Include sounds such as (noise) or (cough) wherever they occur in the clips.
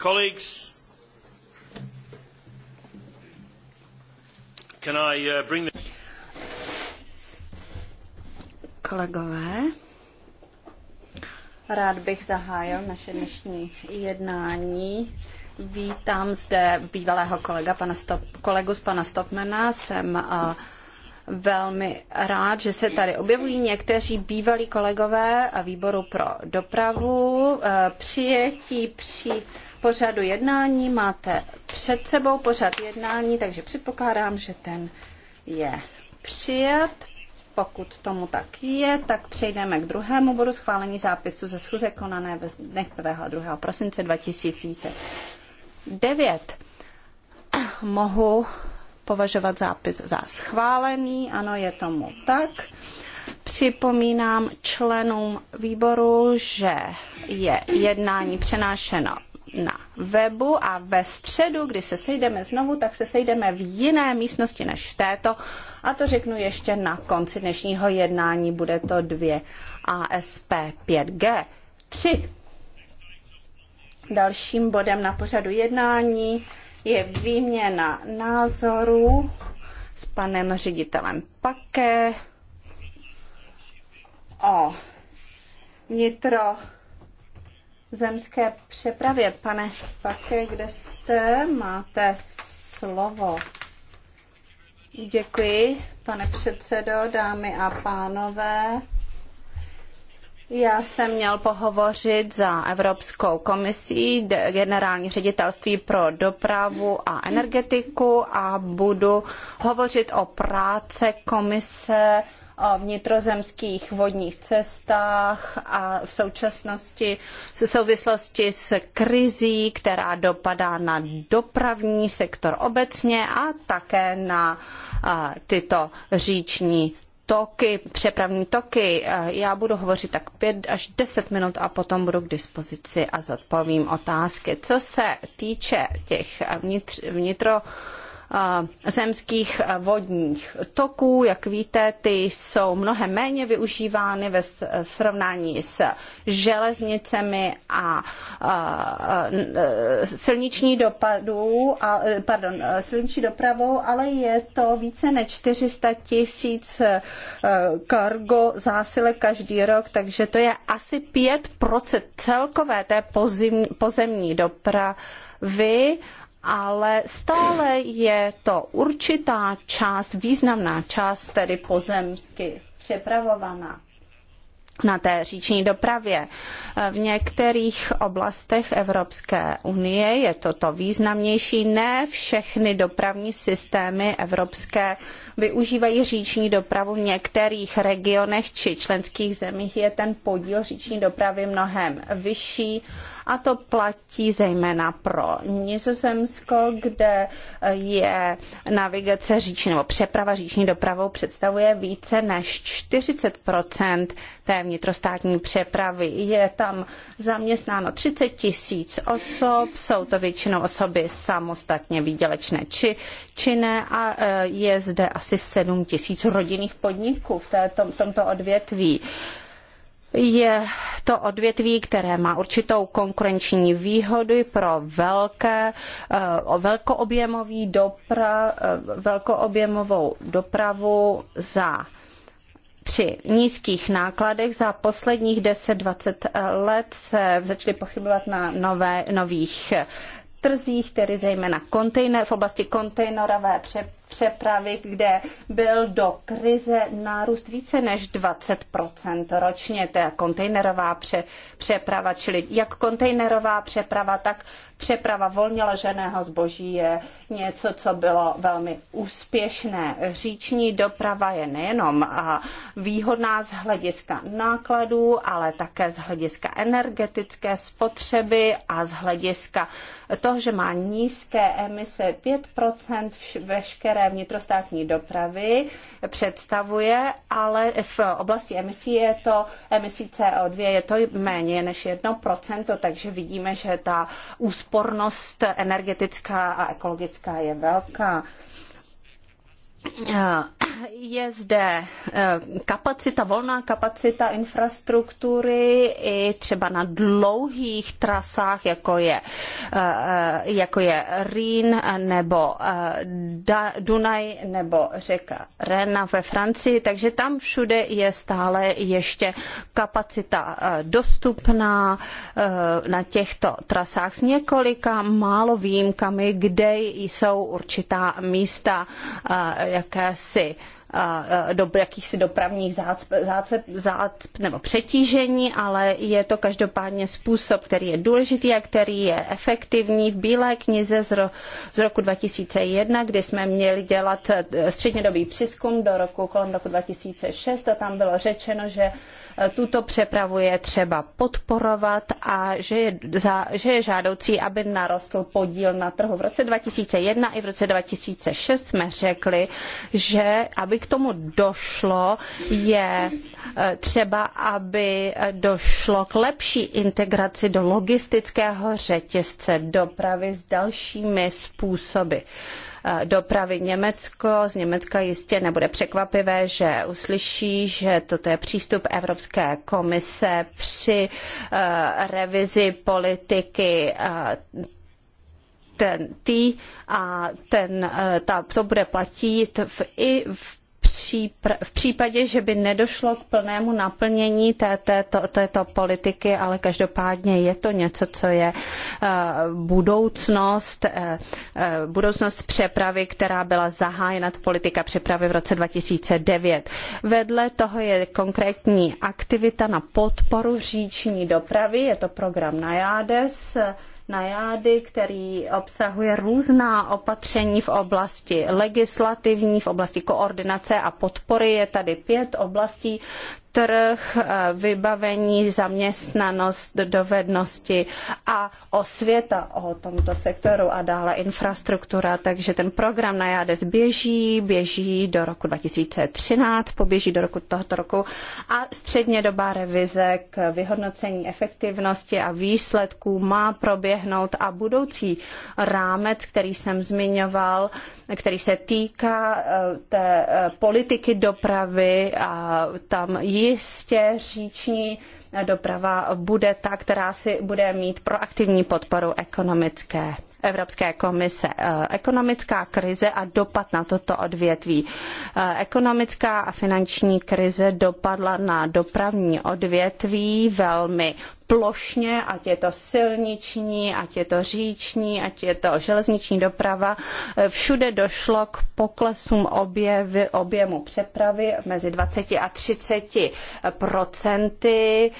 Colleagues, can I uh, bring the... Kolegové, rád bych zahájil naše dnešní jednání. Vítám zde bývalého kolega, pana Stop, kolegu z pana Stopmana. Jsem velmi rád, že se tady objevují někteří bývalí kolegové a výboru pro dopravu. E, přijetí při pořadu jednání. Máte před sebou pořad jednání, takže předpokládám, že ten je přijat. Pokud tomu tak je, tak přejdeme k druhému bodu schválení zápisu ze schůze konané ve dnech 1. a 2. prosince 2009. Mohu považovat zápis za schválený, ano, je tomu tak. Připomínám členům výboru, že je jednání přenášeno na webu a ve středu, kdy se sejdeme znovu, tak se sejdeme v jiné místnosti než v této. A to řeknu ještě na konci dnešního jednání, bude to 2 ASP 5G 3. Dalším bodem na pořadu jednání je výměna názorů s panem ředitelem Pake o vnitro zemské přepravě. Pane Pake, kde jste? Máte slovo. Děkuji, pane předsedo, dámy a pánové. Já jsem měl pohovořit za Evropskou komisi, generální ředitelství pro dopravu a energetiku a budu hovořit o práci komise o vnitrozemských vodních cestách a v současnosti v souvislosti s krizí, která dopadá na dopravní sektor obecně a také na tyto říční toky, přepravní toky. Já budu hovořit tak pět až deset minut a potom budu k dispozici a zodpovím otázky. Co se týče těch vnitř, vnitro zemských vodních toků. Jak víte, ty jsou mnohem méně využívány ve srovnání s železnicemi a silniční pardon, silniční dopravou, ale je to více než 400 tisíc e, kargo zásilek každý rok, takže to je asi 5% celkové té pozemní dopravy ale stále je to určitá část, významná část, tedy pozemsky přepravovaná na té říční dopravě. V některých oblastech Evropské unie je toto významnější. Ne všechny dopravní systémy Evropské využívají říční dopravu. V některých regionech či členských zemích je ten podíl říční dopravy mnohem vyšší a to platí zejména pro Nizozemsko, kde eh, je navigace říční nebo přeprava říční dopravou představuje více než 40 té vnitrostátní přepravy. Je tam zaměstnáno 30 tisíc osob, jsou to většinou osoby samostatně výdělečné či činné a eh, je zde asi 7 tisíc rodinných podniků v této, tomto odvětví je to odvětví, které má určitou konkurenční výhodu pro velké, eh, velkoobjemový dopra, eh, velkoobjemovou dopravu za při nízkých nákladech za posledních 10-20 eh, let se začaly pochybovat na nové, nových trzích, tedy zejména kontejner, v oblasti kontejnerové přepravy, kde byl do krize nárůst více než 20 ročně. To je jako kontejnerová pře- přeprava, čili jak kontejnerová přeprava, tak přeprava volně leženého zboží je něco, co bylo velmi úspěšné. Říční doprava je nejenom výhodná z hlediska nákladů, ale také z hlediska energetické spotřeby a z hlediska toho, že má nízké emise 5 veškeré které vnitrostátní dopravy představuje, ale v oblasti emisí je to, emisí CO2 je to méně než 1%, takže vidíme, že ta úspornost energetická a ekologická je velká. Eh, je zde eh, kapacita, volná kapacita infrastruktury i třeba na dlouhých trasách, jako je, eh, jako je Rýn nebo Dunaj nebo řeka Rena ve Francii, takže tam všude je stále ještě kapacita dostupná na těchto trasách s několika málo výjimkami, kde jsou určitá místa jakési do jakýchsi dopravních zácp, zácp, zácp nebo přetížení, ale je to každopádně způsob, který je důležitý a který je efektivní. V Bílé knize z, ro, z roku 2001, kdy jsme měli dělat eh, střednědobý přizkum do roku kolem roku 2006 a tam bylo řečeno, že eh, tuto přepravu je třeba podporovat a že je, za, že je žádoucí, aby narostl podíl na trhu. V roce 2001 i v roce 2006 jsme řekli, že aby k tomu došlo, je eh, třeba, aby došlo k lepší integraci do logistického řetězce dopravy s dalšími způsoby eh, dopravy Německo. Z Německa jistě nebude překvapivé, že uslyší, že toto je přístup Evropské komise při eh, revizi politiky ten tý a ten, ta, to bude platit v, i v v případě, že by nedošlo k plnému naplnění té, této, této politiky, ale každopádně je to něco, co je eh, budoucnost, eh, eh, budoucnost přepravy, která byla zahájena, politika přepravy v roce 2009. Vedle toho je konkrétní aktivita na podporu říční dopravy, je to program Najades, Najády, který obsahuje různá opatření v oblasti legislativní, v oblasti koordinace a podpory. Je tady pět oblastí trh, eh, vybavení, zaměstnanost, dovednosti a osvěta o tomto sektoru a dále infrastruktura. Takže ten program na JADES běží, běží do roku 2013, poběží do roku tohoto roku a střednědobá revize k vyhodnocení efektivnosti a výsledků má proběhnout a budoucí rámec, který jsem zmiňoval, který se týká eh, té eh, politiky dopravy a tam jistě říční doprava bude ta, která si bude mít proaktivní podporu ekonomické Evropské komise. Eh, ekonomická krize a dopad na toto odvětví. Eh, ekonomická a finanční krize dopadla na dopravní odvětví velmi plošně, ať je to silniční, ať je to říční, ať je to železniční doprava. Eh, všude došlo k poklesům objemu přepravy mezi 20 a 30 procenty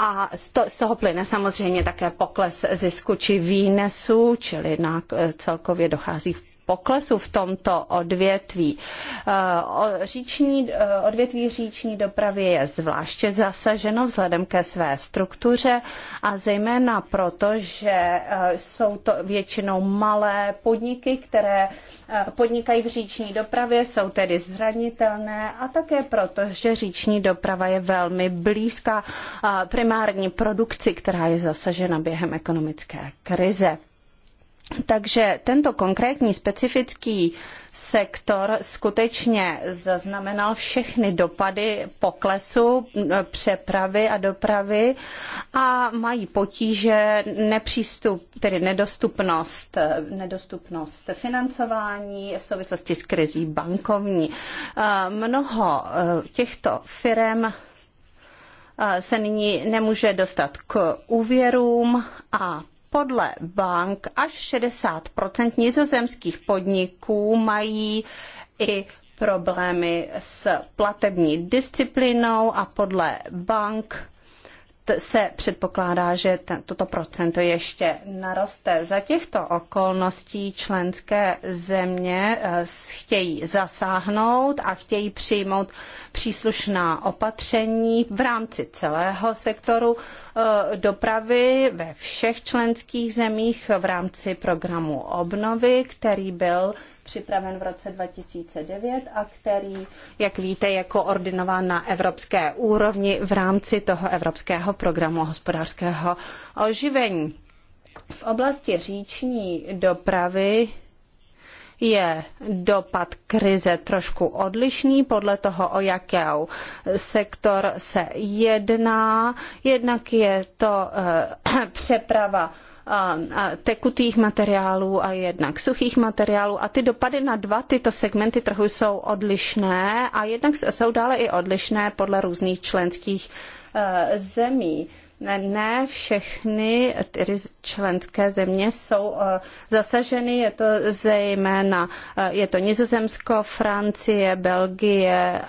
a z toho plyne samozřejmě také pokles zisku či výnesu, čili na e, celkově dochází poklesu v tomto odvětví. Eh, říční, eh, odvětví říční dopravy je zvláště zasaženo vzhledem ke své struktuře a zejména proto, že eh, jsou to většinou malé podniky, které podnikají v říční dopravě, jsou tedy zranitelné a také proto, že říční doprava je velmi blízká primární produkci, která je zasažena během ekonomické krize. Takže tento konkrétní specifický sektor skutečně zaznamenal všechny dopady poklesu přepravy a dopravy a mají potíže nepřístup, tedy nedostupnost, nedostupnost financování v souvislosti s krizí bankovní. E, mnoho e, těchto firm e, se nyní nemůže dostat k úvěrům a podle bank až 60 nizozemských podniků mají i problémy s platební disciplinou a podle bank se předpokládá, že toto procento ještě naroste. Za těchto okolností členské země eh, chtějí zasáhnout a chtějí přijmout příslušná opatření v rámci celého sektoru eh, dopravy ve všech členských zemích v rámci programu obnovy, který byl připraven v roce 2009 a který, jak víte, je koordinován na evropské úrovni v rámci toho evropského programu hospodářského oživení. V oblasti říční dopravy je dopad krize trošku odlišný podle toho, o jakou sektor se jedná. Jednak je to eh, přeprava tekutých materiálů a jednak suchých materiálů a ty dopady na dva tyto segmenty trhu jsou odlišné a jednak jsou dále i odlišné podle různých členských e, zemí. Ne všechny tedy členské země jsou eh, zasaženy, je to zejména, eh, je to Nizozemsko, Francie, Belgie, eh,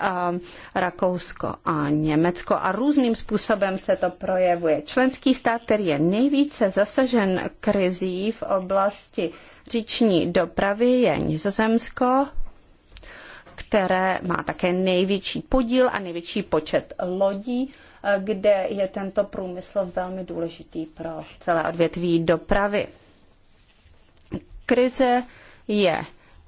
Rakousko a Německo a různým způsobem se to projevuje. Členský stát, který je nejvíce zasažen krizí v oblasti říční dopravy, je Nizozemsko, které má také největší podíl a největší počet lodí kde je tento průmysl velmi důležitý pro celé odvětví dopravy. Krize je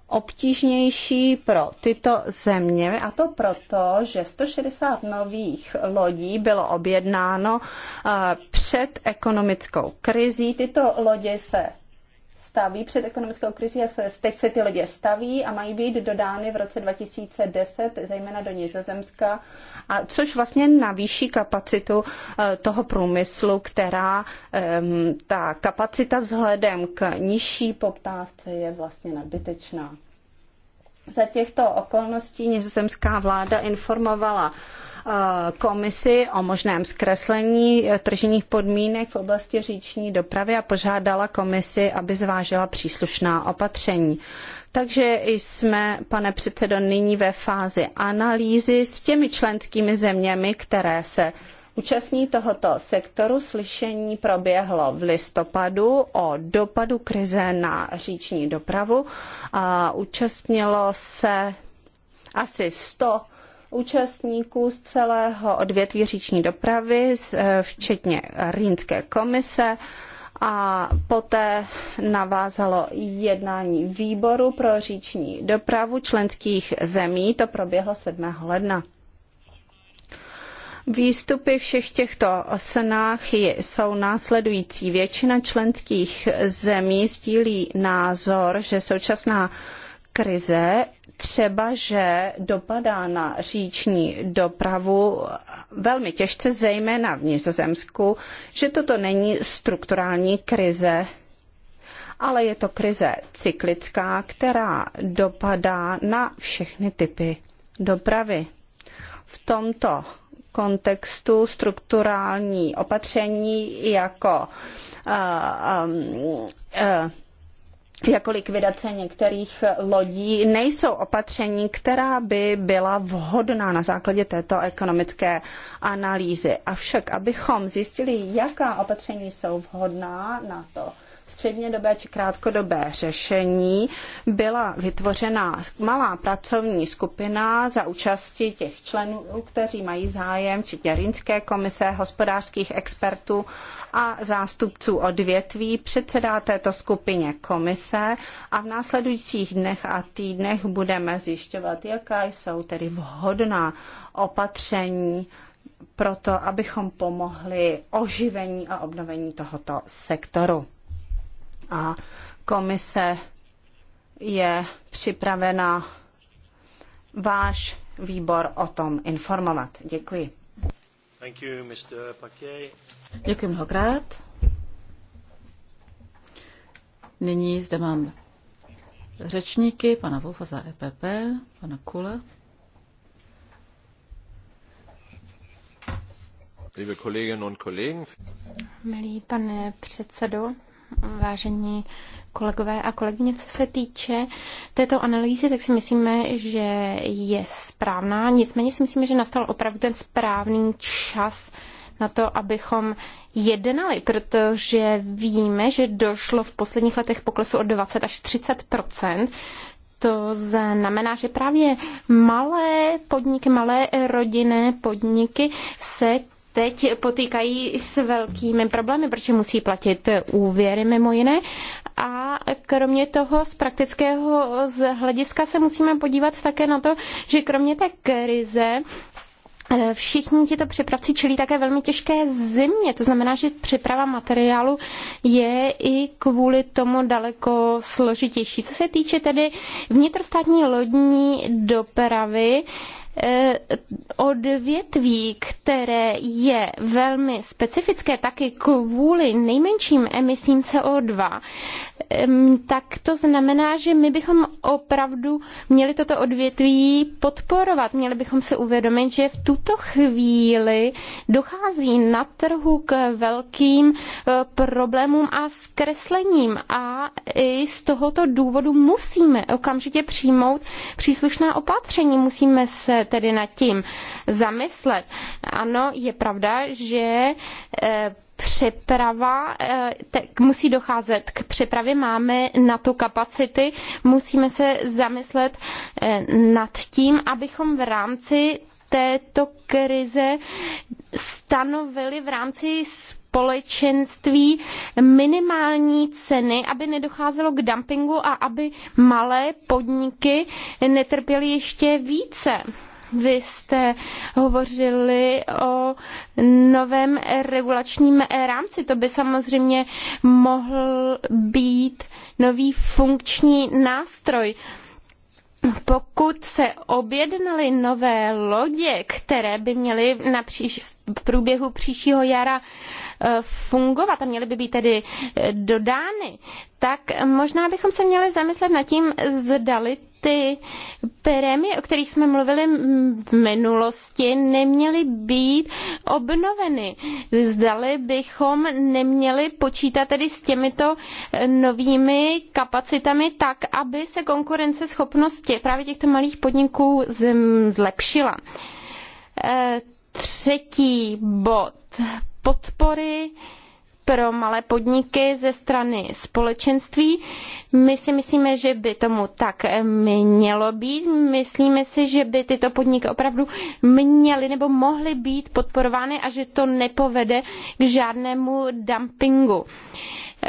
obtížnější pro tyto země a to proto, že 160 nových lodí bylo objednáno eh, před ekonomickou krizí. Tyto lodě se staví před ekonomickou krizi a teď se ty lodě staví a mají být dodány v roce 2010, zejména do Nizozemska, a což vlastně navýší kapacitu eh, toho průmyslu, která ehm, ta kapacita vzhledem k nižší poptávce je vlastně nadbytečná. Za těchto okolností nizozemská vláda informovala eh, komisi o možném zkreslení eh, tržních podmínek v oblasti říční dopravy a požádala komisi, aby zvážila příslušná opatření. Takže jsme, pane předsedo, nyní ve fázi analýzy s těmi členskými zeměmi, které se Účastní tohoto sektoru slyšení proběhlo v listopadu o dopadu krize na říční dopravu a účastnilo se asi 100 účastníků z celého odvětví říční dopravy, eh, včetně Rýnské komise a poté navázalo jednání výboru pro říční dopravu členských zemí. To proběhlo 7. ledna. Výstupy všech těchto snách jsou následující. Většina členských zemí sdílí názor, že současná krize třeba, že dopadá na říční dopravu velmi těžce, zejména v Nizozemsku, že toto není strukturální krize, ale je to krize cyklická, která dopadá na všechny typy dopravy. V tomto kontextu strukturální opatření jako uh, um, uh, jako likvidace některých lodí nejsou opatření, která by byla vhodná na základě této ekonomické analýzy. Avšak, abychom zjistili, jaká opatření jsou vhodná na to, střednědobé či krátkodobé řešení byla vytvořena malá pracovní skupina za účasti těch členů, kteří mají zájem, či Děrinské komise, hospodářských expertů a zástupců odvětví předsedá této skupině komise a v následujících dnech a týdnech budeme zjišťovat, jaká jsou tedy vhodná opatření pro to, abychom pomohli oživení a obnovení tohoto sektoru a komise je připravena váš výbor o tom informovat. Děkuji. You, Děkuji mnohokrát. Nyní zde mám řečníky, pana Wolfa za EPP, pana Kule. Liebe Milý pane předsedo, vážení kolegové a kolegyně, co se týče této analýzy, tak si myslíme, že je správná. Nicméně si myslíme, že nastal opravdu ten správný čas na to, abychom jednali, protože víme, že došlo v posledních letech poklesu o 20 až 30 to znamená, že právě malé podniky, malé rodinné podniky se teď potýkají s velkými problémy, protože musí platit úvěry mimo jiné. A kromě toho z praktického z hlediska se musíme podívat také na to, že kromě té krize eh, Všichni tito přepravci čelí také velmi těžké zimě, to znamená, že přeprava materiálu je i kvůli tomu daleko složitější. Co se týče tedy vnitrostátní lodní dopravy, Eh, odvětví, které je velmi specifické taky kvůli nejmenším emisím CO2, tak to znamená, že my bychom opravdu měli toto odvětví podporovat. Měli bychom se uvědomit, že v tuto chvíli dochází na trhu k velkým eh, problémům a zkreslením a i z tohoto důvodu musíme okamžitě přijmout příslušná opatření. Musíme se tedy nad tím zamyslet. Ano, je pravda, že eh, přeprava, eh, tak musí docházet k přepravě, máme na to kapacity, musíme se zamyslet eh, nad tím, abychom v rámci této krize stanovili v rámci společenství minimální ceny, aby nedocházelo k dumpingu a aby malé podniky netrpěly ještě více. Vy jste hovořili o novém regulačním rámci. To by samozřejmě mohl být nový funkční nástroj. Pokud se objednaly nové lodě, které by měly na příš- v průběhu příštího jara e, fungovat a měly by být tedy e, dodány, tak možná bychom se měli zamyslet nad tím, zdali ty prémie, o kterých jsme mluvili v minulosti, neměly být obnoveny. Zdali bychom neměli počítat tedy s těmito eh, novými kapacitami tak, aby se konkurenceschopnosti právě těchto malých podniků zlepšila. Eh, třetí bod podpory pro malé podniky ze strany společenství. My si myslíme, že by tomu tak mělo být. Myslíme si, že by tyto podniky opravdu měly nebo mohly být podporovány a že to nepovede k žádnému dumpingu.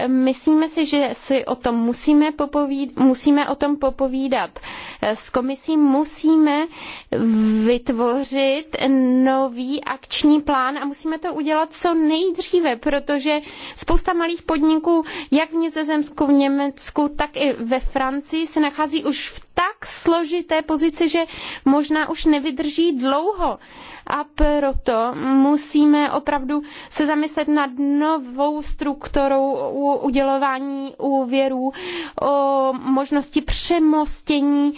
Myslíme si, že si o tom musíme, popovíd, musíme o tom popovídat. S komisí musíme vytvořit nový akční plán a musíme to udělat co nejdříve, protože spousta malých podniků, jak v Nizozemsku, v Německu, tak i ve Francii, se nachází už v tak složité pozici, že možná už nevydrží dlouho a proto musíme opravdu se zamyslet nad novou strukturou udělování úvěrů, o možnosti přemostění,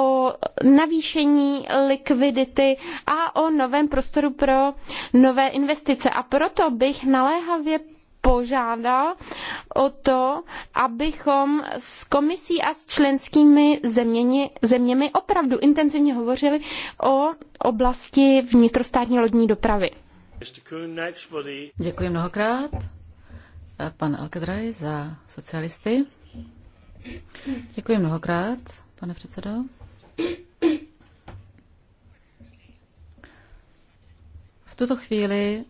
o navýšení likvidity a o novém prostoru pro nové investice. A proto bych naléhavě požádal o to, abychom s komisí a s členskými zeměni, zeměmi opravdu intenzivně hovořili o oblasti vnitrostátní lodní dopravy. Děkuji mnohokrát. Eh, pan Alkedraj za socialisty. Děkuji mnohokrát, pane předsedo. V tuto chvíli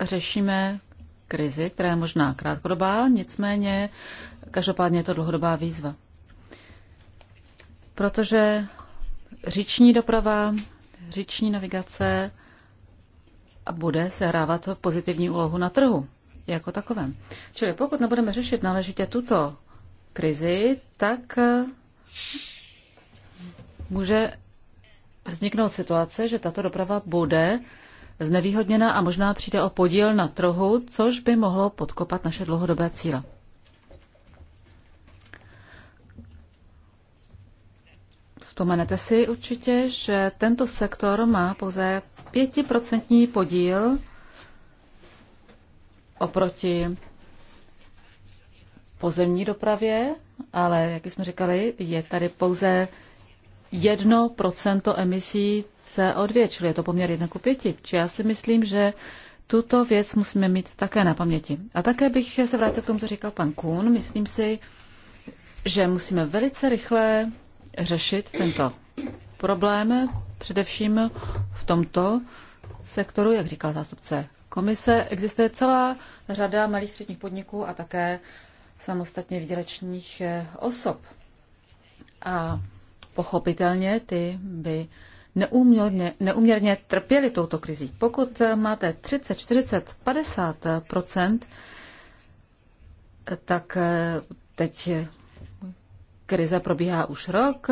řešíme krizi, která je možná krátkodobá, nicméně každopádně je to dlouhodobá výzva. Protože říční doprava, říční navigace a bude sehrávat pozitivní úlohu na trhu jako takovém. Čili pokud nebudeme řešit náležitě tuto krizi, tak eh, může vzniknout situace, že tato doprava bude znevýhodněna a možná přijde o podíl na trhu, což by mohlo podkopat naše dlouhodobé cíle. Vzpomenete si určitě, že tento sektor má pouze 5% podíl oproti pozemní dopravě, ale, jak jsme říkali, je tady pouze 1% emisí se 2 čili je to poměr 1 ku 5. Či já si myslím, že tuto věc musíme mít také na paměti. A také bych se vrátil k tomu, co říkal pan Kuhn. Myslím si, že musíme velice rychle řešit tento problém, především v tomto sektoru, jak říkal zástupce komise. Existuje celá řada malých středních podniků a také samostatně výdělečných eh, osob. A pochopitelně ty by neuměrně, neuměrně trpěli touto krizí. Pokud máte 30, 40, 50 tak eh, teď krize probíhá už rok.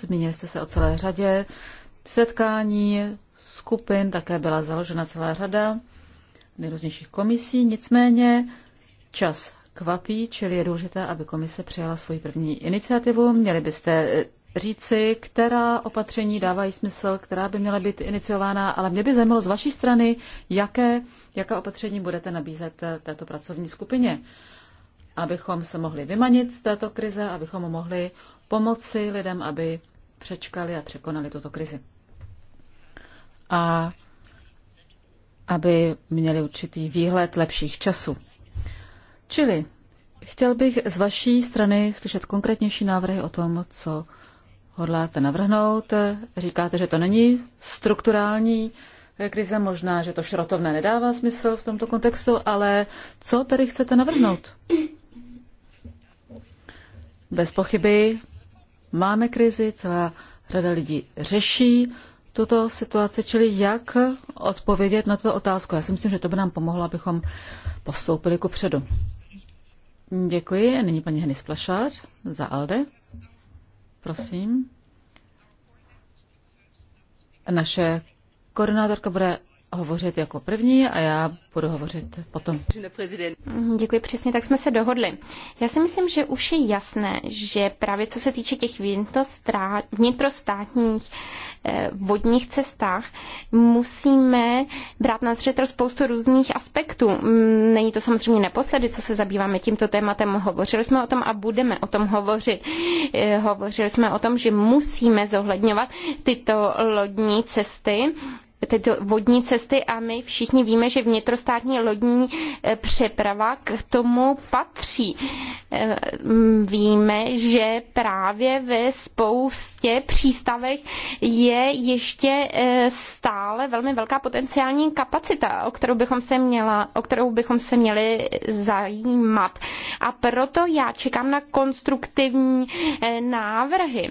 Zmínili jste se o celé řadě setkání, skupin, také byla založena celá řada nejrůznějších komisí. Nicméně čas kvapí, čili je důležité, aby komise přijala svoji první iniciativu. Měli byste eh, říci, která opatření dávají smysl, která by měla být iniciována, ale mě by zajímalo z vaší strany, jaké, jaká opatření budete nabízet eh, této pracovní skupině, abychom se mohli vymanit z této krize, abychom mohli pomoci lidem, aby přečkali a překonali tuto krizi. A aby měli určitý výhled lepších časů. Čili chtěl bych z vaší strany slyšet konkrétnější návrhy o tom, co hodláte navrhnout. Říkáte, že to není strukturální krize, možná, že to šrotovné nedává smysl v tomto kontextu, ale co tedy chcete navrhnout? Bez pochyby máme krizi, celá řada lidí řeší tuto situaci, čili jak odpovědět na tuto otázku. Já si myslím, že to by nám pomohlo, abychom postoupili ku předu. Děkuji. A nyní paní Hny Splašář za ALDE. Prosím. Naše koordinátorka bude hovořit jako první a já budu hovořit potom. Děkuji přesně, tak jsme se dohodli. Já si myslím, že už je jasné, že právě co se týče těch vnitrostátních eh, vodních cestách musíme brát na zřetel spoustu různých aspektů. Mm, není to samozřejmě neposledy, co se zabýváme tímto tématem. Hovořili jsme o tom a budeme o tom hovořit. Eh, hovořili jsme o tom, že musíme zohledňovat tyto lodní cesty tyto vodní cesty a my všichni víme, že vnitrostátní lodní e, přeprava k tomu patří. E, víme, že právě ve spoustě přístavech je ještě e, stále velmi velká potenciální kapacita, o kterou bychom se, měla, o kterou bychom se měli zajímat. A proto já čekám na konstruktivní návrhy.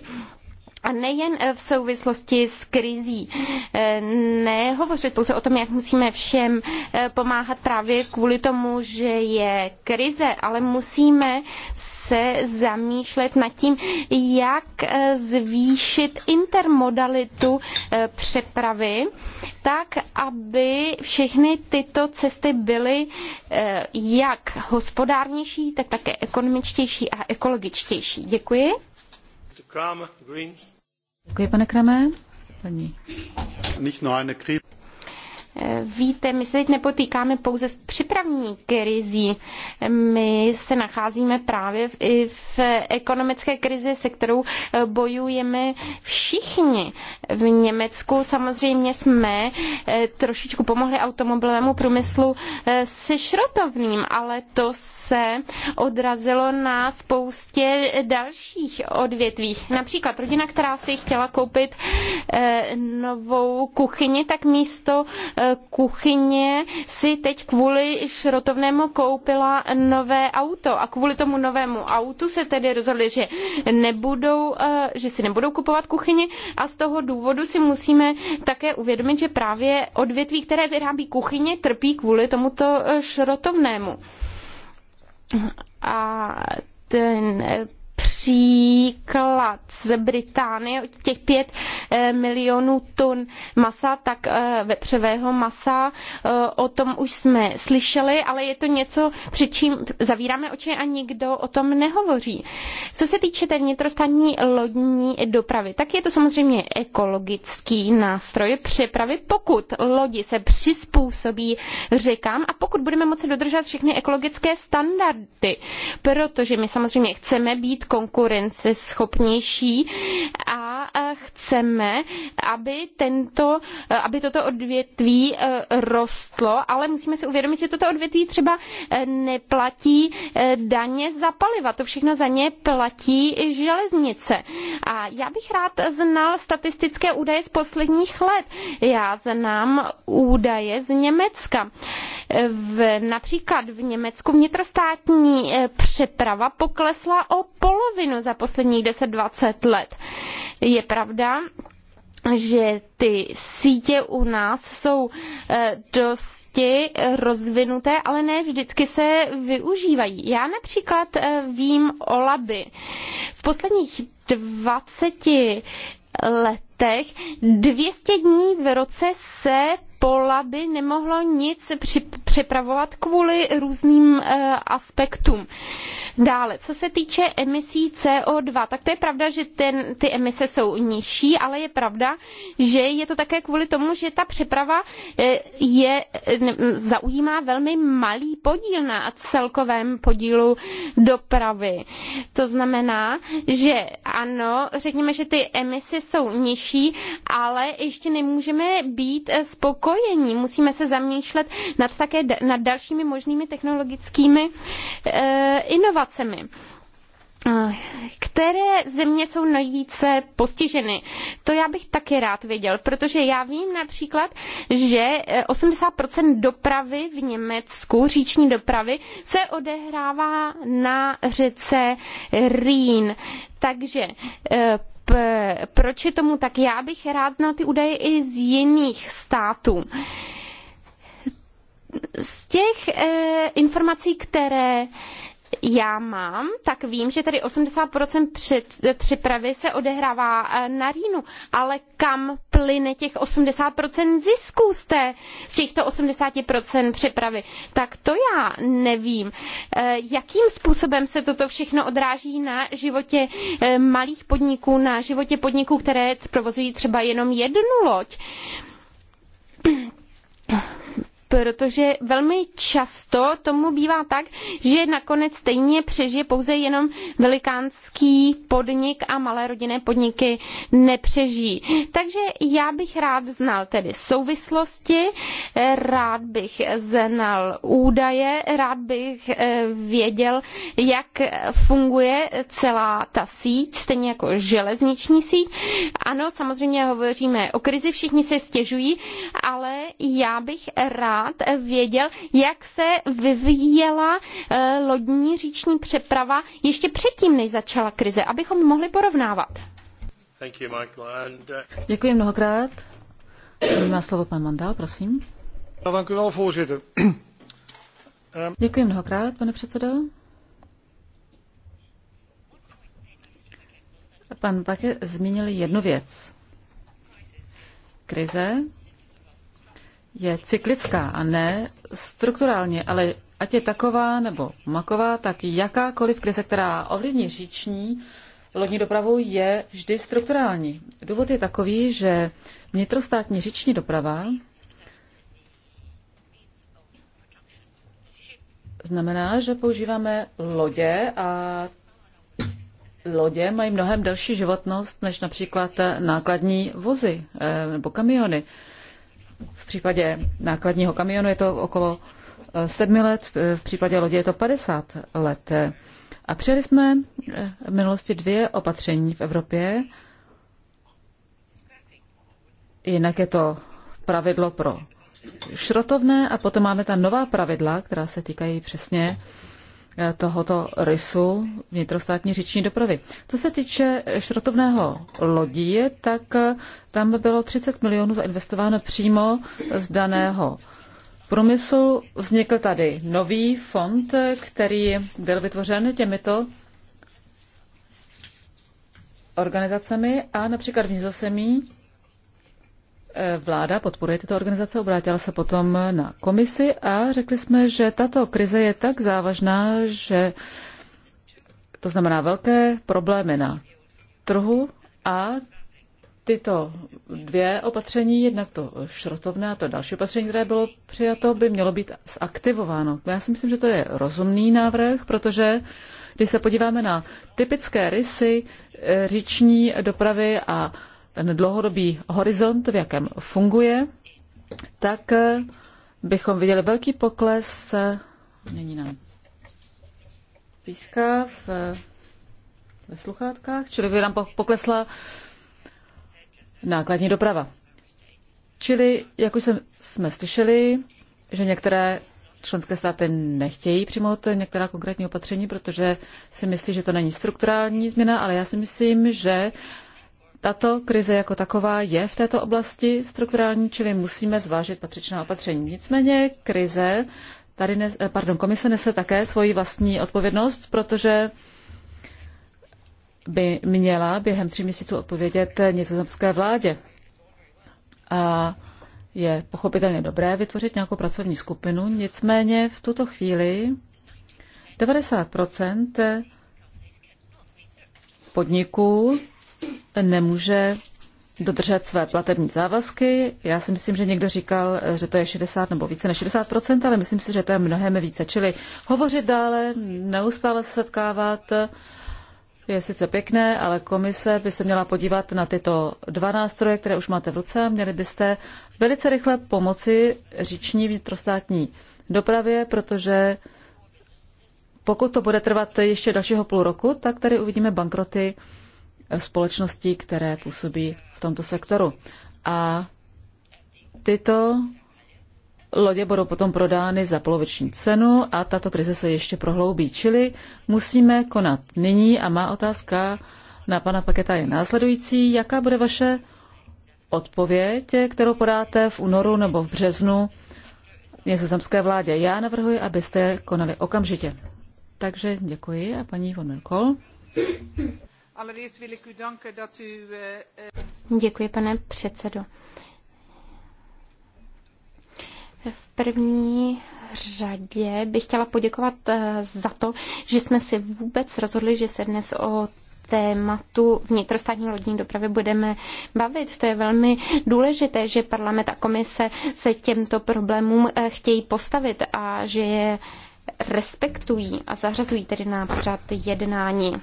A nejen eh, v souvislosti s krizí. Eh, nehovořit pouze o tom, jak musíme všem eh, pomáhat právě kvůli tomu, že je krize, ale musíme se zamýšlet nad tím, jak zvýšit intermodalitu přepravy, tak, aby všechny tyto cesty byly jak hospodárnější, tak také ekonomičtější a ekologičtější. Děkuji. Kramer, Greens. Děkuji, pane Kramer. Paní víte, my se teď nepotýkáme pouze s připravní krizí. My se nacházíme právě v, i v ekonomické krizi, se kterou eh, bojujeme všichni. V Německu samozřejmě jsme eh, trošičku pomohli automobilovému průmyslu eh, se šrotovným, ale to se odrazilo na spoustě dalších odvětví. Například rodina, která si chtěla koupit novou kuchyni, tak místo kuchyně si teď kvůli šrotovnému koupila nové auto a kvůli tomu novému autu se tedy rozhodli, že, nebudou, eh, že si nebudou kupovat kuchyni a z toho důvodu si musíme také uvědomit, že právě odvětví, které vyrábí kuchyně, trpí kvůli tomuto eh, šrotovnému. A ten příklad z Británie, těch pět eh, milionů tun masa, tak eh, vepřového masa, eh, o tom už jsme slyšeli, ale je to něco, před čím zavíráme oči a nikdo o tom nehovoří. Co se týče té vnitrostátní lodní dopravy, tak je to samozřejmě ekologický nástroj přepravy, pokud lodi se přizpůsobí řekám a pokud budeme moci dodržovat všechny ekologické standardy, protože my samozřejmě chceme být konkurenční konkurenceschopnější a chceme, aby, tento, aby toto odvětví eh, rostlo, ale musíme si uvědomit, že toto odvětví třeba eh, neplatí eh, daně za paliva. To všechno za ně platí železnice. A já bych rád znal statistické údaje z posledních let. Já znám údaje z Německa. V, například v Německu vnitrostátní přeprava poklesla o polovinu za posledních 10-20 let. Je je pravda, že ty sítě u nás jsou eh, dosti rozvinuté, ale ne vždycky se využívají. Já například eh, vím o Laby. V posledních 20 letech 200 dní v roce se pola by nemohlo nic připravovat kvůli různým eh, aspektům. Dále, co se týče emisí CO2, tak to je pravda, že ten, ty emise jsou nižší, ale je pravda, že je to také kvůli tomu, že ta přeprava eh, je, eh, zaujímá velmi malý podíl na celkovém podílu dopravy. To znamená, že ano, řekněme, že ty emise jsou nižší, ale ještě nemůžeme být spokojeni spojení. Musíme se zamýšlet nad také nad dalšími možnými technologickými eh, inovacemi. Které země jsou nejvíce postiženy? To já bych taky rád věděl, protože já vím například, že 80% eh, dopravy v Německu, říční dopravy, se odehrává na řece Rýn. Takže eh, proč je tomu tak? Já bych rád znal ty údaje i z jiných států. Z těch eh, informací, které já mám, tak vím, že tady 80% před, připravy se odehrává eh, na Rýnu, ale kam plyne těch 80% zisků z, té, z těchto 80% přepravy? tak to já nevím. Eh, jakým způsobem se toto všechno odráží na životě eh, malých podniků, na životě podniků, které provozují třeba jenom jednu loď? protože velmi často tomu bývá tak, že nakonec stejně přežije pouze jenom velikánský podnik a malé rodinné podniky nepřežijí. Takže já bych rád znal tedy souvislosti, rád bych znal údaje, rád bych eh, věděl, jak funguje celá ta síť, stejně jako železniční síť. Ano, samozřejmě hovoříme o krizi, všichni se stěžují, ale já bych rád rád věděl, jak se vyvíjela eh, lodní říční přeprava ještě předtím, než začala krize, abychom mohli porovnávat. Eh, děkuji mnohokrát. Má slovo pan Mandal, prosím. (clears throat) Děkuji mnohokrát, pane předsedo. Pan Bake zmínil jednu věc. Krize je cyklická a ne strukturálně, ale ať je taková nebo maková, tak jakákoliv krize, která ovlivní říční lodní dopravu, je vždy strukturální. Důvod je takový, že vnitrostátní říční doprava znamená, že používáme lodě a lodě mají mnohem delší životnost než například nákladní vozy eh, nebo kamiony. V případě nákladního kamionu je to okolo eh, sedmi let, v případě lodě je to 50 let. A přijeli jsme eh, v minulosti dvě opatření v Evropě. Jinak je to pravidlo pro šrotovné a potom máme ta nová pravidla, která se týkají přesně Eh, tohoto rysu vnitrostátní říční dopravy. Co se týče šrotovného lodí, tak eh, tam bylo 30 milionů zainvestováno přímo z daného průmyslu. Vznikl tady nový fond, který byl vytvořen těmito organizacemi a například v Nizozemí E, vláda podporuje tyto organizace, obrátila se potom na komisi a řekli jsme, že tato krize je tak závažná, že to znamená velké problémy na trhu a tyto dvě opatření, jednak to šrotovné a to další opatření, které bylo přijato, by mělo být zaktivováno. Já si myslím, že to je rozumný návrh, protože když se podíváme na typické rysy e, říční dopravy a ten dlouhodobý horizont, v jakém funguje, tak eh, bychom viděli velký pokles, eh, není nám píská v, eh, ve sluchátkách, čili by nám poklesla nákladní doprava. Čili, jak už jsme slyšeli, že některé členské státy nechtějí přijmout některá konkrétní opatření, protože si myslí, že to není strukturální změna, ale já si myslím, že tato krize jako taková je v této oblasti strukturální, čili musíme zvážit patřičná opatření. Nicméně krize, tady ne, eh, pardon, komise nese také svoji vlastní odpovědnost, protože by měla během tří měsíců odpovědět nizozemské vládě. A je pochopitelně dobré vytvořit nějakou pracovní skupinu, nicméně v tuto chvíli 90 podniků nemůže dodržet své platební závazky. Já si myslím, že někdo říkal, že to je 60 nebo více než 60 ale myslím si, že to je mnohem více. Čili hovořit dále, neustále se setkávat, je sice pěkné, ale komise by se měla podívat na tyto dva nástroje, které už máte v ruce. Měli byste velice rychle pomoci říční vnitrostátní dopravě, protože pokud to bude trvat ještě dalšího půl roku, tak tady uvidíme bankroty společností, které působí v tomto sektoru. A tyto lodě budou potom prodány za poloviční cenu a tato krize se ještě prohloubí. Čili musíme konat nyní a má otázka na pana Paketa je následující. Jaká bude vaše odpověď, kterou podáte v únoru nebo v březnu nězozemské vládě? Já navrhuji, abyste konali okamžitě. Takže děkuji a paní von Merkel. Eh, eh, Děkuji, pane předsedo. V první řadě bych chtěla poděkovat eh, za to, že jsme si vůbec rozhodli, že se dnes o tématu vnitrostátní lodní dopravy budeme bavit. To je velmi důležité, že parlament a komise se těmto problémům chtějí postavit a že je respektují a zařazují tedy na pořad jednání.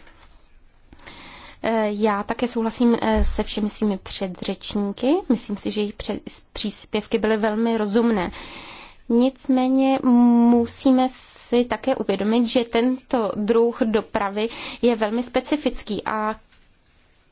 Eh, já také souhlasím eh, se všemi svými předřečníky. Myslím si, že jejich příspěvky byly velmi rozumné. Nicméně musíme si také uvědomit, že tento druh dopravy je velmi specifický a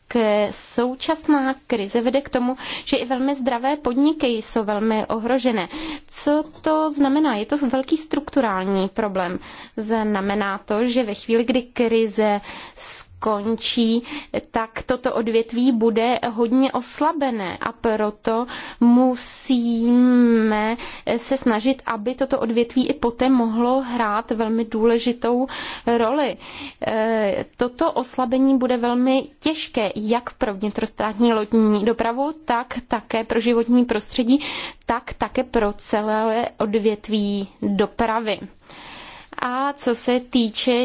k současná krize vede k tomu, že i velmi zdravé podniky jsou velmi ohrožené. Co to znamená? Je to velký strukturální problém. Znamená to, že ve chvíli, kdy krize skončí, skončí, tak toto odvětví bude hodně oslabené a proto musíme se snažit, aby toto odvětví i poté mohlo hrát velmi důležitou roli. E, toto oslabení bude velmi těžké jak pro vnitrostátní lodní dopravu, tak také pro životní prostředí, tak také pro celé odvětví dopravy. A co se týče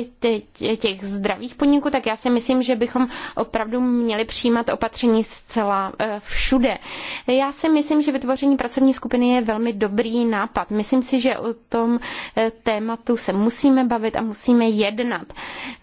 těch zdravých podniků, tak já si myslím, že bychom opravdu měli přijímat opatření zcela e, všude. Já si myslím, že vytvoření pracovní skupiny je velmi dobrý nápad. Myslím si, že o tom e, tématu se musíme bavit a musíme jednat.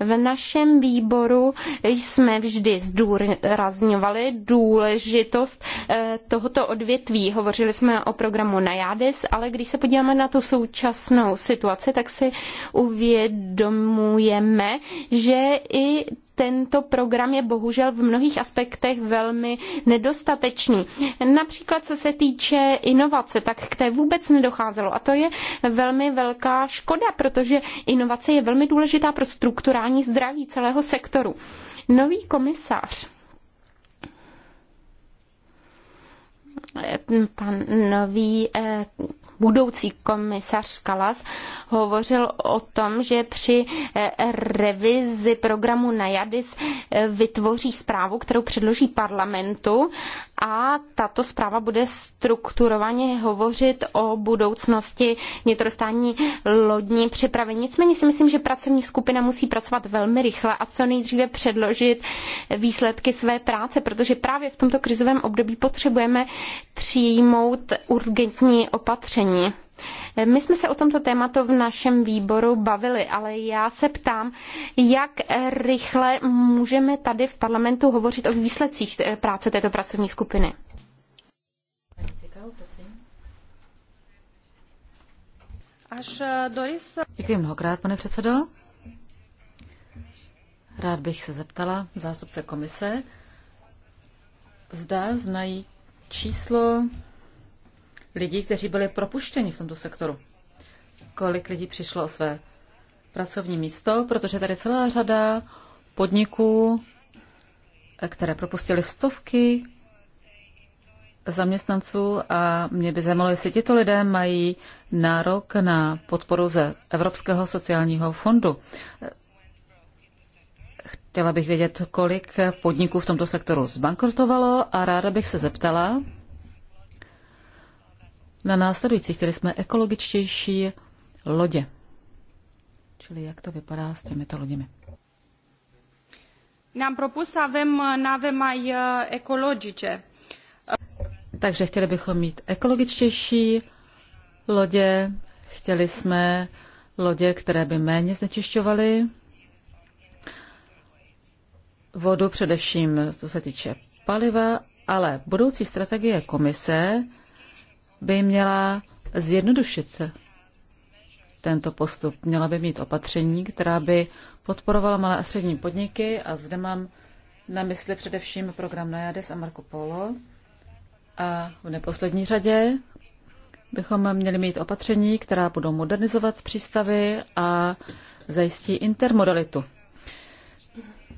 V našem výboru jsme vždy zdůrazňovali důležitost e, tohoto odvětví. Hovořili jsme o programu Najades, ale když se podíváme na tu současnou situaci, tak si uvědomujeme, že i tento program je bohužel v mnohých aspektech velmi nedostatečný. Například co se týče inovace, tak k té vůbec nedocházelo. A to je velmi velká škoda, protože inovace je velmi důležitá pro strukturální zdraví celého sektoru. Nový komisař pan nový eh, budoucí komisař Kalas hovořil o tom, že při eh, revizi programu Najadis eh, vytvoří zprávu, kterou předloží parlamentu a tato zpráva bude strukturovaně hovořit o budoucnosti vnitrostání lodní přepravy. Nicméně si myslím, že pracovní skupina musí pracovat velmi rychle a co nejdříve předložit výsledky své práce, protože právě v tomto krizovém období potřebujeme přijmout urgentní opatření. My jsme se o tomto tématu v našem výboru bavili, ale já se ptám, jak rychle můžeme tady v parlamentu hovořit o výsledcích práce této pracovní skupiny. Až eh, Doris... Děkuji mnohokrát, pane předsedo. Rád bych se zeptala zástupce komise, zda znají číslo lidí, kteří byli propuštěni v tomto sektoru. Kolik lidí přišlo o své pracovní místo, protože tady celá řada podniků, které propustili stovky zaměstnanců a mě by zajímalo, jestli tito lidé mají nárok na podporu ze Evropského sociálního fondu. Chtěla bych vědět, kolik podniků v tomto sektoru zbankrotovalo a ráda bych se zeptala, na následující. Chtěli jsme ekologičtější lodě. Čili jak to vypadá s těmito loděmi? Nám propus să avem nave mai uh, ecologice. Takže chtěli bychom mít ekologičtější lodě, chtěli jsme lodě, které by méně znečišťovaly vodu, především co se týče paliva, ale budoucí strategie komise by měla zjednodušit tento postup. Měla by mít opatření, která by podporovala malé a střední podniky a zde mám na mysli především program Najades a Marco Polo. A v neposlední řadě bychom měli mít opatření, která budou modernizovat přístavy a zajistí intermodalitu.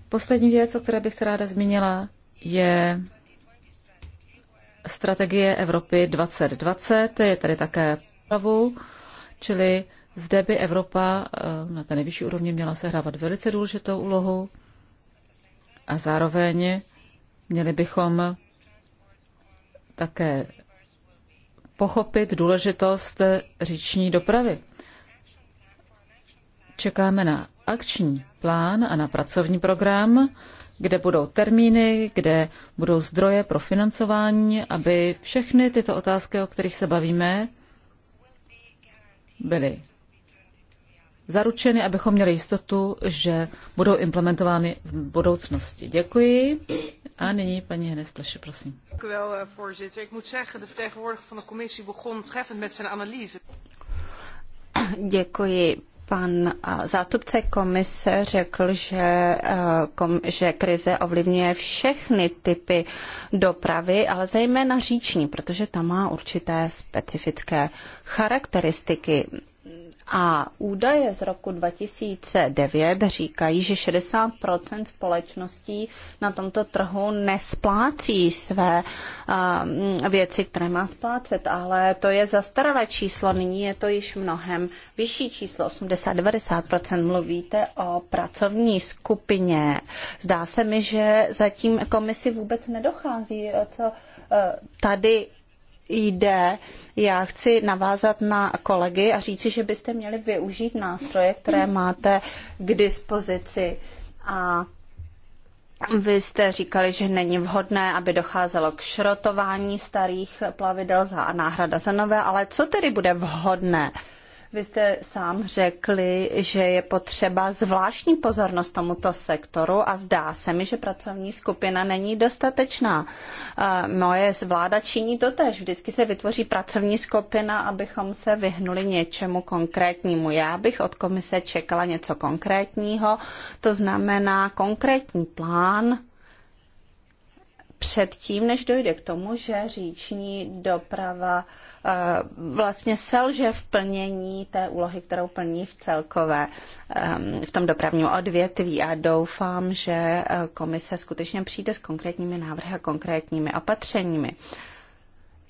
Poslední věc, o které bych se ráda zmínila, je strategie Evropy 2020, je tady také pravou, čili zde by Evropa eh, na té nejvyšší úrovni měla sehrávat velice důležitou úlohu a zároveň měli bychom také pochopit důležitost říční dopravy. Čekáme na akční plán a na pracovní program kde budou termíny, kde budou zdroje pro financování, aby všechny tyto otázky, o kterých se bavíme, byly zaručeny, abychom měli jistotu, že budou implementovány v budoucnosti. Děkuji. A nyní paní Hennes Pleše, prosím. Eh, Děkuji, Pan zástupce komise řekl, že, kom, že krize ovlivňuje všechny typy dopravy, ale zejména říční, protože ta má určité specifické charakteristiky. A údaje z roku 2009 říkají, že 60 společností na tomto trhu nesplácí své uh, věci, které má splácet, ale to je zastaralé číslo, nyní je to již mnohem vyšší číslo, 80-90 Mluvíte o pracovní skupině. Zdá se mi, že zatím komisi vůbec nedochází, co uh, tady jde, já chci navázat na kolegy a říci, že byste měli využít nástroje, které máte k dispozici. A vy jste říkali, že není vhodné, aby docházelo k šrotování starých plavidel za náhrada za nové, ale co tedy bude vhodné? Uh, vy jste sám řekli, že je potřeba zvláštní pozornost tomuto sektoru a zdá se mi, že pracovní skupina není dostatečná. Eh, moje vláda činí to tež. Vždycky se vytvoří pracovní skupina, abychom se vyhnuli něčemu konkrétnímu. Já bych od komise čekala něco konkrétního, to znamená konkrétní plán předtím, než dojde k tomu, že říční doprava Eh, vlastně selže v plnění té úlohy, kterou plní v celkové, ehm, v tom dopravním odvětví a doufám, že eh, komise skutečně přijde s konkrétními návrhy a konkrétními opatřeními.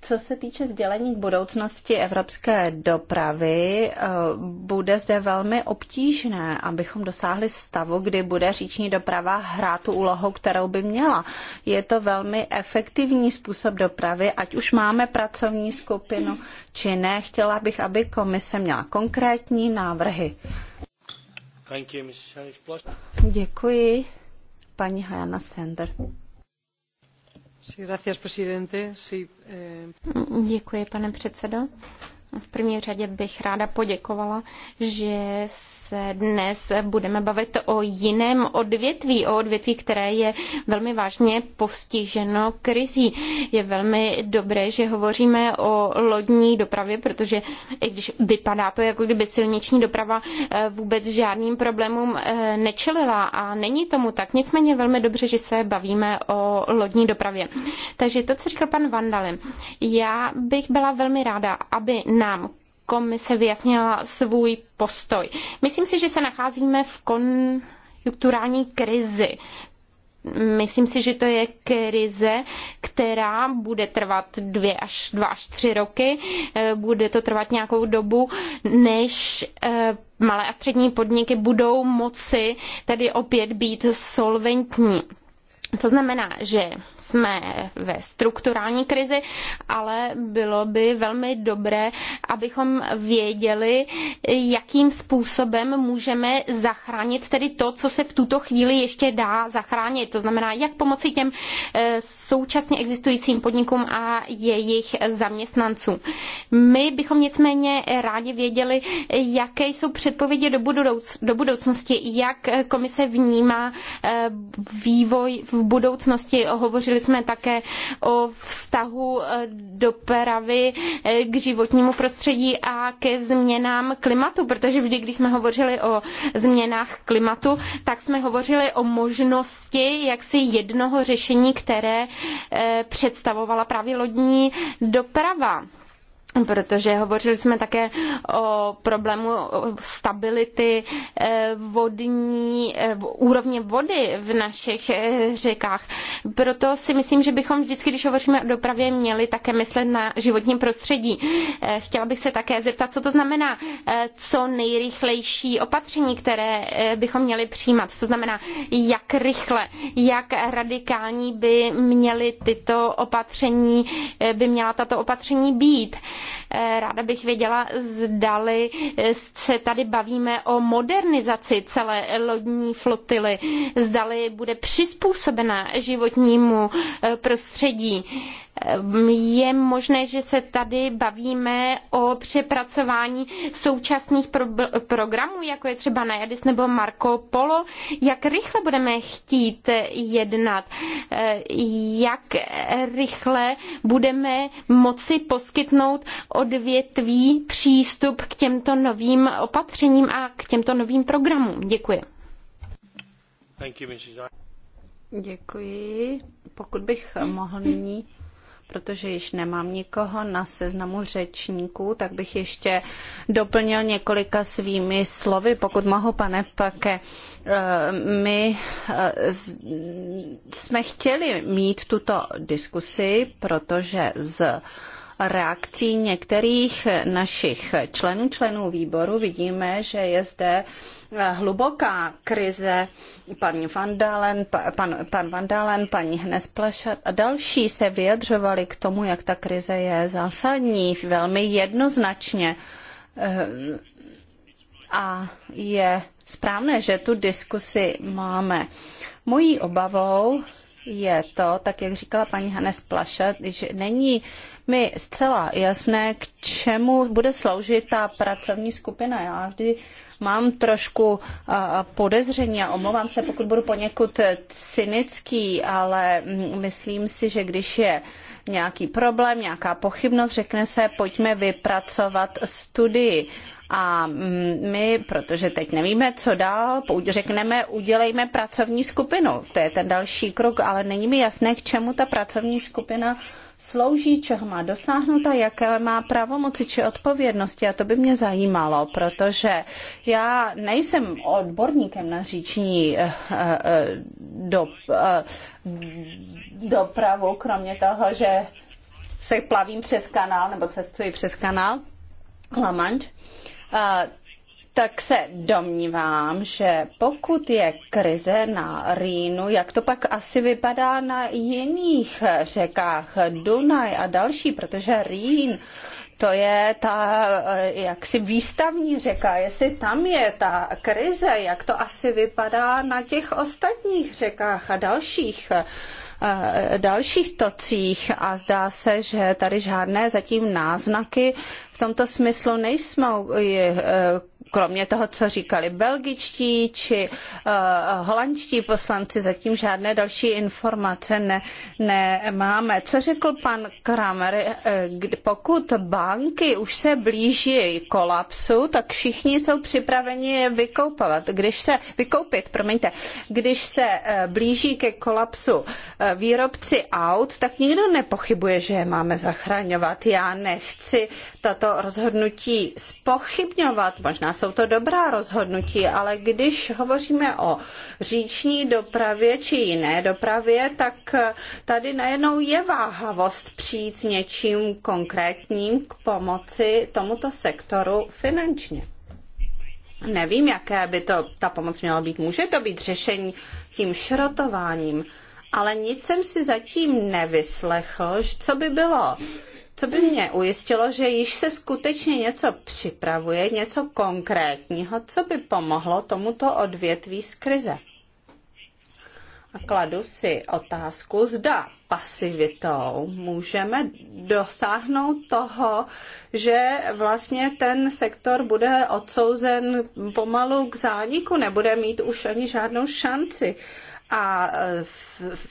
Co se týče sdělení k budoucnosti evropské dopravy, eh, bude zde velmi obtížné, abychom dosáhli stavu, kdy bude říční doprava hrát tu úlohu, kterou by měla. Je to velmi efektivní způsob dopravy, ať už máme pracovní skupinu či ne. Chtěla bych, aby komise měla konkrétní návrhy. Děkuji, paní Hajana Sender. Eh, Děkuji, pane předsedo. V první řadě bych ráda poděkovala, že se dnes budeme bavit o jiném odvětví, o odvětví, které je velmi vážně postiženo krizí. Je velmi dobré, že hovoříme o lodní dopravě, protože i když vypadá to, jako kdyby silniční doprava eh, vůbec žádným problémům eh, nečelila a není tomu tak. Nicméně velmi dobře, že se bavíme o lodní dopravě. Takže to, co říkal pan Vandalem, já bych byla velmi ráda, aby nám komise vyjasnila svůj postoj. Myslím si, že se nacházíme v konjunkturální krizi. Myslím si, že to je krize, která bude trvat dvě až dva až tři roky. Eh, bude to trvat nějakou dobu, než eh, malé a střední podniky budou moci tedy opět být solventní. To znamená, že jsme ve strukturální krizi, ale bylo by velmi dobré, abychom věděli, jakým způsobem můžeme zachránit tedy to, co se v tuto chvíli ještě dá zachránit. To znamená, jak pomoci těm eh, současně existujícím podnikům a jejich zaměstnancům. My bychom nicméně rádi věděli, jaké jsou předpovědi do, budouc- do budoucnosti, jak komise vnímá eh, vývoj v v budoucnosti. Hovořili jsme také o vztahu eh, dopravy eh, k životnímu prostředí a ke změnám klimatu, protože vždy, když jsme hovořili o změnách klimatu, tak jsme hovořili o možnosti jaksi jednoho řešení, které eh, představovala právě lodní doprava protože hovořili jsme také o problému stability eh, vodní, eh, úrovně vody v našich eh, řekách. Proto si myslím, že bychom vždycky, když hovoříme o dopravě, měli také myslet na životním prostředí. Chtěla bych se také zeptat, co to znamená co nejrychlejší opatření, které bychom měli přijímat. To znamená, jak rychle, jak radikální by měly tyto opatření, by měla tato opatření být. Eh, ráda bych věděla, zdali eh, se tady bavíme o modernizaci celé lodní flotily, zdali bude přizpůsobena životnímu eh, prostředí. Ehm, je možné, že se tady bavíme o přepracování současných pro- programů, jako je třeba Najadis nebo Marco Polo. Jak rychle budeme chtít jednat? Ehm, jak rychle budeme moci poskytnout odvětví přístup k těmto novým opatřením a k těmto novým programům? Děkuji. Děkuji. Pokud bych mohl nyní protože již nemám nikoho na seznamu řečníků, tak bych ještě doplnil několika svými slovy, pokud mohu, pane Pake. Eh, my eh, jsme chtěli mít tuto diskusi, protože z reakcí některých našich členů, členů výboru vidíme, že je zde eh, hluboká krize. Pan Van Dalen, pan, pan Van Dalen, paní Hnesplašat a další se vyjadřovali k tomu, jak ta krize je zásadní, velmi jednoznačně. Eh, a je správné, že tu diskusi máme. Mojí obavou je to, tak jak říkala paní Hanes Plaša, že není mi zcela jasné, k čemu bude sloužit ta pracovní skupina. Já vždy mám trošku podezření a omlouvám se, pokud budu poněkud cynický, ale mm, myslím si, že když je nějaký problém, nějaká pochybnost, řekne se, pojďme vypracovat studii. A my, protože teď nevíme, co dál, řekneme, udělejme pracovní skupinu. To je ten další krok, ale není mi jasné, k čemu ta pracovní skupina slouží, čeho má dosáhnout a jaké má pravomoci či odpovědnosti. A to by mě zajímalo, protože já nejsem odborníkem na říční eh, eh, do, eh, dopravu, kromě toho, že se plavím přes kanál nebo cestuji přes kanál La Manche tak se domnívám, že pokud je krize na Rýnu, jak to pak asi vypadá na jiných řekách, Dunaj a další, protože Rýn to je ta eh, jaksi výstavní řeka, jestli tam je ta krize, jak to asi vypadá na těch ostatních řekách a dalších uh, Eh, dalších tocích a zdá se, že tady žádné zatím náznaky v tomto smyslu nejsou. Eh, kromě toho, co říkali belgičtí či uh, holandští poslanci, zatím žádné další informace nemáme. Ne co řekl pan Kramer, eh, pokud banky už se blíží kolapsu, tak všichni jsou připraveni je vykoupovat. Když se, vykoupit, promiňte, když se eh, blíží ke kolapsu výrobci aut, tak nikdo nepochybuje, že je máme zachraňovat. Já nechci tato rozhodnutí spochybňovat, možná jsou to dobrá rozhodnutí, ale když hovoříme o říční dopravě či jiné dopravě, tak eh, tady najednou je váhavost přijít s něčím konkrétním k pomoci tomuto sektoru finančně. Nevím, jaké by to, ta pomoc měla být. Může to být řešení tím šrotováním, ale nic jsem si zatím nevyslechl, co by bylo co by mě ujistilo, že již se skutečně něco připravuje, něco konkrétního, co by pomohlo tomuto odvětví z krize. A kladu si otázku, zda pasivitou můžeme dosáhnout toho, že vlastně ten sektor bude odsouzen pomalu k zániku, nebude mít už ani žádnou šanci. Uh, a e,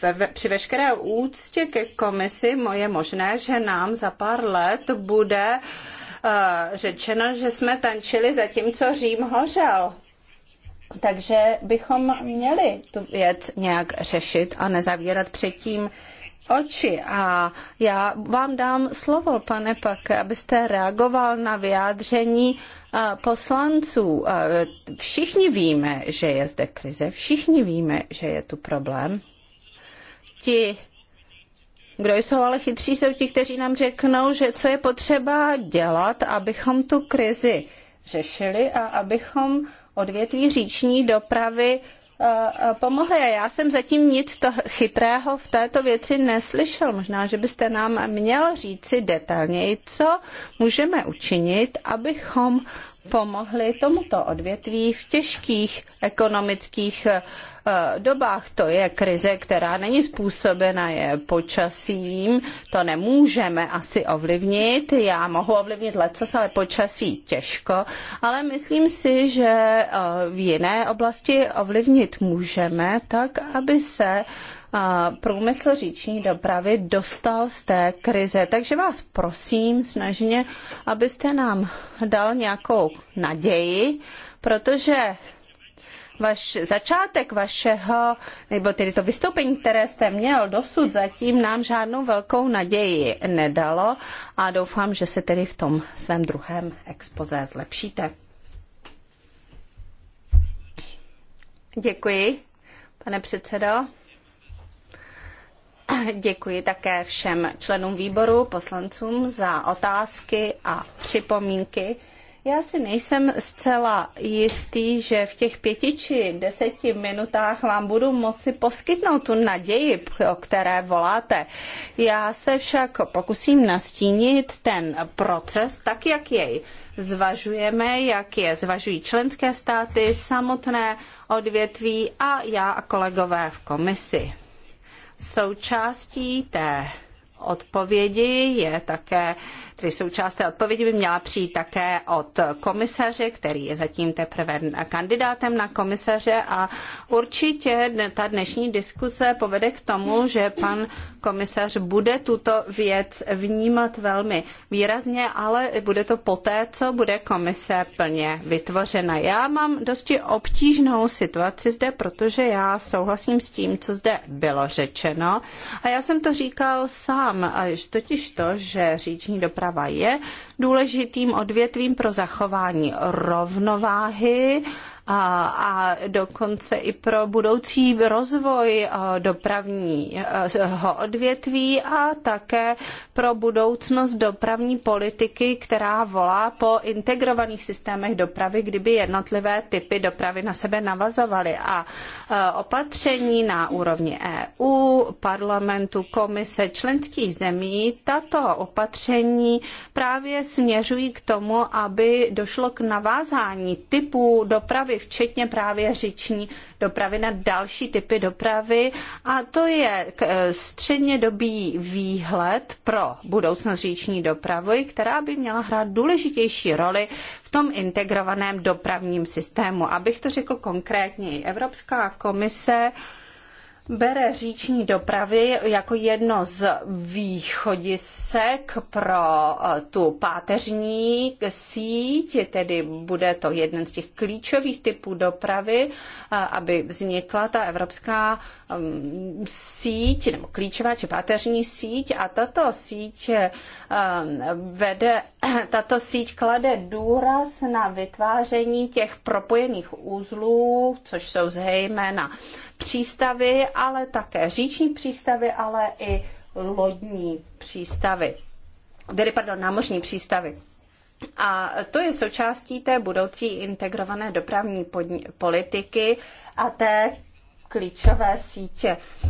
ve, ve, při veškeré úctě ke komisi je možné, že nám za pár let bude uh, řečeno, že jsme tančili zatímco Řím hořel. Takže bychom měli tu věc nějak řešit a nezavírat předtím uh, oči a já vám dám slovo, pane Pak, abyste reagoval na vyjádření eh, poslanců. Eh, všichni víme, že je zde krize, všichni víme, že je tu problém. Ti kdo jsou ale chytří, jsou ti, kteří nám řeknou, že co je potřeba dělat, abychom tu krizi řešili a abychom odvětví říční dopravy Eh, eh, pomohli. A já jsem zatím nic to chytrého v této věci neslyšel. Možná, že byste nám měl říci detailněji, co můžeme učinit, abychom pomohly tomuto odvětví v těžkých ekonomických eh, dobách. To je krize, která není způsobena je počasím, to nemůžeme asi ovlivnit. Já mohu ovlivnit letos, ale počasí těžko. Ale myslím si, že eh, v jiné oblasti ovlivnit můžeme tak, aby se průmysl říční dopravy dostal z té krize. Takže vás prosím snažně, abyste nám dal nějakou naději, protože vaš, začátek vašeho, nebo tedy to vystoupení, které jste měl dosud, zatím nám žádnou velkou naději nedalo a doufám, že se tedy v tom svém druhém expoze zlepšíte. Děkuji, pane předsedo. (coughs) Děkuji také všem členům výboru, poslancům za otázky a připomínky. Já si nejsem zcela jistý, že v těch pěti či deseti minutách vám budu moci poskytnout tu naději, o které voláte. Já se však pokusím nastínit ten proces tak, jak jej zvažujeme, jak je zvažují členské státy, samotné odvětví a já a kolegové v komisi. Součástí té odpovědi je také, tedy součást té odpovědi by měla přijít také od komisaře, který je zatím teprve kandidátem na komisaře a určitě ta dnešní diskuse povede k tomu, že pan komisař bude tuto věc vnímat velmi výrazně, ale bude to poté, co bude komise plně vytvořena. Já mám dosti obtížnou situaci zde, protože já souhlasím s tím, co zde bylo řečeno a já jsem to říkal sám sám, totiž to, že říční doprava je důležitým odvětvím pro zachování rovnováhy a, a dokonce i pro budoucí rozvoj eh, dopravního eh, odvětví a také pro budoucnost dopravní politiky, která volá po integrovaných systémech dopravy, kdyby jednotlivé typy dopravy na sebe navazovaly. A eh, opatření na úrovni EU, parlamentu, komise členských zemí, tato opatření právě směřují k tomu, aby došlo k navázání typů dopravy včetně právě říční dopravy na další typy dopravy. A to je eh, středně dobý výhled pro budoucnost říční dopravy, která by měla hrát důležitější roli v tom integrovaném dopravním systému. Abych to řekl konkrétně, Evropská komise bere říční dopravy jako jedno z východisek pro eh, tu páteřní síť, tedy bude to jeden z těch klíčových typů dopravy, eh, aby vznikla ta evropská mm, síť nebo klíčová či páteřní síť a tato síť eh, vede, (clears throat) tato síť klade důraz na vytváření těch propojených uzlů, což jsou zejména přístavy, ale také říční přístavy, ale i lodní přístavy. Tedy, pardon, námořní přístavy. A to je součástí té budoucí integrované dopravní politiky a té klíčové sítě. Uh,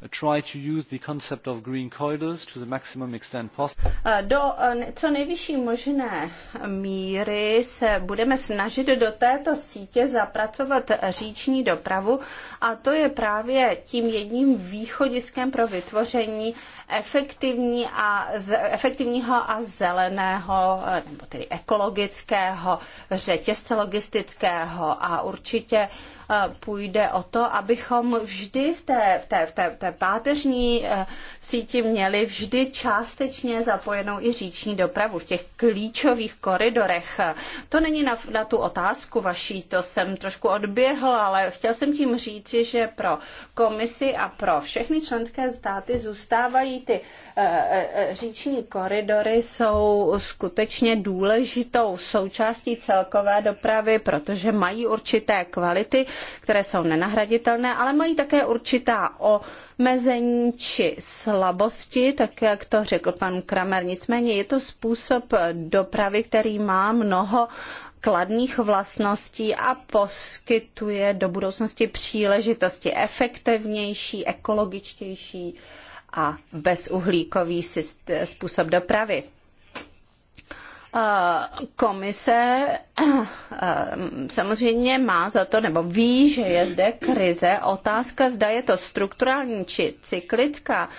uh, do uh, co nejvyšší možné míry se budeme snažit do této sítě zapracovat říční dopravu a to je právě tím jedním východiskem pro vytvoření efektivní a, efektivního a zeleného, nebo tedy ekologického řetězce logistického a určitě uh, půjde o to, abychom vždy v té, v té, v té, v té páteřní eh, síti měli vždy částečně zapojenou i říční dopravu v těch klíčových koridorech. To není na, na tu otázku vaší, to jsem trošku odběhl, ale chtěl jsem tím říci, že pro komisi a pro všechny členské státy zůstávají ty Eh, eh, eh, říční koridory jsou skutečně důležitou součástí celkové dopravy, protože mají určité kvality, které jsou nenahraditelné, ale mají také určitá omezení či slabosti, tak jak to řekl pan Kramer. Nicméně je to způsob dopravy, který má mnoho kladných vlastností a poskytuje do budoucnosti příležitosti efektivnější, ekologičtější a bezuhlíkový způsob dopravy. Komise eh, samozřejmě má za to, nebo ví, že je zde krize. Otázka, zda je to strukturální či cyklická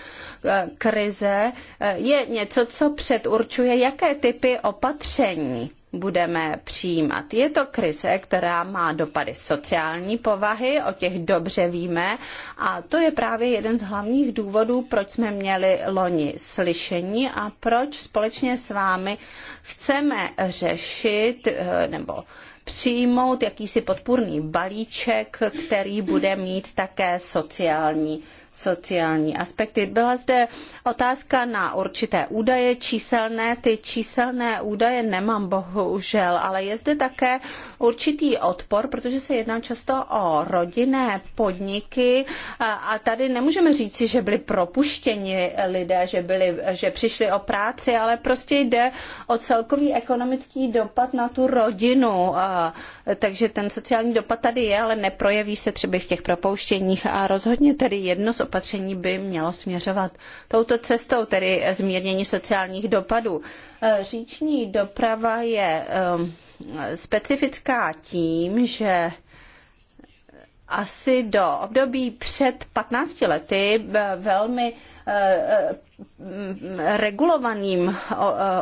eh, krize, eh, je něco, co předurčuje, jaké typy opatření budeme přijímat. Je to krize, která má dopady sociální povahy, o těch dobře víme a to je právě jeden z hlavních důvodů, proč jsme měli loni slyšení a proč společně s vámi chceme řešit eh, nebo přijmout jakýsi podpůrný balíček, který bude mít také sociální sociální aspekty. Byla zde otázka na určité údaje číselné. Ty číselné údaje nemám bohužel, ale je zde také určitý odpor, protože se jedná často o rodinné podniky a tady nemůžeme říci, že byli propuštěni lidé, že, byli, že přišli o práci, ale prostě jde o celkový ekonomický dopad na tu rodinu. Takže ten sociální dopad tady je, ale neprojeví se třeba v těch propouštěních a rozhodně tedy jedno opatření by mělo směřovat touto cestou, tedy zmírnění sociálních dopadů. Eh, říční doprava je eh, specifická tím, že asi do období před 15 lety eh, velmi regulovaným e,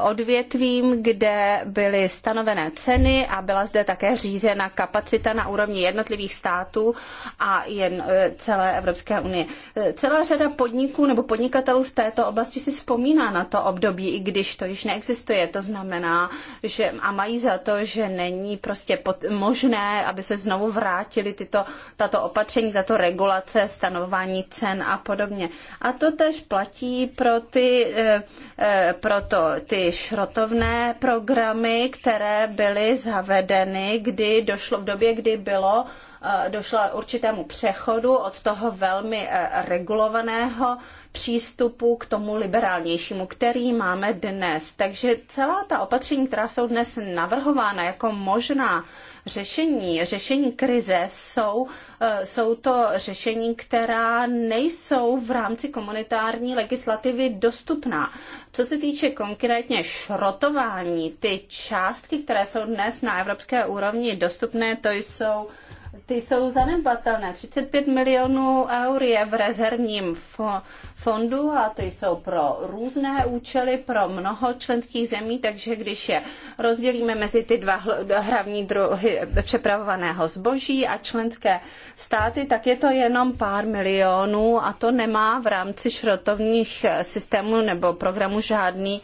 odvětvím, kde byly stanovené ceny a byla zde také řízena kapacita na úrovni jednotlivých států a jen e, celé Evropské unie. E, celá řada podniků nebo podnikatelů v této oblasti si vzpomíná na to období, i když to již neexistuje. To znamená, že a mají za to, že není prostě pod, možné, aby se znovu vrátili tyto, tato opatření, tato regulace, stanovování cen a podobně. A to tež platí pro, ty, eh, eh, pro to, ty šrotovné programy, které byly zavedeny, kdy došlo v době, kdy bylo eh, došlo určitému přechodu od toho velmi regulovaného přístupu k tomu liberálnějšímu, který máme dnes. Takže celá ta opatření, která jsou dnes navrhována jako možná řešení. Řešení krize jsou, eh, jsou to řešení, která nejsou v rámci komunitární legislativy dostupná. Co se týče konkrétně šrotování, ty částky, které jsou dnes na evropské úrovni dostupné, to jsou ty jsou zanedbatelné. 35 milionů eur je v rezervním fondu a ty jsou pro různé účely, pro mnoho členských zemí, takže když je rozdělíme mezi ty dva hlavní druhy přepravovaného zboží a členské státy, tak je to jenom pár milionů a to nemá v rámci šrotovních systémů nebo programu žádný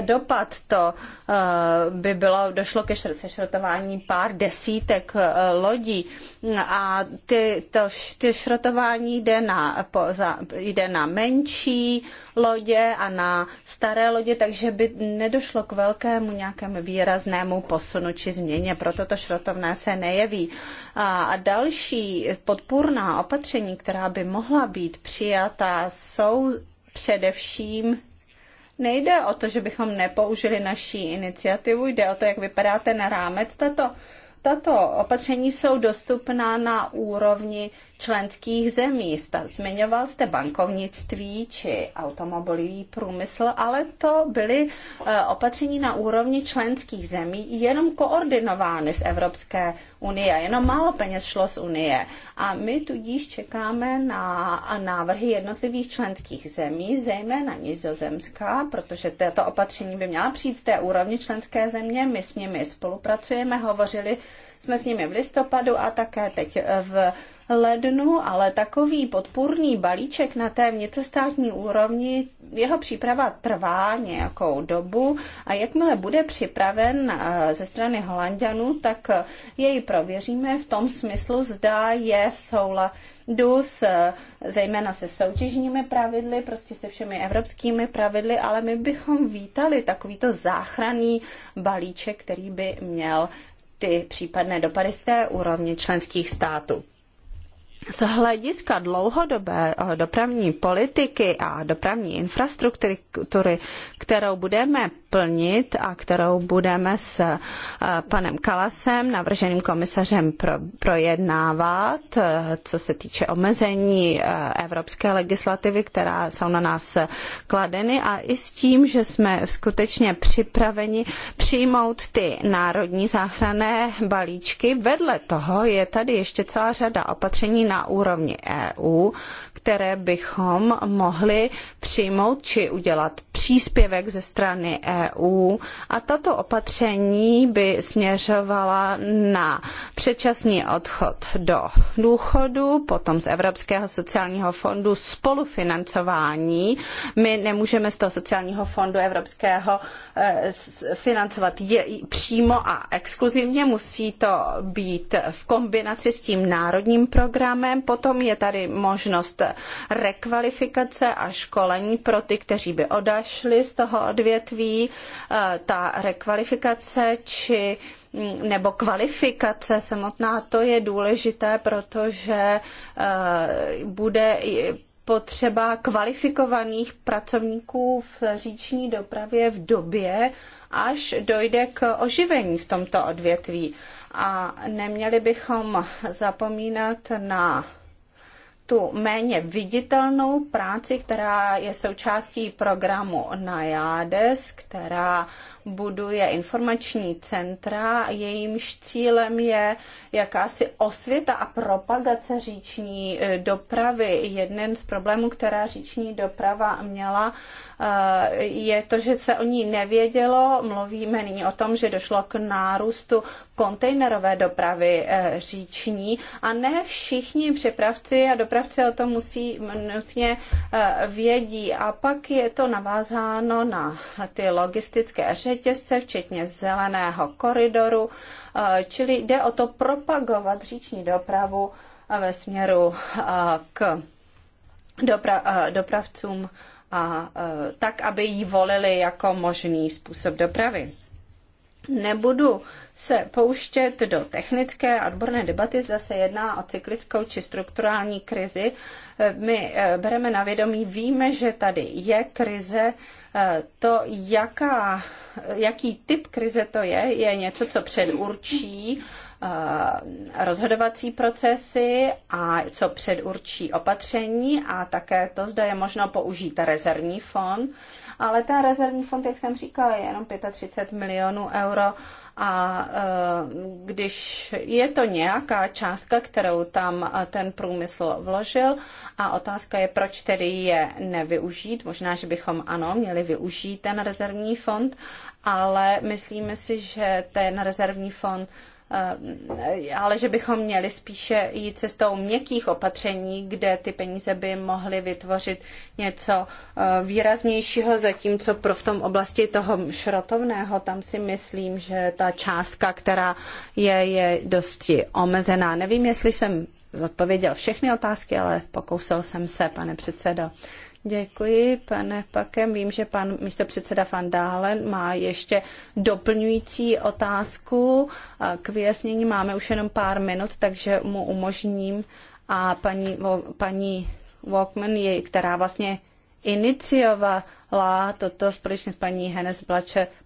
dopad. To eh, by bylo, došlo ke sešrotování pár desítek eh, lodí a ty, to, ty šrotování jde na, po, za, jde na menší lodě a na staré lodě, takže by nedošlo k velkému nějakému výraznému posunu či změně, proto to šrotovné se nejeví. A, a další podpůrná opatření, která by mohla být přijata, jsou především nejde o to, že bychom nepoužili naší iniciativu, jde o to, jak vypadá ten rámec. Tato, tato opatření jsou dostupná na úrovni členských zemí. Zmiňoval jste bankovnictví či automobilový průmysl, ale to byly eh, opatření na úrovni členských zemí jenom koordinovány z Evropské unie. Jenom málo peněz šlo z unie. A my tudíž čekáme na návrhy jednotlivých členských zemí, zejména Nizozemská, protože tato opatření by měla přijít z té úrovni členské země. My s nimi spolupracujeme, hovořili jsme s nimi v listopadu a také teď v lednu, ale takový podpůrný balíček na té vnitrostátní úrovni, jeho příprava trvá nějakou dobu a jakmile bude připraven eh, ze strany Holandianů, tak eh, jej prověříme v tom smyslu, zda je v souladu DUS, eh, zejména se soutěžními pravidly, prostě se všemi evropskými pravidly, ale my bychom vítali takovýto záchranný balíček, který by měl ty případné dopady z té úrovně členských států z hlediska dlouhodobé eh, dopravní politiky a dopravní infrastruktury, kterou budeme plnit a kterou budeme s eh, panem Kalasem, navrženým komisařem, projednávat, eh, co se týče omezení evropské legislativy, která jsou na nás kladeny a i s tím, že jsme skutečně připraveni přijmout ty národní záchranné balíčky. Vedle toho je tady ještě celá řada opatření na úrovni EU, které bychom mohli přijmout či udělat příspěvek ze strany EU a tato opatření by směřovala na předčasný odchod do důchodu, potom z Evropského sociálního fondu spolufinancování. My nemůžeme z toho sociálního fondu evropského eh, financovat je, přímo a exkluzivně, musí to být v kombinaci s tím národním programem programem. Potom je tady možnost rekvalifikace a školení pro ty, kteří by odašli z toho odvětví. Eh, ta rekvalifikace či hm, nebo kvalifikace samotná, to je důležité, protože eh, bude potřeba kvalifikovaných pracovníků v říční dopravě v době, až dojde k oživení v tomto odvětví. A neměli bychom zapomínat na tu méně viditelnou práci, která je součástí programu NAJADES, která buduje informační centra, jejímž cílem je jakási osvěta a propagace říční eh, dopravy. Jeden z problémů, která říční doprava měla, Eh, je to, že se o ní nevědělo. Mluvíme nyní o tom, že došlo k nárůstu kontejnerové dopravy eh, říční a ne všichni přepravci a dopravci o tom musí nutně eh, vědí. A pak je to navázáno na ty logistické řetězce, včetně zeleného koridoru, čili jde o to propagovat říční dopravu ve směru k dopravcům a e, tak, aby ji volili jako možný způsob dopravy. Nebudu se pouštět do technické a odborné debaty, zase jedná o cyklickou či strukturální krizi. E, my e, bereme na vědomí, víme, že tady je krize, to, jaká, jaký typ krize to je, je něco, co předurčí Eh, rozhodovací procesy a co předurčí opatření a také to, zda je možno použít rezervní fond. Ale ten rezervní fond, jak jsem říkala, je jenom 35 milionů euro a eh, když je to nějaká částka, kterou tam eh, ten průmysl vložil a otázka je, proč tedy je nevyužít, možná, že bychom ano, měli využít ten rezervní fond, ale myslíme si, že ten rezervní fond Eh, ale že bychom měli spíše jít cestou měkkých opatření, kde ty peníze by mohly vytvořit něco eh, výraznějšího, zatímco pro v tom oblasti toho šrotovného, tam si myslím, že ta částka, která je, je dosti omezená. Nevím, jestli jsem zodpověděl všechny otázky, ale pokoušel jsem se, pane předsedo. Děkuji, pane Pakem. Vím, že pan místopředseda Van Dálen má ještě doplňující otázku k vyjasnění. Máme už jenom pár minut, takže mu umožním. A paní, paní Walkman, je, která vlastně iniciovala toto společně s paní Hennes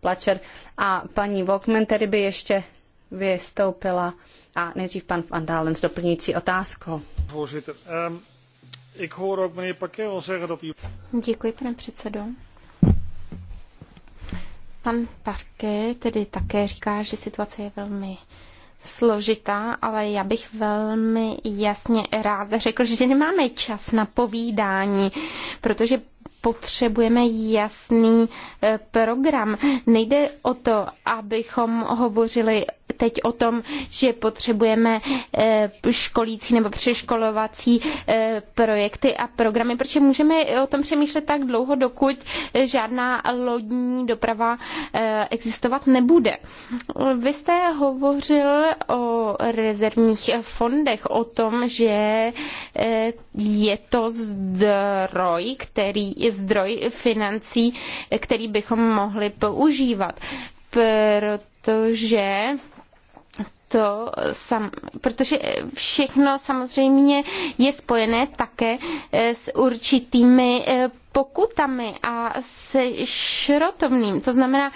Plačer a paní Walkman tedy by ještě vystoupila a nejdřív pan Van Dálen s doplňující otázkou. Ik hoor ook meneer al zeggen dat hij... Děkuji, pane předsedo. Pan Parquet tedy také říká, že situace je velmi složitá, ale já bych velmi jasně rád řekl, že nemáme čas na povídání, protože potřebujeme jasný eh, program. Nejde o to, abychom hovořili teď o tom, že potřebujeme eh, školící nebo přeškolovací eh, projekty a programy, protože můžeme o tom přemýšlet tak dlouho, dokud žádná lodní doprava eh, existovat nebude. Vy jste hovořil o rezervních fondech, o tom, že je to zdroj, který je zdroj financí, který bychom mohli používat, protože to, sam, protože všechno samozřejmě je spojené také eh, s určitými eh, pokutami a s šrotovným. To znamená,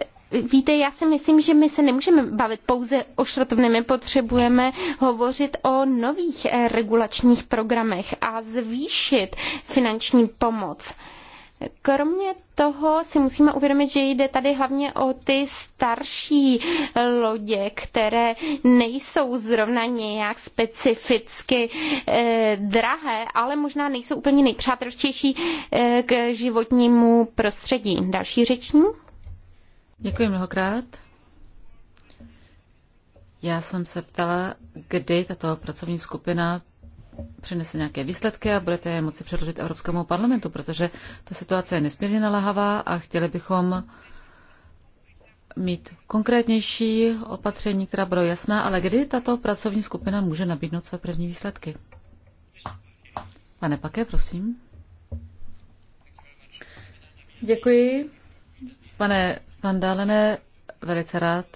eh, Víte, já si myslím, že my se nemůžeme bavit pouze o šrotovném, my potřebujeme hovořit o nových regulačních programech a zvýšit finanční pomoc. Kromě toho si musíme uvědomit, že jde tady hlavně o ty starší lodě, které nejsou zrovna nějak specificky eh, drahé, ale možná nejsou úplně nejpřátelštější eh, k životnímu prostředí. Další řečník? Děkuji mnohokrát. Já jsem se ptala, kdy tato pracovní skupina přinese nějaké výsledky a budete je moci předložit Evropskému parlamentu, protože ta situace je nesmírně nalahavá a chtěli bychom mít konkrétnější opatření, která budou jasná, ale kdy tato pracovní skupina může nabídnout své první výsledky? Pane Paké, prosím. Děkuji. Pane Van Dálene, velice rád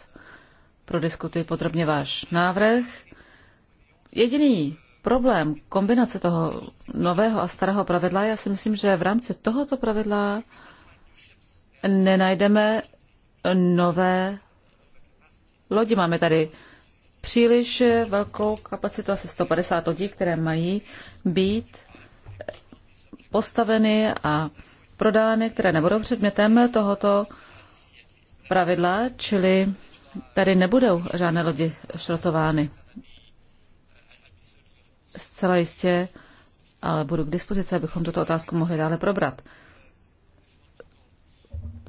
prodiskutuji podrobně váš návrh. Jediný problém kombinace toho nového a starého pravidla. Já si myslím, že v rámci tohoto pravidla nenajdeme nové lodi. Máme tady příliš velkou kapacitu, asi 150 lodí, které mají být postaveny a prodány, které nebudou předmětem tohoto pravidla, čili tady nebudou žádné lodi šrotovány zcela jistě, ale budu k dispozici, abychom tuto otázku mohli dále probrat.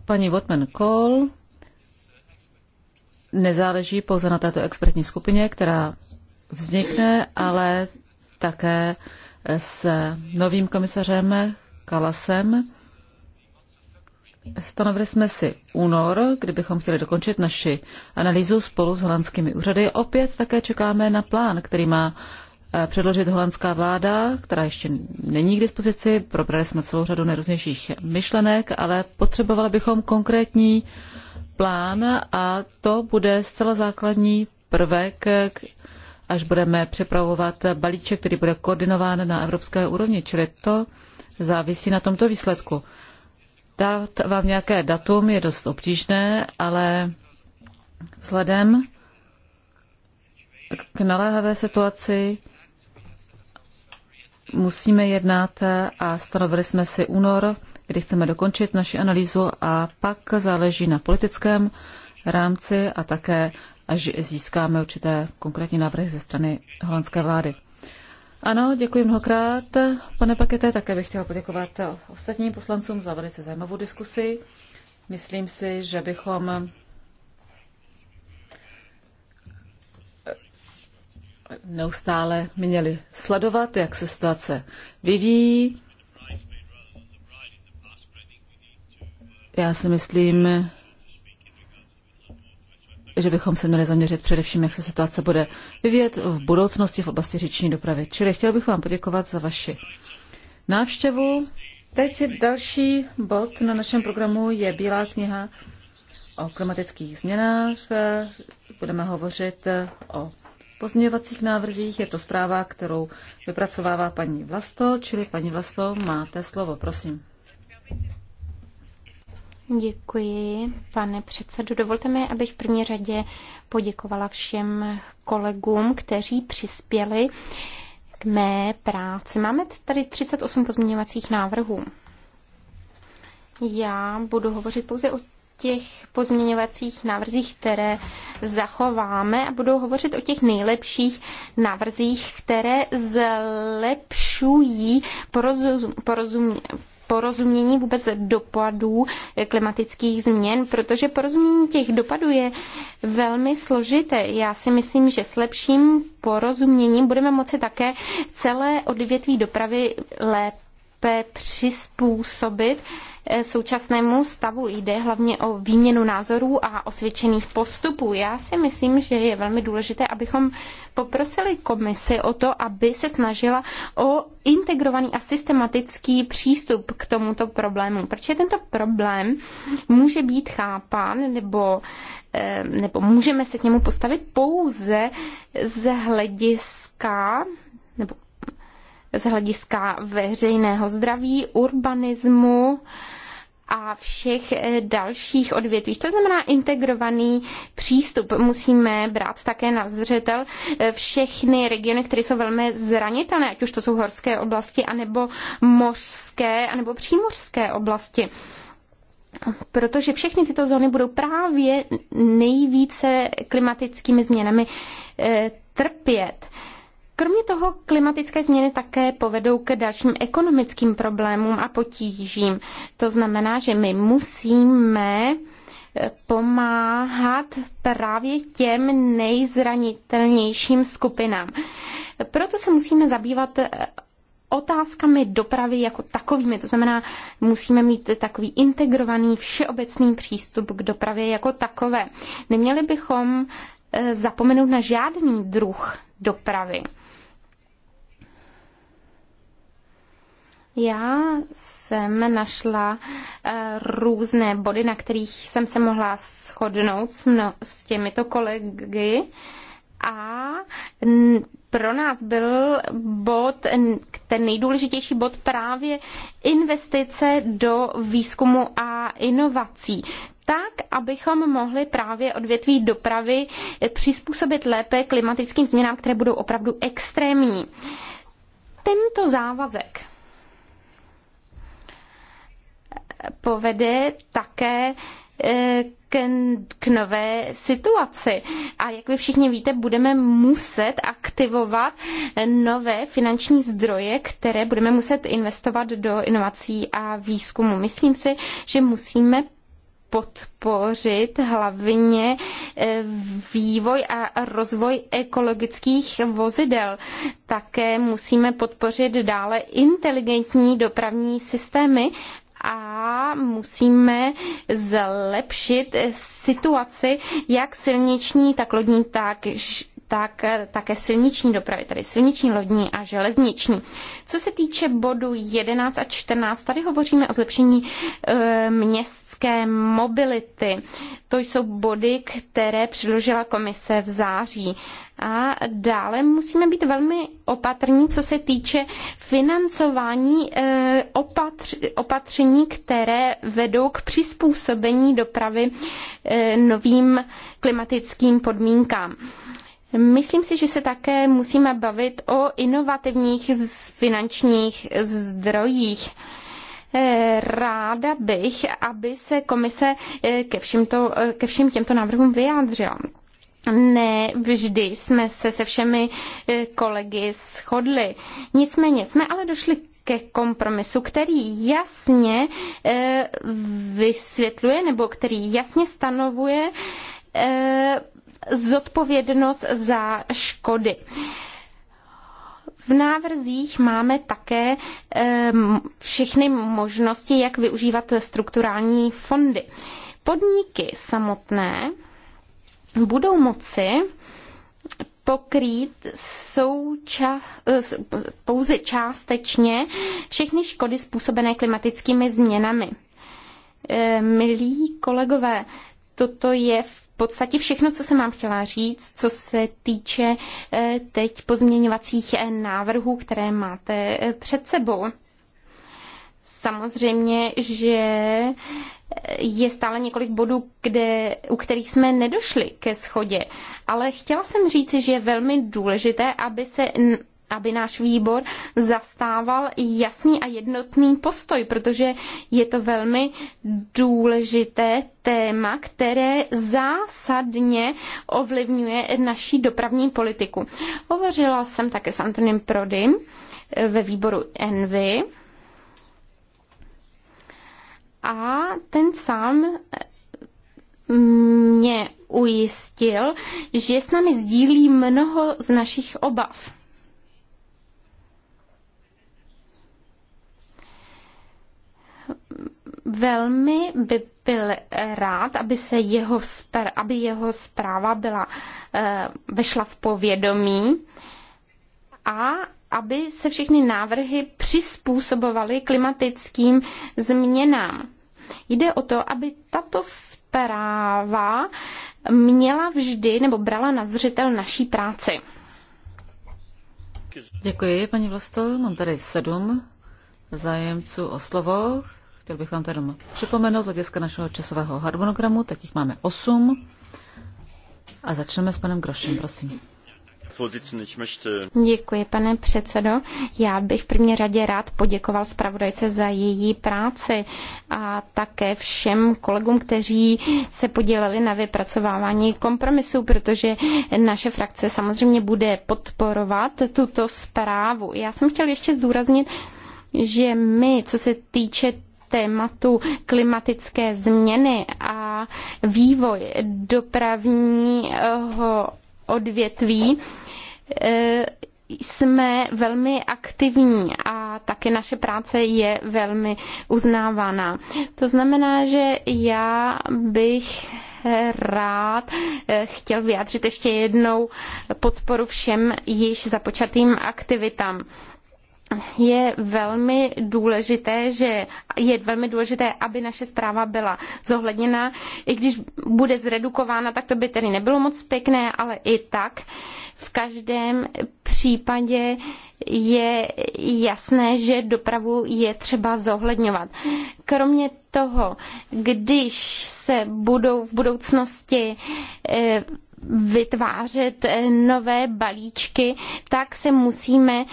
Paní Votman Kohl nezáleží pouze na této expertní skupině, která vznikne, ale také s novým komisařem Kalasem. Stanovili jsme si únor, kdybychom chtěli dokončit naši analýzu spolu s holandskými úřady. Opět také čekáme na plán, který má Eh, předložit holandská vláda, která ještě není k dispozici. Probrali jsme celou řadu nejrůznějších myšlenek, ale potřebovali bychom konkrétní plán a to bude zcela základní prvek, až budeme připravovat balíček, který bude koordinován na evropské úrovni, čili to závisí na tomto výsledku. Dát vám nějaké datum je dost obtížné, ale vzhledem k naléhavé situaci musíme jednat a stanovili jsme si únor, kdy chceme dokončit naši analýzu a pak záleží na politickém rámci a také, až získáme určité konkrétní návrhy ze strany holandské vlády. Ano, děkuji mnohokrát, pane Pakete. Také bych chtěla poděkovat ostatním poslancům za velice zajímavou diskusi. Myslím si, že bychom neustále měli sledovat, jak se situace vyvíjí. Já si myslím, že bychom se měli zaměřit především, jak se situace bude vyvíjet v budoucnosti v oblasti říční dopravy. Čili chtěl bych vám poděkovat za vaši návštěvu. Teď další bod na našem programu je Bílá kniha o klimatických změnách. Budeme hovořit o pozměňovacích návrzích. Je to zpráva, kterou vypracovává paní Vlasto, čili paní Vlasto, máte slovo, prosím. Děkuji, pane předsedo. Dovolte mi, abych v první řadě poděkovala všem kolegům, kteří přispěli k mé práci. Máme tady 38 pozměňovacích návrhů. Já budu hovořit pouze o těch pozměňovacích návrzích, které zachováme a budou hovořit o těch nejlepších návrzích, které zlepšují porozum, porozum, porozumění vůbec dopadů klimatických změn, protože porozumění těch dopadů je velmi složité. Já si myslím, že s lepším porozuměním budeme moci také celé odvětví dopravy lépe přizpůsobit Eh, současnému stavu. Jde hlavně o výměnu názorů a osvědčených postupů. Já si myslím, že je velmi důležité, abychom poprosili komisi o to, aby se snažila o integrovaný a systematický přístup k tomuto problému, protože tento problém může být chápán nebo eh, nebo můžeme se k němu postavit pouze z hlediska nebo z hlediska veřejného zdraví, urbanismu, a všech eh, dalších odvětvích. To znamená integrovaný přístup. Musíme brát také na zřetel eh, všechny regiony, které jsou velmi zranitelné, ať už to jsou horské oblasti, anebo mořské, anebo přímořské oblasti. Protože všechny tyto zóny budou právě nejvíce klimatickými změnami eh, trpět. Kromě toho klimatické změny také povedou k dalším ekonomickým problémům a potížím. To znamená, že my musíme eh, pomáhat právě těm nejzranitelnějším skupinám. Proto se musíme zabývat eh, otázkami dopravy jako takovými. To znamená, musíme mít takový integrovaný všeobecný přístup k dopravě jako takové. Neměli bychom eh, zapomenout na žádný druh dopravy. Já jsem našla eh, různé body, na kterých jsem se mohla shodnout s, no, s těmito kolegy a pro nás byl bod, ten nejdůležitější bod právě investice do výzkumu a inovací tak, abychom mohli právě odvětví dopravy přizpůsobit lépe klimatickým změnám, které budou opravdu extrémní. Tento závazek povede také eh, k, k nové situaci. A jak vy všichni víte, budeme muset aktivovat nové finanční zdroje, které budeme muset investovat do inovací a výzkumu. Myslím si, že musíme podpořit hlavně eh, vývoj a rozvoj ekologických vozidel. Také musíme podpořit dále inteligentní dopravní systémy a musíme zlepšit situaci jak silniční, tak lodní, tak tak také silniční dopravy, tedy silniční, lodní a železniční. Co se týče bodu 11 a 14, tady hovoříme o zlepšení e, městské mobility. To jsou body, které předložila komise v září. A dále musíme být velmi opatrní, co se týče financování eh, opatření, které vedou k přizpůsobení dopravy eh, novým klimatickým podmínkám. Myslím si, že se také musíme bavit o inovativních finančních zdrojích. Eh, ráda bych, aby se komise eh, ke všem, to, eh, ke všem těmto návrhům vyjádřila. Ne vždy jsme se se všemi kolegy shodli. Nicméně jsme ale došli ke kompromisu, který jasně vysvětluje nebo který jasně stanovuje zodpovědnost za škody. V návrzích máme také všechny možnosti, jak využívat strukturální fondy. Podniky samotné budou moci pokrýt souča- pouze částečně všechny škody způsobené klimatickými změnami. Milí kolegové, toto je v podstatě všechno, co jsem vám chtěla říct, co se týče eh, teď pozměňovacích eh, návrhů, které máte eh, před sebou. Samozřejmě, že je stále několik bodů, kde, u kterých jsme nedošli ke schodě. Ale chtěla jsem říct, že je velmi důležité, aby se aby náš výbor zastával jasný a jednotný postoj, protože je to velmi důležité téma, které zásadně ovlivňuje naší dopravní politiku. Hovořila jsem také s Antonem Prodym ve výboru Envy a ten sám mě ujistil, že s námi sdílí mnoho z našich obav. velmi by byl rád, aby, se jeho, aby jeho zpráva byla, eh, vešla v povědomí a aby se všechny návrhy přizpůsobovaly klimatickým změnám. Jde o to, aby tato zpráva měla vždy nebo brala na zřetel naší práci. Děkuji, paní Vlastel. Mám tady sedm zájemců o slovo. Chtěl bych vám to jenom připomenout z hlediska našeho časového harmonogramu. Teď jich máme osm A začneme s panem Grošem, prosím. Děkuji, pane předsedo. Já bych v první řadě rád poděkoval zpravodajce za její práci a také všem kolegům, kteří se podíleli na vypracovávání kompromisů, protože naše frakce samozřejmě bude podporovat tuto zprávu. Já jsem chtěl ještě zdůraznit, že my, co se týče tématu klimatické změny a vývoj dopravního odvětví e, jsme velmi aktivní a taky naše práce je velmi uznávaná. To znamená, že já bych rád e, chtěl vyjádřit ještě jednou podporu všem již započatým aktivitám je velmi důležité, že je velmi důležité, aby naše zpráva byla zohledněna. I když bude zredukována, tak to by tedy nebylo moc pěkné, ale i tak v každém případě je jasné, že dopravu je třeba zohledňovat. Kromě toho, když se budou v budoucnosti eh, vytvářet eh, nové balíčky, tak se musíme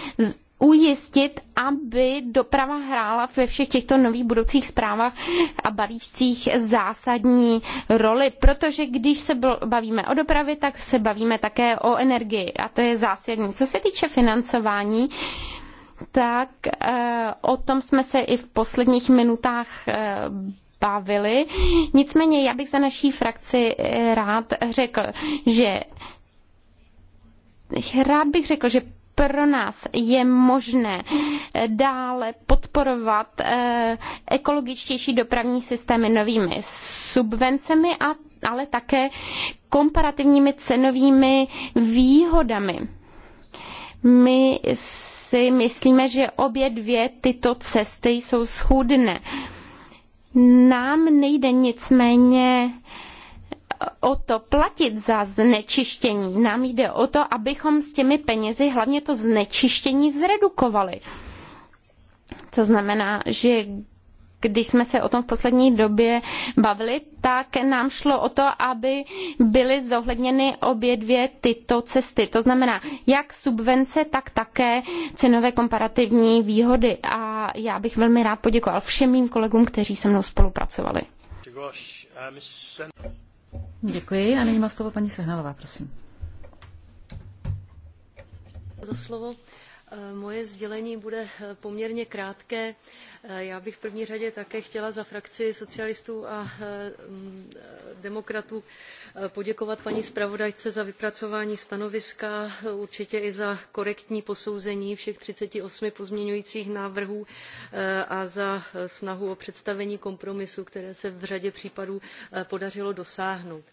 ujistit, aby doprava hrála ve všech těchto nových budoucích zprávách a balíčcích zásadní roli, protože když se bavíme o dopravě, tak se bavíme také o energii a to je zásadní. Co se týče financování, tak eh, o tom jsme se i v posledních minutách eh, bavili. Nicméně já bych za naší frakci eh, rád řekl, že rád bych řekl, že pro nás je možné eh, dále podporovat eh, ekologičtější dopravní systémy novými subvencemi, a, ale také komparativními cenovými výhodami. My si myslíme, že obě dvě tyto cesty jsou schůdné. Nám nejde nicméně uh, o to platit za znečištění. Nám jde o to, abychom s těmi penězi hlavně to znečištění zredukovali. To znamená, že když jsme se o tom v poslední době bavili, tak nám šlo o to, aby byly zohledněny obě dvě tyto cesty. To znamená, jak subvence, tak také cenové komparativní výhody. A já bych velmi rád poděkoval všem mým kolegům, kteří se mnou spolupracovali. Děkuji a nyní má slovo paní Sehnalová, prosím. Za slovo. Eh, moje sdělení bude eh, poměrně krátké. Eh, já bych v první řadě také chtěla za frakci socialistů a mm, demokratů poděkovat paní zpravodajce za vypracování stanoviska, určitě i za korektní posouzení všech 38 pozměňujících návrhů a za snahu o představení kompromisu, které se v řadě případů podařilo dosáhnout.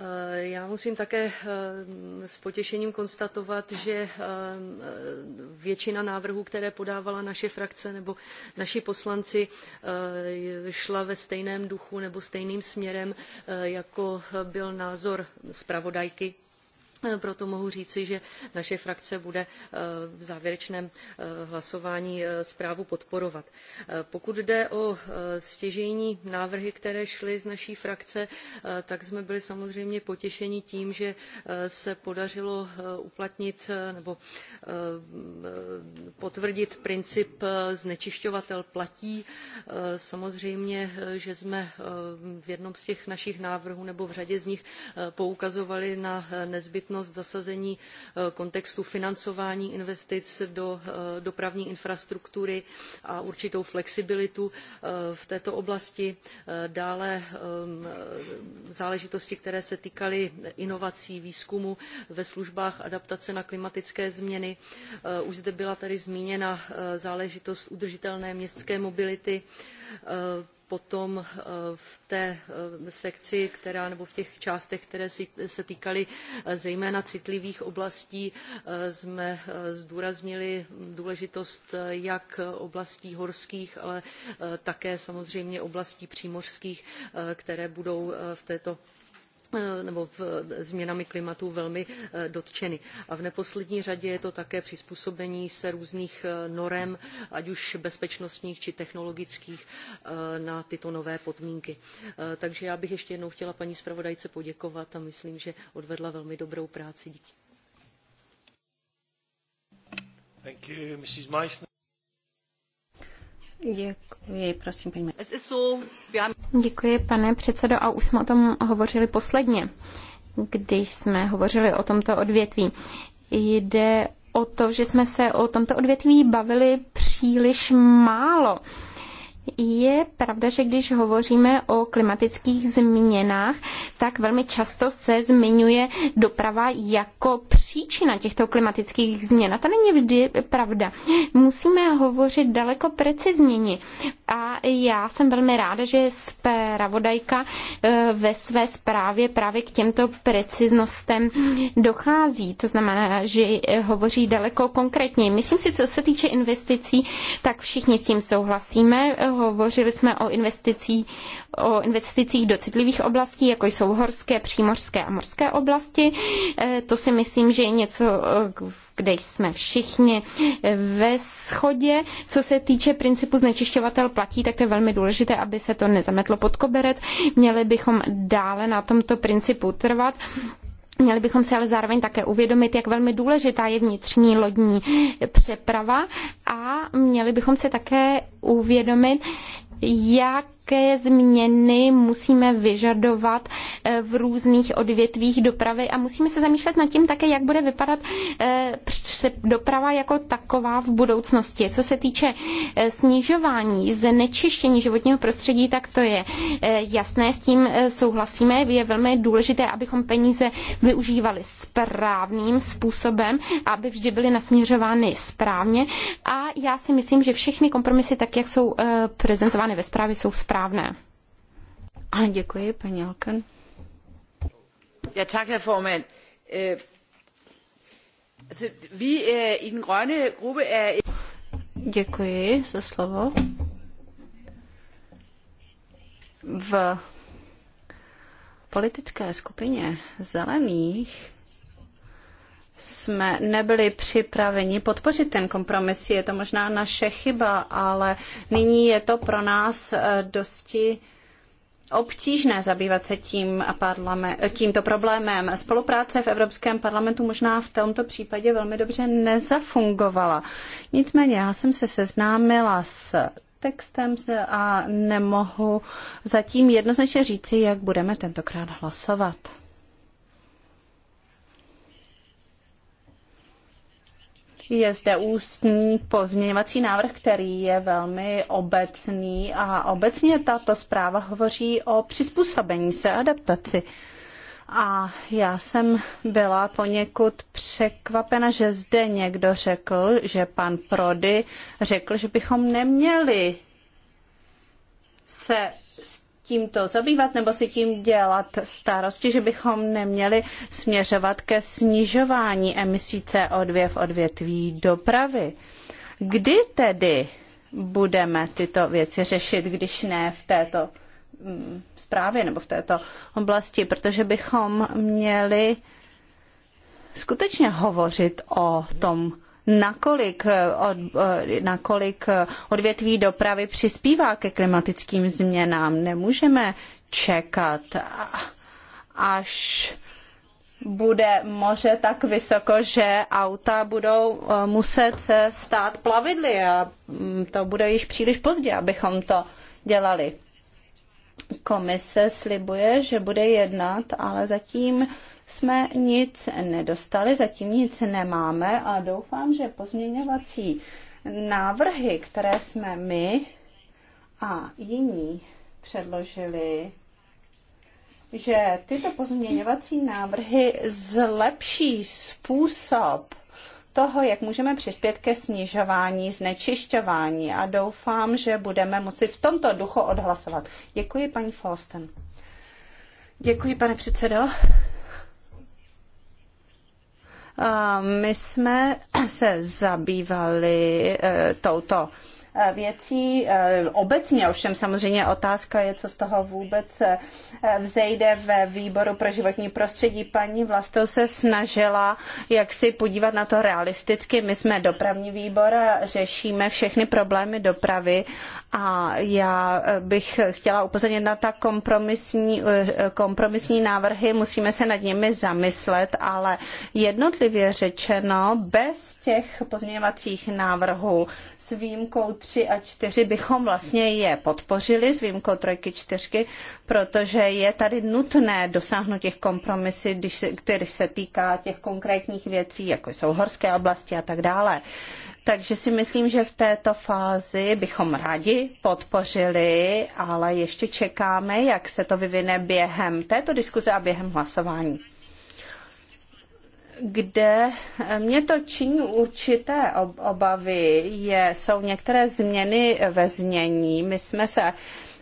Eh, já musím také eh, s potěšením konstatovat, že eh, většina návrhů, které podávala naše frakce nebo naši poslanci, šla ve stejném duchu nebo stejným směrem, jako byl názor zpravodajky proto mohu říci, že naše frakce bude eh, v závěrečném eh, hlasování eh, zprávu podporovat. Pokud jde o stěžejní návrhy, které šly z naší frakce, tak jsme byli samozřejmě potěšeni tím, že se podařilo uplatnit nebo potvrdit princip znečišťovatel platí. Samozřejmě, že jsme v jednom z těch našich návrhů nebo v řadě z nich poukazovali na nezbytnost nutnost zasazení eh, kontextu financování investic do eh, dopravní infrastruktury a určitou flexibilitu eh, v této oblasti dále záležitosti které se týkaly inovací výzkumu ve službách adaptace na klimatické změny už zde byla tady zmíněna záležitost udržitelné městské mobility potom eh, v té eh, sekci, která, nebo v těch částech, které se týkaly eh, zejména citlivých oblastí, jsme zdůraznili důležitost jak oblastí horských, ale také samozřejmě oblastí přímořských, které budou v této Eh, nebo eh, změnami klimatu velmi eh, dotčeny. A v neposlední řadě je to také přizpůsobení se různých norem, ať už bezpečnostních či technologických, na tyto nové podmínky. Takže já bych ještě jednou chtěla paní zpravodajce poděkovat a myslím, že odvedla velmi dobrou práci. Díky. Děkuji, prosím, paní. Děkuji, pane předsedo, a už jsme o tom hovořili posledně, když jsme hovořili o tomto odvětví. Jde o to, že jsme se o tomto odvětví bavili příliš málo. Je pravda, že když hovoříme o klimatických změnách, tak velmi často se zmiňuje doprava jako příčina těchto klimatických změn. A to není vždy pravda. Musíme hovořit daleko precizněji. A já jsem velmi ráda, že zpravodajka eh, ve své zprávě právě k těmto preciznostem dochází. To znamená, že eh, hovoří daleko konkrétněji. Myslím si, co se týče investicí, tak všichni s tím souhlasíme hovořili jsme o, investicí, o investicích do citlivých oblastí, jako jsou horské, přímořské a morské oblasti. Eh, to si myslím, že je něco, eh, kde jsme všichni eh, ve schodě. Co se týče principu znečišťovatel platí, tak to je velmi důležité, aby se to nezametlo pod koberec. Měli bychom dále na tomto principu trvat Měli bychom si ale zároveň také uvědomit, jak velmi důležitá je vnitřní lodní přeprava a měli bychom si také uvědomit, jak jaké změny musíme vyžadovat eh, v různých odvětvích dopravy a musíme se zamýšlet nad tím také, jak bude vypadat eh, doprava jako taková v budoucnosti. Co se týče eh, snižování znečištění životního prostředí, tak to je jasné, s tím souhlasíme. Je velmi důležité, abychom peníze využívali správným způsobem, aby vždy byly nasměřovány správně. A já si myslím, že všechny kompromisy, tak jak jsou prezentovány ve zprávě, jsou správné správné. A děkuji, paní Alken. Ja, tak, herr formand. Øh, vi øh, i den grønne gruppe er... Děkuji za slovo. V politické skupině zelených jsme nebyli připraveni podpořit ten kompromis. Je to možná naše chyba, ale nyní je to pro nás eh, dosti obtížné zabývat se tím tímto problémem. Spolupráce v Evropském parlamentu možná v tomto případě velmi dobře nezafungovala. Nicméně já jsem se seznámila s textem a nemohu zatím jednoznačně říci, jak budeme tentokrát hlasovat. Je zde ústní pozměňovací návrh, který je velmi obecný a obecně tato zpráva hovoří o přizpůsobení se adaptaci. A já jsem byla poněkud překvapena, že zde někdo řekl, že pan Prody řekl, že bychom neměli se s tímto zabývat nebo si tím dělat starosti, že bychom neměli směřovat ke snižování emisí CO2 v odvětví dopravy. Kdy tedy budeme tyto věci řešit, když ne v této mm, zprávě nebo v této oblasti, protože bychom měli skutečně hovořit o tom nakolik, eh, od, eh, nakolik eh, odvětví dopravy přispívá ke klimatickým změnám. Nemůžeme čekat, až bude moře tak vysoko, že auta budou muset stát plavidly a mm, to bude již příliš pozdě, abychom to dělali. Komise slibuje, že bude jednat, ale zatím jsme nic nedostali, zatím nic nemáme a doufám, že pozměňovací návrhy, které jsme my a jiní předložili, že tyto pozměňovací návrhy zlepší způsob toho, jak můžeme přispět ke snižování znečišťování a doufám, že budeme moci v tomto duchu odhlasovat. Děkuji, paní Fosten. Děkuji, pane předsedo. My jsme se zabývali eh, touto Eh, věcí. Eh, obecně ovšem samozřejmě otázka je, co z toho vůbec eh, vzejde ve výboru pro životní prostředí. Paní Vlastou se snažila jak si podívat na to realisticky. My jsme dopravní výbor a řešíme všechny problémy dopravy a já bych chtěla upozornit na ta kompromisní, kompromisní návrhy. Musíme se nad nimi zamyslet, ale jednotlivě řečeno, bez těch pozměňovacích návrhů s výjimkou 3 a 4 bychom vlastně je podpořili, s výjimkou trojky, čtyřky, protože je tady nutné dosáhnout těch kompromisů, když se, který se týká těch konkrétních věcí, jako jsou horské oblasti a tak dále. Takže si myslím, že v této fázi bychom rádi podpořili, ale ještě čekáme, jak se to vyvine během této diskuze a během hlasování kde eh, mě to činí určité obavy, je, jsou některé změny ve znění. My jsme se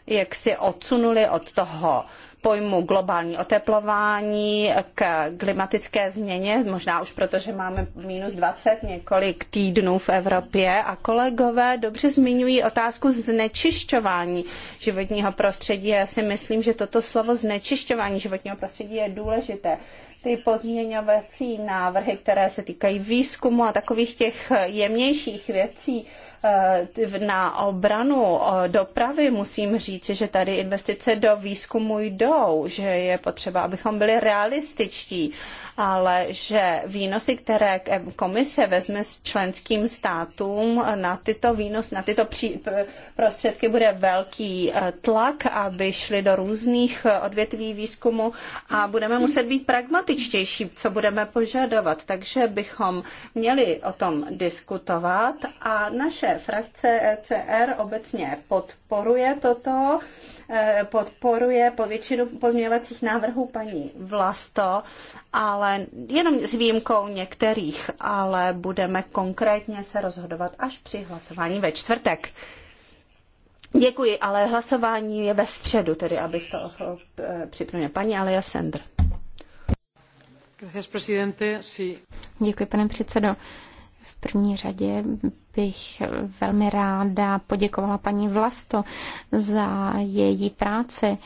jaksi odsunuli od toho pojmu globální oteplování k klimatické změně, možná už proto, že máme minus 20 několik týdnů v Evropě a kolegové dobře zmiňují otázku znečišťování životního prostředí. Já si myslím, že toto slovo znečišťování životního prostředí je důležité ty pozměňovací návrhy, které se týkají výzkumu a takových těch jemnějších věcí, Eh, na obranu dopravy musím říci, že tady investice do výzkumu jdou, že je potřeba, abychom byli realističtí, ale že výnosy, které komise vezme s členským státům na tyto výnos, na tyto pří, prostředky bude velký eh, tlak, aby šli do různých eh, odvětví výzkumu a budeme muset být pragmatičtější, co budeme požadovat. Takže bychom měli o tom diskutovat a naše naše frakce ECR obecně podporuje toto, e, podporuje po většinu pozměňovacích návrhů paní Vlasto, ale jenom s výjimkou některých, ale budeme konkrétně se rozhodovat až při hlasování ve čtvrtek. Děkuji, ale hlasování je ve středu, tedy abych to e, připravil. Paní Alia Sender. Děkuji, pane předsedo. V první řadě bych velmi ráda poděkovala paní Vlasto za její práci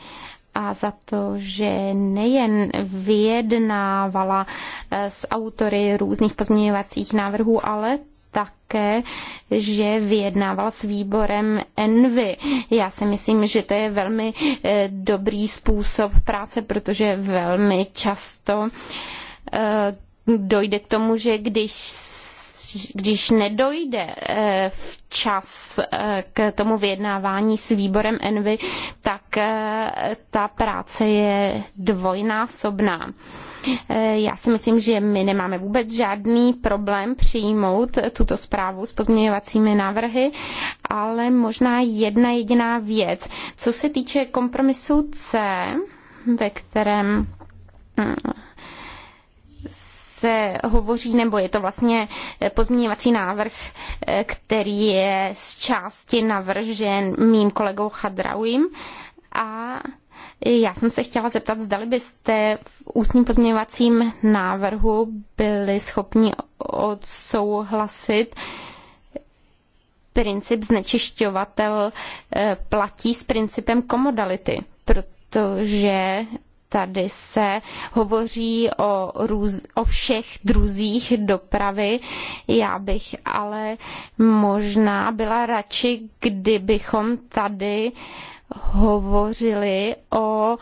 a za to, že nejen vyjednávala s autory různých pozměňovacích návrhů, ale také, že vyjednával s výborem Envy. Já si myslím, že to je velmi eh, dobrý způsob práce, protože velmi často eh, dojde k tomu, že když když nedojde eh, včas eh, k tomu vyjednávání s výborem Envy, tak eh, ta práce je dvojnásobná. Já si myslím, že my nemáme vůbec žádný problém přijmout tuto zprávu s pozměňovacími návrhy, ale možná jedna jediná věc. Co se týče kompromisu C, ve kterém hm, se hovoří, nebo je to vlastně pozměňovací návrh, který je z části navržen mým kolegou Chadrauim. A já jsem se chtěla zeptat, zdali byste v ústním pozměňovacím návrhu byli schopni odsouhlasit princip znečišťovatel eh, platí s principem komodality, protože tady se hovoří o, růz, o všech druzích dopravy. Já bych ale možná byla radši, kdybychom tady hovořili o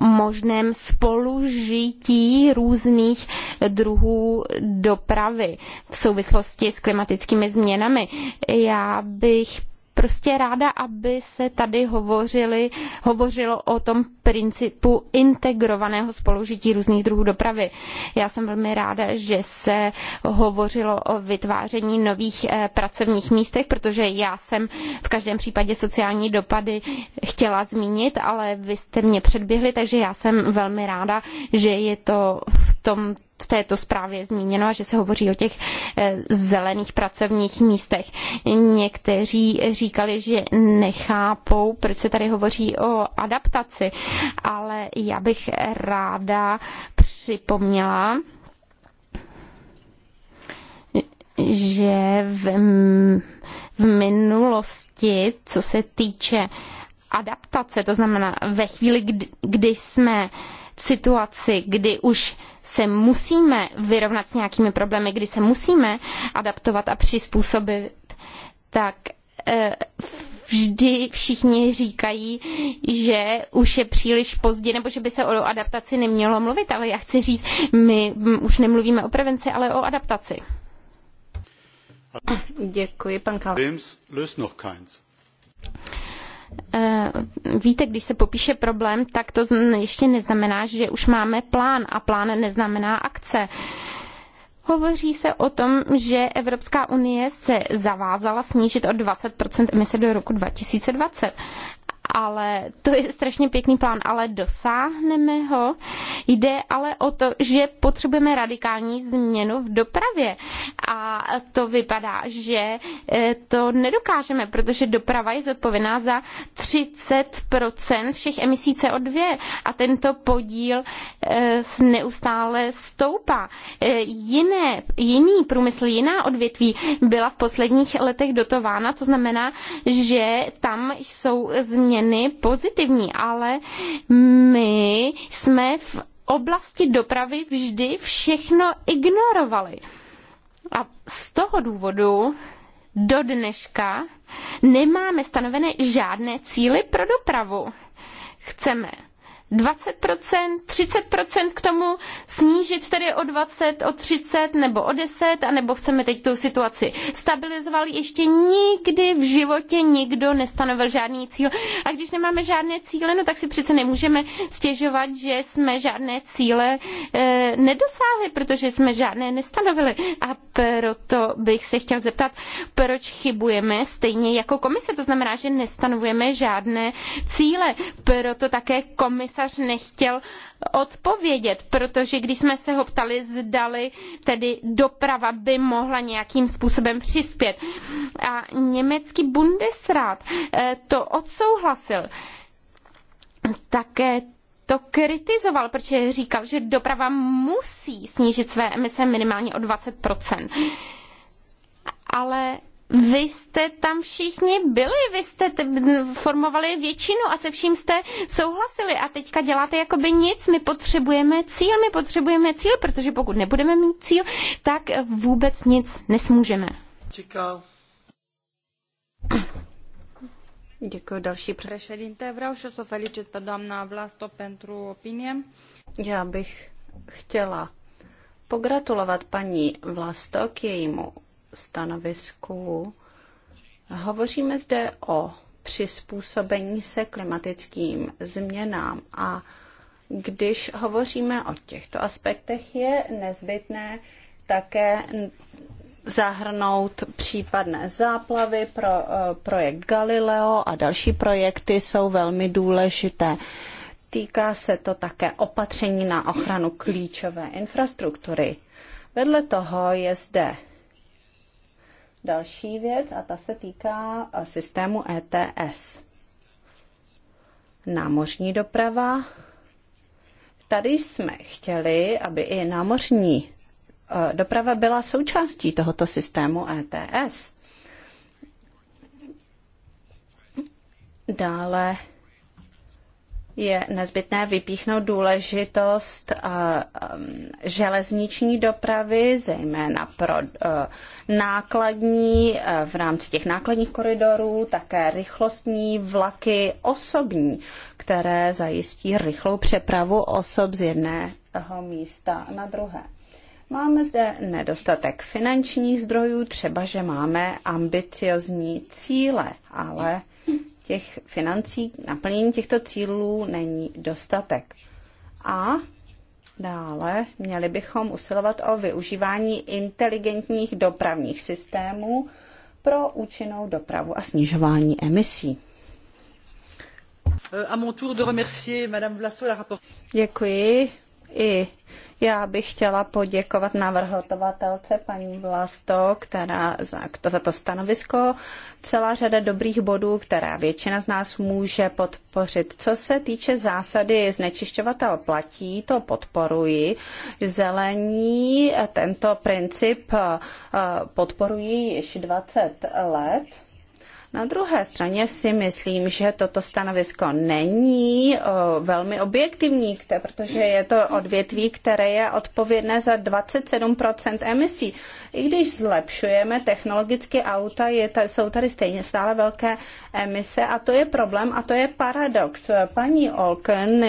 možném spolužití různých druhů dopravy v souvislosti s klimatickými změnami. Já bych prostě ráda, aby se tady hovořili, hovořilo o tom principu integrovaného spolužití různých druhů dopravy. Já jsem velmi ráda, že se hovořilo o vytváření nových eh, pracovních místech, protože já jsem v každém případě sociální dopady chtěla zmínit, ale vy jste mě předběhli, takže já jsem velmi ráda, že je to v tom v této zprávě zmíněno a že se hovoří o těch eh, zelených pracovních místech. Někteří říkali, že nechápou, proč se tady hovoří o adaptaci, ale já bych ráda připomněla, že v, v minulosti, co se týče adaptace, to znamená ve chvíli, kdy, kdy jsme v situaci, kdy už se musíme vyrovnat s nějakými problémy, kdy se musíme adaptovat a přizpůsobit, tak eh, vždy všichni říkají, že už je příliš pozdě, nebo že by se o adaptaci nemělo mluvit, ale já chci říct, my mm, už nemluvíme o prevenci, ale o adaptaci. Děkuji, pan Kal. Eh, víte, když se popíše problém, tak to ještě neznamená, že už máme plán a plán neznamená akce. Hovoří se o tom, že Evropská unie se zavázala snížit o 20 emise do roku 2020, ale to je strašně pěkný plán, ale dosáhneme ho. Jde ale o to, že potřebujeme radikální změnu v dopravě. A to vypadá, že eh, to nedokážeme, protože doprava je zodpovědná za 30% všech emisí CO2 a tento podíl eh, neustále stoupá. Eh, jiné, jiný průmysl, jiná odvětví byla v posledních letech dotována, to znamená, že tam jsou změny změny pozitivní, ale my jsme v oblasti dopravy vždy všechno ignorovali. A z toho důvodu do dneška nemáme stanovené žádné cíly pro dopravu. Chceme 20%, 30% k tomu snížit tedy o 20, o 30 nebo o 10, anebo chceme teď tu situaci stabilizovat. Ještě nikdy v životě nikdo nestanovil žádný cíl. A když nemáme žádné cíle, no tak si přece nemůžeme stěžovat, že jsme žádné cíle e, nedosáhli, protože jsme žádné nestanovili. A proto bych se chtěl zeptat, proč chybujeme stejně jako komise. To znamená, že nestanovujeme žádné cíle. Proto také komise komisař nechtěl odpovědět, protože když jsme se ho ptali, zdali tedy doprava by mohla nějakým způsobem přispět. A německý Bundesrat eh, to odsouhlasil. Také to kritizoval, protože říkal, že doprava musí snížit své emise minimálně o 20 ale vy jste tam všichni byli, vy jste formovali většinu a se vším jste souhlasili a teďka děláte jakoby nic, my potřebujeme cíl, my potřebujeme cíl, protože pokud nebudeme mít cíl, tak vůbec nic nesmůžeme. Čekal. Děkuji další președinte. Vreau și să o felicit pe Vlasto pentru opinie. Já bych chtěla pogratulovat paní Vlasto k jejímu stanovisku. Hovoříme zde o přizpůsobení se klimatickým změnám a když hovoříme o těchto aspektech, je nezbytné také zahrnout případné záplavy pro eh, projekt Galileo a další projekty jsou velmi důležité. Týká se to také opatření na ochranu klíčové infrastruktury. Vedle toho je zde další věc a ta se týká eh, systému ETS. Námořní doprava. Tady jsme chtěli, aby i námořní eh, doprava byla součástí tohoto systému ETS. Dále je nezbytné vypíchnout důležitost eh, železniční dopravy, zejména pro eh, nákladní eh, v rámci těch nákladních koridorů, také rychlostní vlaky osobní, které zajistí rychlou přepravu osob z jedného místa na druhé. Máme zde nedostatek finančních zdrojů, třeba že máme ambiciozní cíle, ale těch financí k naplnění těchto cílů není dostatek. A dále měli bychom usilovat o využívání inteligentních dopravních systémů pro účinnou dopravu a snižování emisí. Euh, Děkuji. I já bych chtěla poděkovat navrhovatelce paní Vlasto, která za to, za to stanovisko. Celá řada dobrých bodů, která většina z nás může podpořit. Co se týče zásady znečišťovatel platí, to podporuji. Zelení tento princip eh, podporují již 20 let. Na druhé straně si myslím, že toto stanovisko není velmi objektivní, protože je to odvětví, které je odpovědné za 27 emisí. I když zlepšujeme technologicky auta, je, jsou tady stejně stále velké emise a to je problém a to je paradox. Paní Olken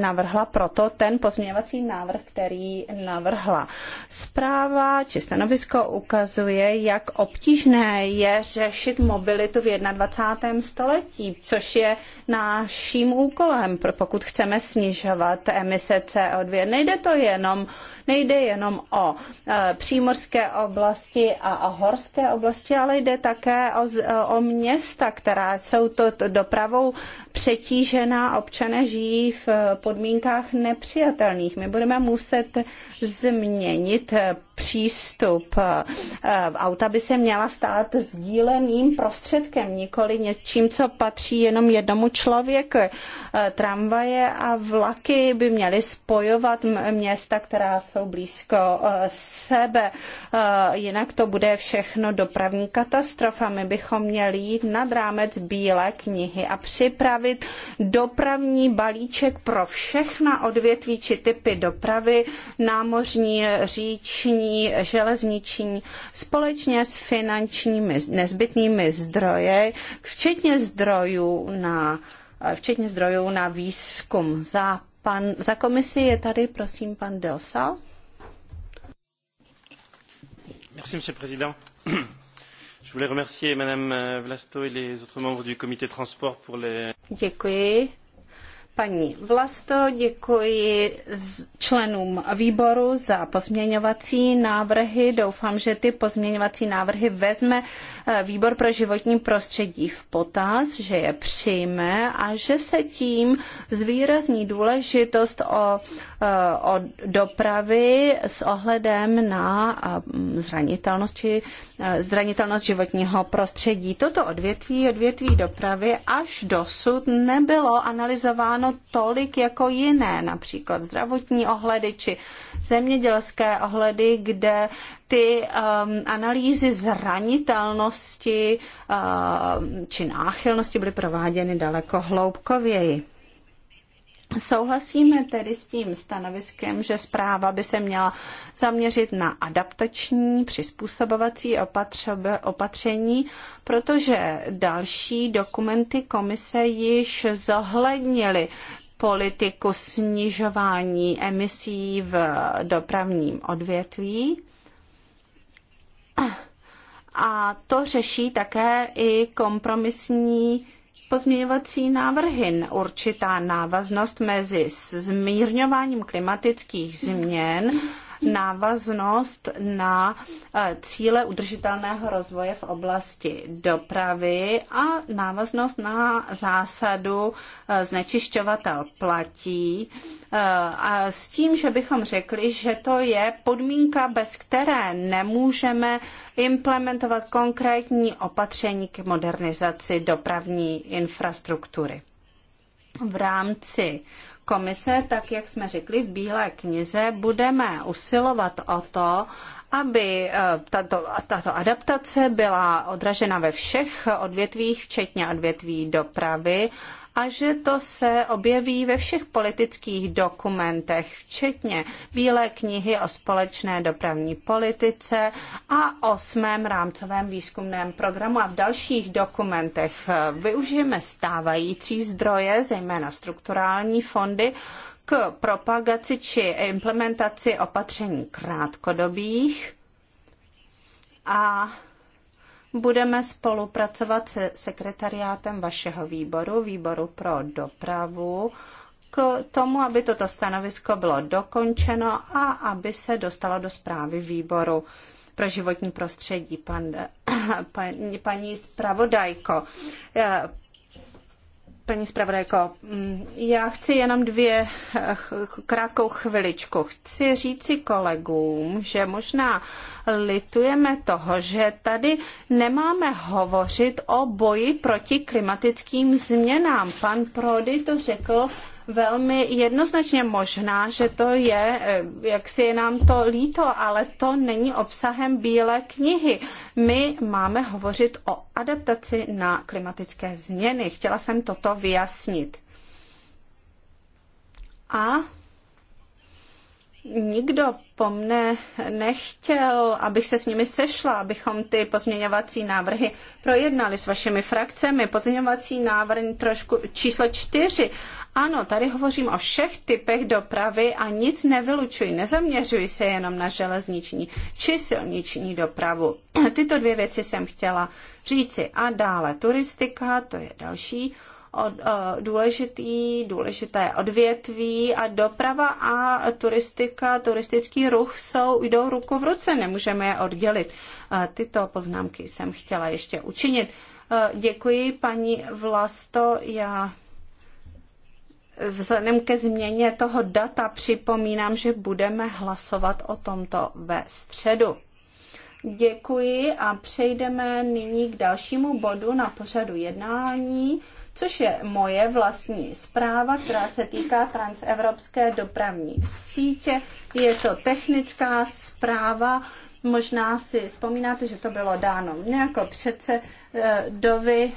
navrhla proto ten pozměňovací návrh, který navrhla. Zpráva či stanovisko ukazuje, jak obtížné je řešit mobilitu v 21. století, což je naším úkolem, pokud chceme snižovat emise CO2. Nejde to jenom, nejde jenom o e, přímořské oblasti a o horské oblasti, ale jde také o, e, o města, která jsou to dopravou přetížená, občané žijí v e, podmínkách nepřijatelných. My budeme muset změnit přístup. Auta by se měla stát sdíleným prostředkem majetkem, nikoli něčím, co patří jenom jednomu člověku. E, tramvaje a vlaky by měly spojovat města, která jsou blízko e, sebe. E, jinak to bude všechno dopravní katastrofa. My bychom měli jít nad rámec bílé knihy a připravit dopravní balíček pro všechna odvětví či typy dopravy, námořní, říční, železniční, společně s finančními nezbytnými zdroji zdroje, včetně zdrojů na, včetně zdrojů na výzkum. Za, pan, za komisi je tady, prosím, pan Delsa. Merci, monsieur le président. Je voulais remercier madame Vlasto et les autres membres du comité transport pour les... Děkuji Paní Vlasto, děkuji členům výboru za pozměňovací návrhy. Doufám, že ty pozměňovací návrhy vezme eh, výbor pro životní prostředí v potaz, že je přijme a že se tím zvýrazní důležitost o Eh, od dopravy s ohledem na eh, zranitelnost či eh, zranitelnost životního prostředí. Toto odvětví, odvětví dopravy až dosud nebylo analyzováno tolik jako jiné, například zdravotní ohledy či zemědělské ohledy, kde ty um, analýzy zranitelnosti uh, či náchylnosti byly prováděny daleko hloubkověji. Souhlasíme tedy s tím stanoviskem, že zpráva by se měla zaměřit na adaptační přizpůsobovací opatření, protože další dokumenty komise již zohlednily politiku snižování emisí v dopravním odvětví. A to řeší také i kompromisní pozměňovací návrhy, určitá návaznost mezi zmírňováním klimatických změn návaznost na eh, cíle udržitelného rozvoje v oblasti dopravy a návaznost na zásadu eh, znečišťovatel platí eh, a s tím, že bychom řekli, že to je podmínka, bez které nemůžeme implementovat konkrétní opatření k modernizaci dopravní infrastruktury v rámci komise, tak jak jsme řekli v Bílé knize, budeme usilovat o to, aby eh, tato, tato adaptace byla odražena ve všech odvětvích, včetně odvětví dopravy a že to se objeví ve všech politických dokumentech, včetně Bílé knihy o společné dopravní politice a o osmém rámcovém výzkumném programu a v dalších dokumentech. Eh, využijeme stávající zdroje, zejména strukturální fondy, k propagaci či implementaci opatření krátkodobých a Budeme spolupracovat se sekretariátem vašeho výboru, výboru pro dopravu, k tomu, aby toto stanovisko bylo dokončeno a aby se dostalo do zprávy výboru pro životní prostředí, pan, (clears throat) pan, paní zpravodajko. Eh, paní zpravodajko, mm, já chci jenom dvě eh, krátkou chviličku. Chci říci kolegům, že možná litujeme toho, že tady nemáme hovořit o boji proti klimatickým změnám. Pan Prody to řekl velmi jednoznačně možná, že to je, eh, jak si je nám to líto, ale to není obsahem Bílé knihy. My máme hovořit o adaptaci na klimatické změny. Chtěla jsem toto vyjasnit. A nikdo po mne nechtěl, abych se s nimi sešla, abychom ty pozměňovací návrhy projednali s vašimi frakcemi. Pozměňovací návrh trošku číslo čtyři ano, tady hovořím o všech typech dopravy a nic nevylučuji, nezaměřuji se jenom na železniční či silniční dopravu. (clears throat) Tyto dvě věci jsem chtěla říci. A dále turistika, to je další od, eh, důležitý, důležité odvětví a doprava a turistika, turistický ruch jsou, jdou ruku v ruce, nemůžeme je oddělit. Eh, tyto poznámky jsem chtěla ještě učinit. Eh, děkuji, paní Vlasto, já Vzhledem ke změně toho data připomínám, že budeme hlasovat o tomto ve středu. Děkuji a přejdeme nyní k dalšímu bodu na pořadu jednání, což je moje vlastní zpráva, která se týká transevropské dopravní sítě. Je to technická zpráva, možná si vzpomínáte, že to bylo dáno mně jako předsedovi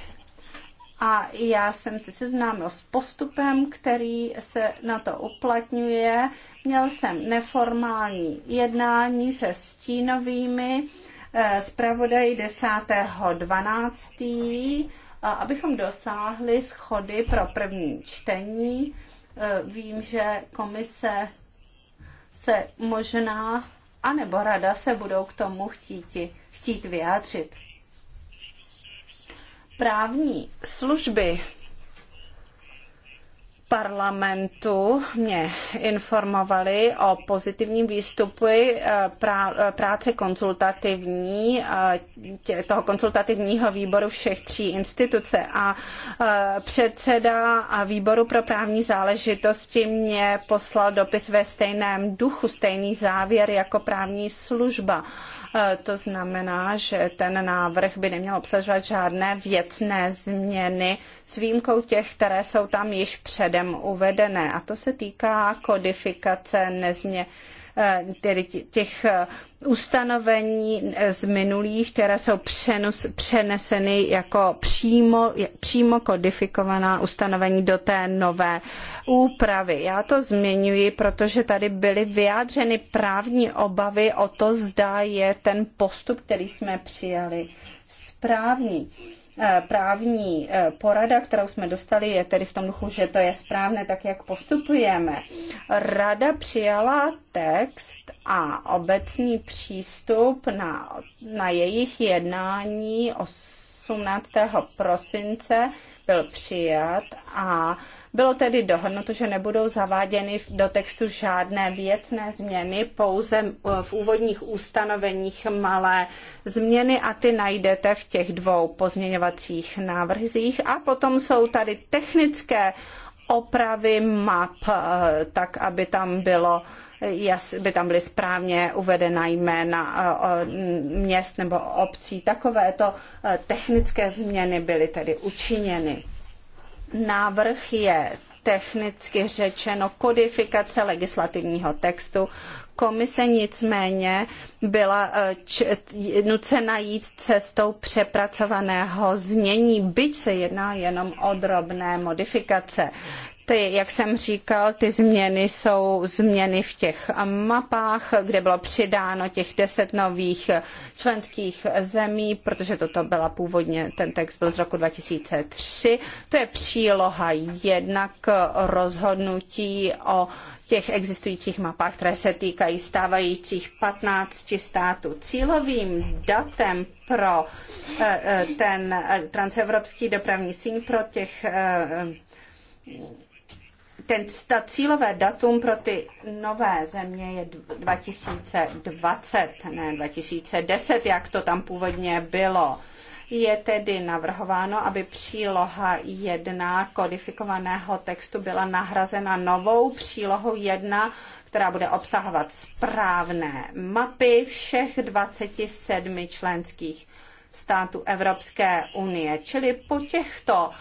a já jsem se seznámil s postupem, který se na to uplatňuje. Měl jsem neformální jednání se stínovými eh, zpravodají 10.12., abychom dosáhli schody pro první čtení. Eh, vím, že komise se možná, anebo rada se budou k tomu chtít, chtít vyjádřit právní služby parlamentu mě informovali o pozitivním výstupu eh, eh, práce konzultativní, eh, toho konzultativního výboru všech tří instituce a předseda výboru pro právní záležitosti mě poslal dopis ve stejném duchu, stejný závěr jako právní služba Eh, to znamená, že ten návrh by neměl obsahovat žádné věcné změny s výjimkou těch, které jsou tam již předem uvedené. A to se týká kodifikace nezměn Eh, tedy těch eh, ustanovení eh, z minulých, která jsou přenus, přeneseny jako přímo, přímo kodifikovaná ustanovení do té nové úpravy. Já to zmiňuji, protože tady byly vyjádřeny právní obavy o to, zda je ten postup, který jsme přijali, správný. Eh, právní eh, porada, kterou jsme dostali, je tedy v tom duchu, že to je správné, tak jak postupujeme. Rada přijala text a obecný přístup na, na jejich jednání 18. prosince byl přijat a bylo tedy dohodnuto, že nebudou zaváděny do textu žádné věcné změny, pouze eh, v úvodních ustanoveních malé změny a ty najdete v těch dvou pozměňovacích návrzích. A potom jsou tady technické opravy map, eh, tak aby tam bylo by tam byly správně uvedena jména eh, měst nebo obcí. Takovéto technické změny byly tedy učiněny návrh je technicky řečeno kodifikace legislativního textu. Komise nicméně byla eh, č- nucena jít cestou přepracovaného znění, byť se jedná jenom o drobné modifikace. Ty, jak jsem říkal, ty změny jsou změny v těch mapách, kde bylo přidáno těch deset nových členských zemí, protože toto byla původně, ten text byl z roku 2003. To je příloha jednak rozhodnutí o těch existujících mapách, které se týkají stávajících 15 států. Cílovým datem pro eh, eh, ten eh, transevropský dopravní síň pro těch ten, ta cílové datum pro ty nové země je 2020, ne 2010, jak to tam původně bylo. Je tedy navrhováno, aby příloha 1 kodifikovaného textu byla nahrazena novou přílohou 1, která bude obsahovat správné mapy všech 27 členských států Evropské unie. Čili po těchto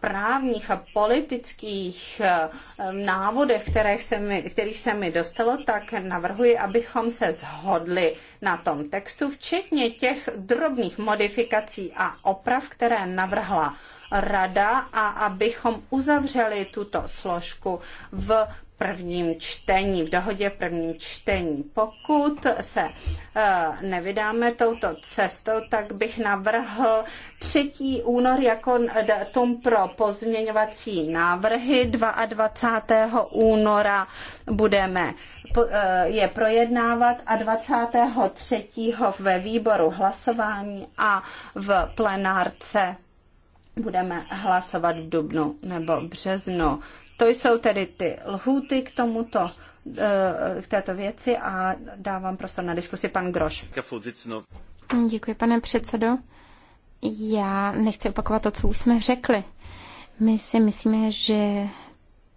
právních a politických e, návodech, které se mi, kterých se mi dostalo, tak navrhuji, abychom se shodli na tom textu, včetně těch drobných modifikací a oprav, které navrhla rada a abychom uzavřeli tuto složku v prvním čtení, v dohodě v prvním čtení. Pokud se eh, nevydáme touto cestou, tak bych navrhl 3. únor jako datum pro pozměňovací návrhy. 22. února budeme eh, je projednávat a 23. ve výboru hlasování a v plenárce budeme hlasovat v dubnu nebo březnu. To jsou tedy ty lhůty k tomuto eh, k této věci a dávám prostor na diskusi pan Groš. Děkuji, pane předsedo. Já nechci opakovat to, co už jsme řekli. My si myslíme, že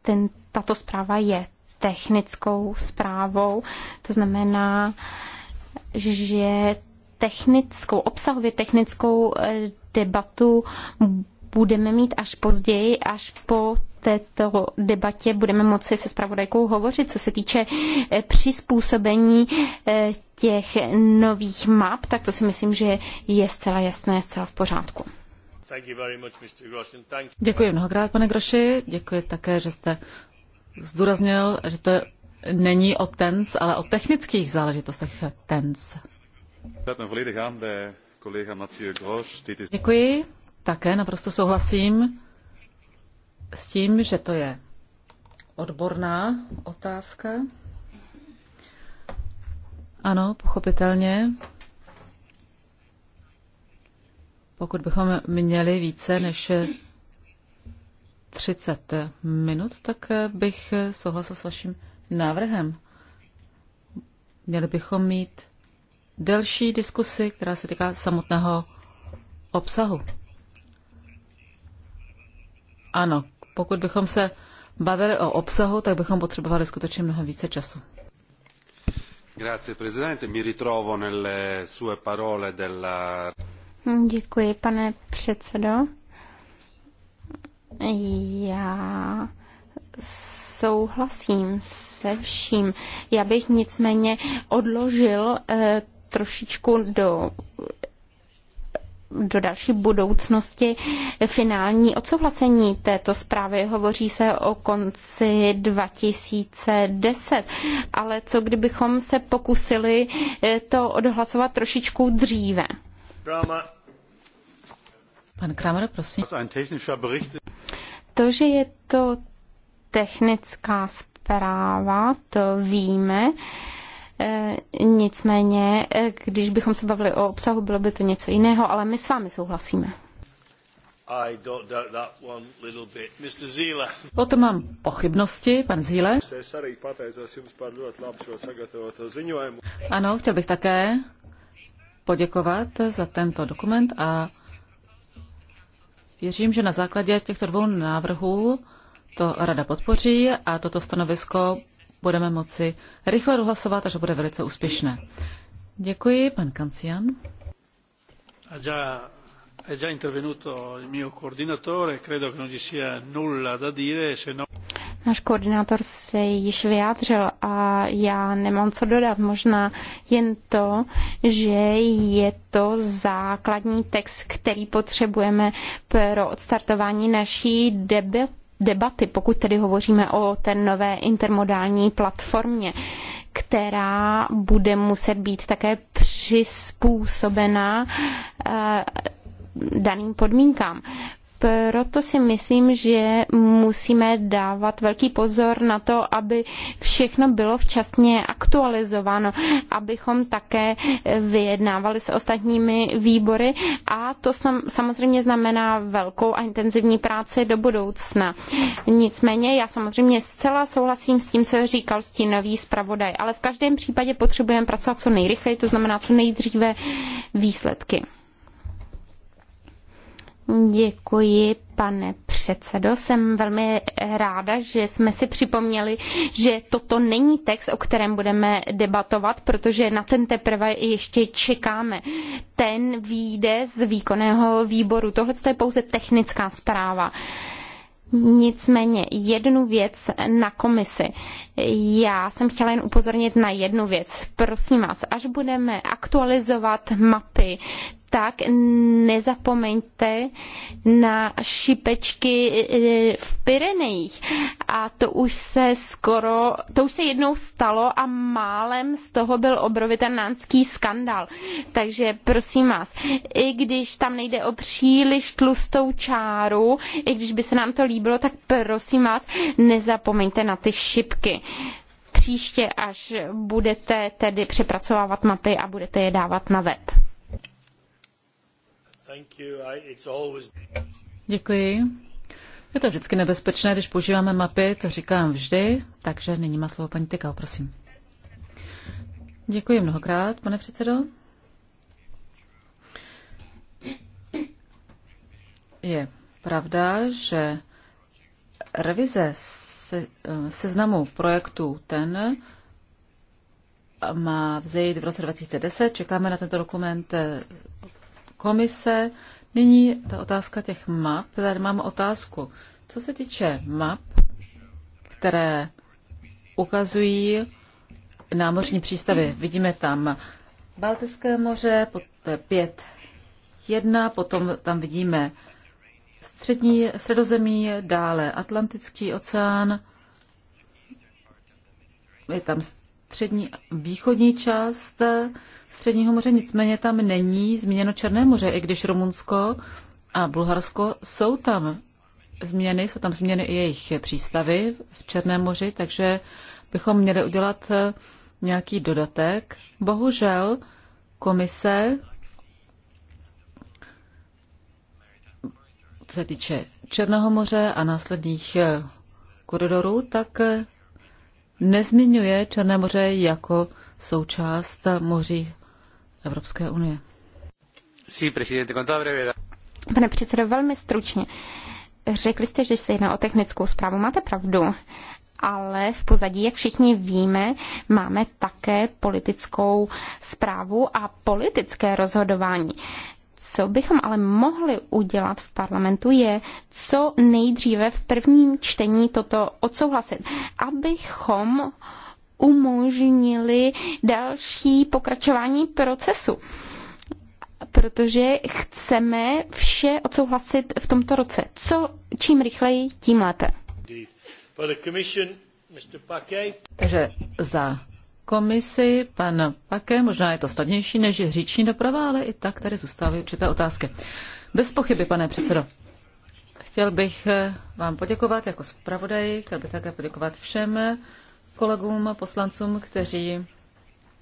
ten, tato zpráva je technickou zprávou, to znamená, že technickou, obsahově technickou eh, debatu budeme mít až později, až po této debatě budeme moci se spravodajkou hovořit, co se týče eh, přizpůsobení eh, těch nových map, tak to si myslím, že je zcela jasné, zcela v pořádku. Děkuji mnohokrát, pane Groši. Děkuji také, že jste zdůraznil, že to není o TENS, ale o technických záležitostech TENS. Děkuji, také naprosto souhlasím s tím, že to je odborná otázka. Ano, pochopitelně. Pokud bychom měli více než 30 minut, tak bych souhlasil s vaším návrhem. Měli bychom mít delší diskusi, která se týká samotného obsahu. Ano, pokud bychom se bavili o obsahu, tak bychom potřebovali skutečně mnohem více času. Grazie, presidente. Mi ritrovo nelle sue parole della... Děkuji, pane předsedo. Já souhlasím se vším. Já bych nicméně odložil eh, trošičku do do další budoucnosti finální odsouhlasení této zprávy. Hovoří se o konci 2010, ale co kdybychom se pokusili eh, to odhlasovat trošičku dříve? Pan Kramer, prosím. To, že je to technická zpráva, to víme. Eh, nicméně, eh, když bychom se bavili o obsahu, bylo by to něco jiného, ale my s vámi souhlasíme. O tom mám pochybnosti, pan Zíle. Ano, chtěl bych také poděkovat za tento dokument a věřím, že na základě těchto dvou návrhů to rada podpoří a toto stanovisko budeme moci rychle dohlasovat a že bude velice úspěšné. Děkuji, pan Kancian. No- Náš koordinátor se již vyjádřil a já nemám co dodat. Možná jen to, že je to základní text, který potřebujeme pro odstartování naší debaty debaty, pokud tedy hovoříme o té nové intermodální platformě, která bude muset být také přizpůsobená eh, daným podmínkám proto si myslím, že musíme dávat velký pozor na to, aby všechno bylo včasně aktualizováno, abychom také vyjednávali s ostatními výbory a to samozřejmě znamená velkou a intenzivní práci do budoucna. Nicméně já samozřejmě zcela souhlasím s tím, co říkal stínový zpravodaj, ale v každém případě potřebujeme pracovat co nejrychleji, to znamená co nejdříve výsledky. Děkuji, pane předsedo. Jsem velmi ráda, že jsme si připomněli, že toto není text, o kterém budeme debatovat, protože na ten teprve ještě čekáme. Ten výjde z výkonného výboru. Tohle je pouze technická zpráva. Nicméně jednu věc na komisi. Já jsem chtěla jen upozornit na jednu věc. Prosím vás, až budeme aktualizovat mapy, tak nezapomeňte na šipečky eh, v Pyrenejích. A to už se skoro, to už se jednou stalo a málem z toho byl obrovitanánský skandal. Takže prosím vás, i když tam nejde o příliš tlustou čáru, i když by se nám to líbilo, tak prosím vás, nezapomeňte na ty šipky příště, až budete tedy přepracovávat mapy a budete je dávat na web. Děkuji. Je to vždycky nebezpečné, když používáme mapy, to říkám vždy, takže nyní má slovo paní Tykal, prosím. Děkuji mnohokrát, pane předsedo. Je pravda, že revize se, seznamu projektů ten má vzejít v roce 2010. Čekáme na tento dokument komise. Nyní ta otázka těch map. Tady mám otázku. Co se týče map, které ukazují námořní přístavy, vidíme tam Baltické moře, poté 5 jedna, potom tam vidíme střední, středozemí, dále Atlantický oceán, je tam střední východní část Středního moře, nicméně tam není zmíněno Černé moře, i když Rumunsko a Bulharsko jsou tam změny, jsou tam změny i jejich přístavy v Černém moři, takže bychom měli udělat eh, nějaký dodatek. Bohužel komise, co se týče Černého moře a následných eh, koridorů, tak eh, nezmiňuje Černé moře jako součást moří Evropské unie. Sí, presidente, con toda brevedad. Pane předsedo, velmi stručně. Řekli jste, že se jedná o technickou zprávu. Máte pravdu, ale v pozadí, jak všichni víme, máme také politickou zprávu a politické rozhodování. Co bychom ale mohli udělat v parlamentu je, co nejdříve v prvním čtení toto odsouhlasit, abychom umožnili další pokračování procesu protože chceme vše odsouhlasit v tomto roce. Co čím rychleji, tím lépe. Takže za komisi, pan Pake, možná je to snadnější než říční doprava, ale i tak tady zůstávají určité otázky. Bez pochyby, pane předsedo. Chtěl bych eh, vám poděkovat jako zpravodaj, chtěl bych také poděkovat všem kolegům, poslancům, kteří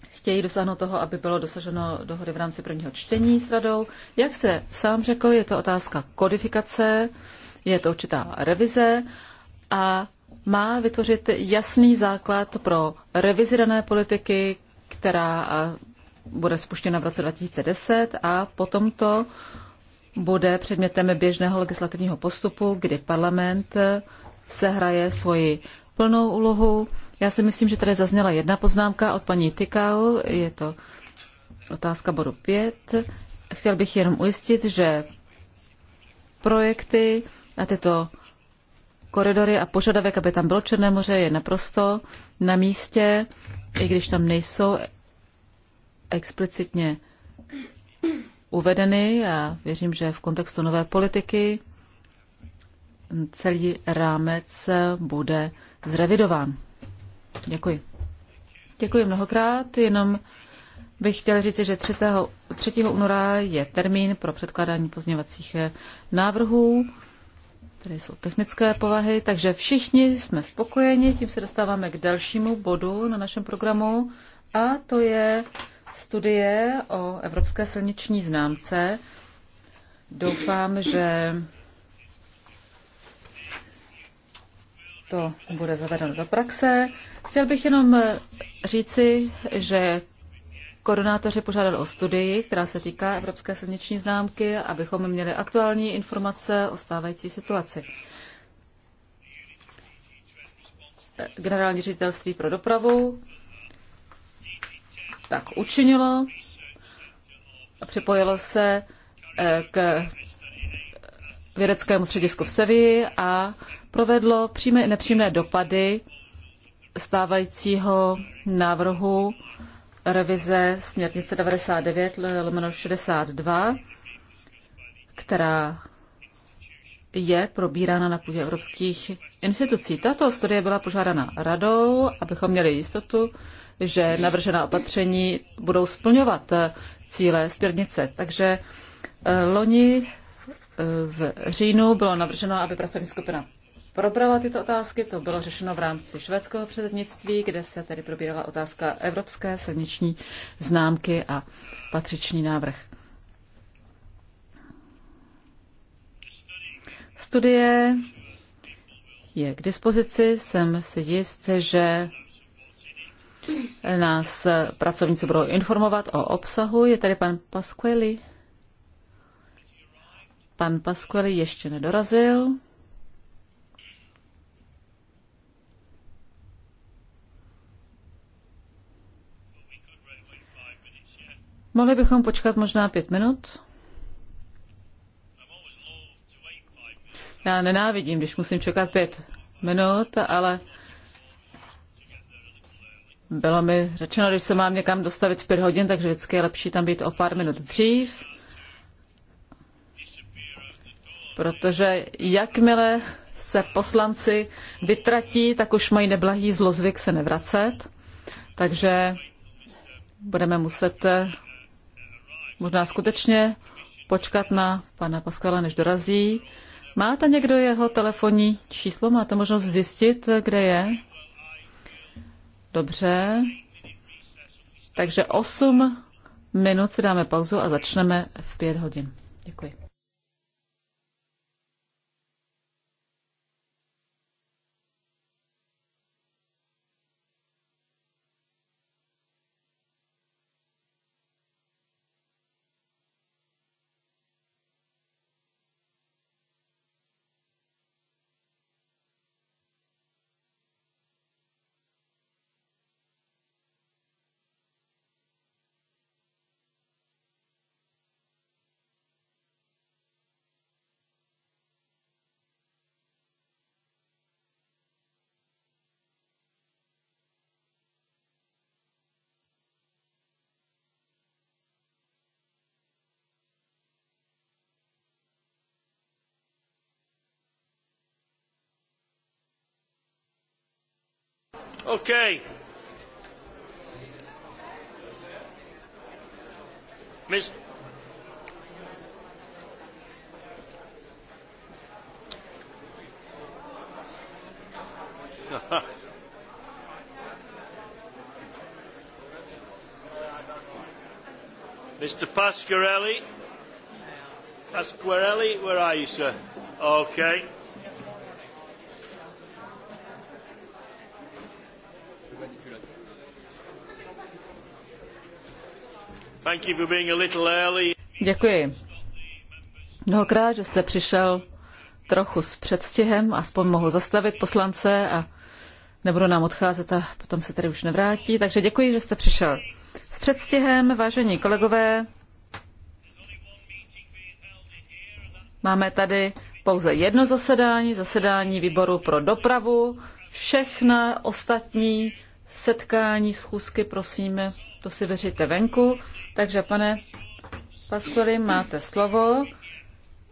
chtějí dosáhnout toho, aby bylo dosaženo dohody v rámci prvního čtení s radou. Jak se sám řekl, je to otázka kodifikace, je to určitá revize a má vytvořit jasný základ pro revizi dané politiky, která bude spuštěna v roce 2010 a potom to bude předmětem běžného legislativního postupu, kdy parlament e, sehraje svoji plnou úlohu. Já si myslím, že tady zazněla jedna poznámka od paní Tykau, je to otázka bodu 5. Chtěl bych jenom ujistit, že projekty a tyto koridory a požadavek, aby tam bylo Černé moře, je naprosto na místě, i když tam nejsou explicitně uvedeny a věřím, že v kontextu nové politiky celý rámec bude zrevidován. Děkuji. Děkuji mnohokrát, jenom bych chtěl říct, že 3. 3. února je termín pro předkládání pozněvacích návrhů které jsou technické povahy, takže všichni jsme spokojeni, tím se dostáváme k dalšímu bodu na našem programu a to je studie o evropské silniční známce. Doufám, že to bude zavedeno do praxe. Chtěl bych jenom říci, že Koronátoře požádali o studii, která se týká Evropské silniční známky, abychom měli aktuální informace o stávající situaci. Generální ředitelství pro dopravu tak učinilo a připojilo se eh, k vědeckému středisku v Sevii a provedlo přímé i nepřímé dopady stávajícího návrhu revize směrnice 99 62, která je probírána na půdě evropských institucí. Tato studie byla požádána radou, abychom měli jistotu, že navržená opatření budou splňovat eh, cíle směrnice. Takže eh, loni eh, v říjnu bylo navrženo, aby pracovní skupina probrala tyto otázky. To bylo řešeno v rámci švédského předsednictví, kde se tedy probírala otázka evropské silniční známky a patřičný návrh. Studie je k dispozici. Jsem si jist, že nás pracovníci budou informovat o obsahu. Je tady pan Pasqueli. Pan Pasqueli ještě nedorazil. Mohli bychom počkat možná pět minut? Já nenávidím, když musím čekat pět minut, ale bylo mi řečeno, když se mám někam dostavit v pět hodin, takže vždycky je lepší tam být o pár minut dřív. Protože jakmile se poslanci vytratí, tak už mají neblahý zlozvyk se nevracet. Takže budeme muset možná skutečně počkat na pana Paskala, než dorazí. Máte někdo jeho telefonní číslo? Máte možnost zjistit, kde je? Dobře. Takže 8 minut si dáme pauzu a začneme v 5 hodin. Děkuji. Okay. Miss... (laughs) Mr. Pasquarelli. Pasquarelli, where are you, sir? Okay. Děkuji. Mnohokrát, že jste přišel trochu s předstihem, aspoň mohu zastavit poslance a nebudu nám odcházet a potom se tady už nevrátí. Takže děkuji, že jste přišel s předstihem, vážení kolegové. Máme tady pouze jedno zasedání, zasedání výboru pro dopravu. Všechna ostatní setkání, schůzky, prosíme to si vyřiďte venku. Takže pane Paskvili, máte slovo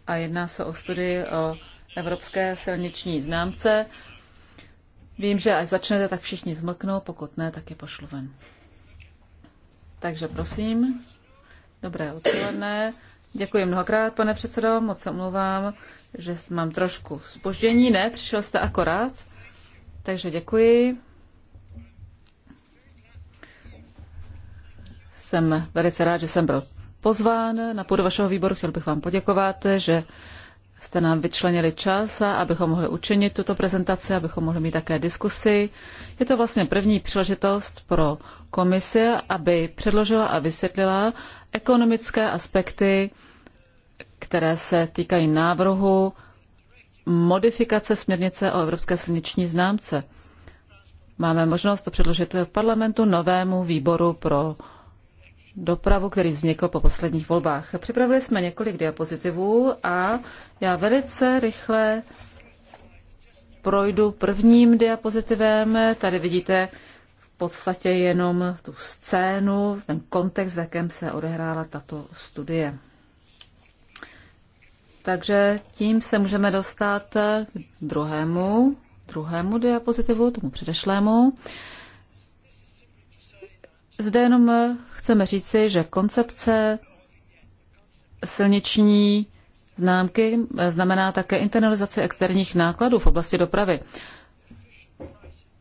a jedná se o studii o evropské silniční známce. Vím, že až začnete, tak všichni zmlknou, pokud ne, tak je pošlu ven. Takže prosím, dobré odpoledne. Děkuji mnohokrát, pane předsedo, moc se omlouvám, že mám trošku spoždění. Ne, přišel jste akorát, takže děkuji. Jsem velice rád, že jsem byl pozván na půdu vašeho výboru. Chtěl bych vám poděkovat, že jste nám vyčlenili čas, abychom mohli učinit tuto prezentaci, abychom mohli mít také diskusy. Je to vlastně první příležitost pro komisi, aby předložila a vysvětlila ekonomické aspekty, které se týkají návrhu modifikace směrnice o Evropské silniční známce. Máme možnost to předložit parlamentu novému výboru pro dopravu, který vznikl po posledních volbách. Připravili jsme několik diapozitivů a já velice rychle projdu prvním diapozitivem. Tady vidíte v podstatě jenom tu scénu, ten kontext, v jakém se odehrála tato studie. Takže tím se můžeme dostat k druhému, druhému diapozitivu, tomu předešlému. Uh, zde jenom eh, chceme říci, že koncepce silniční známky eh, znamená také internalizaci externích nákladů v oblasti dopravy.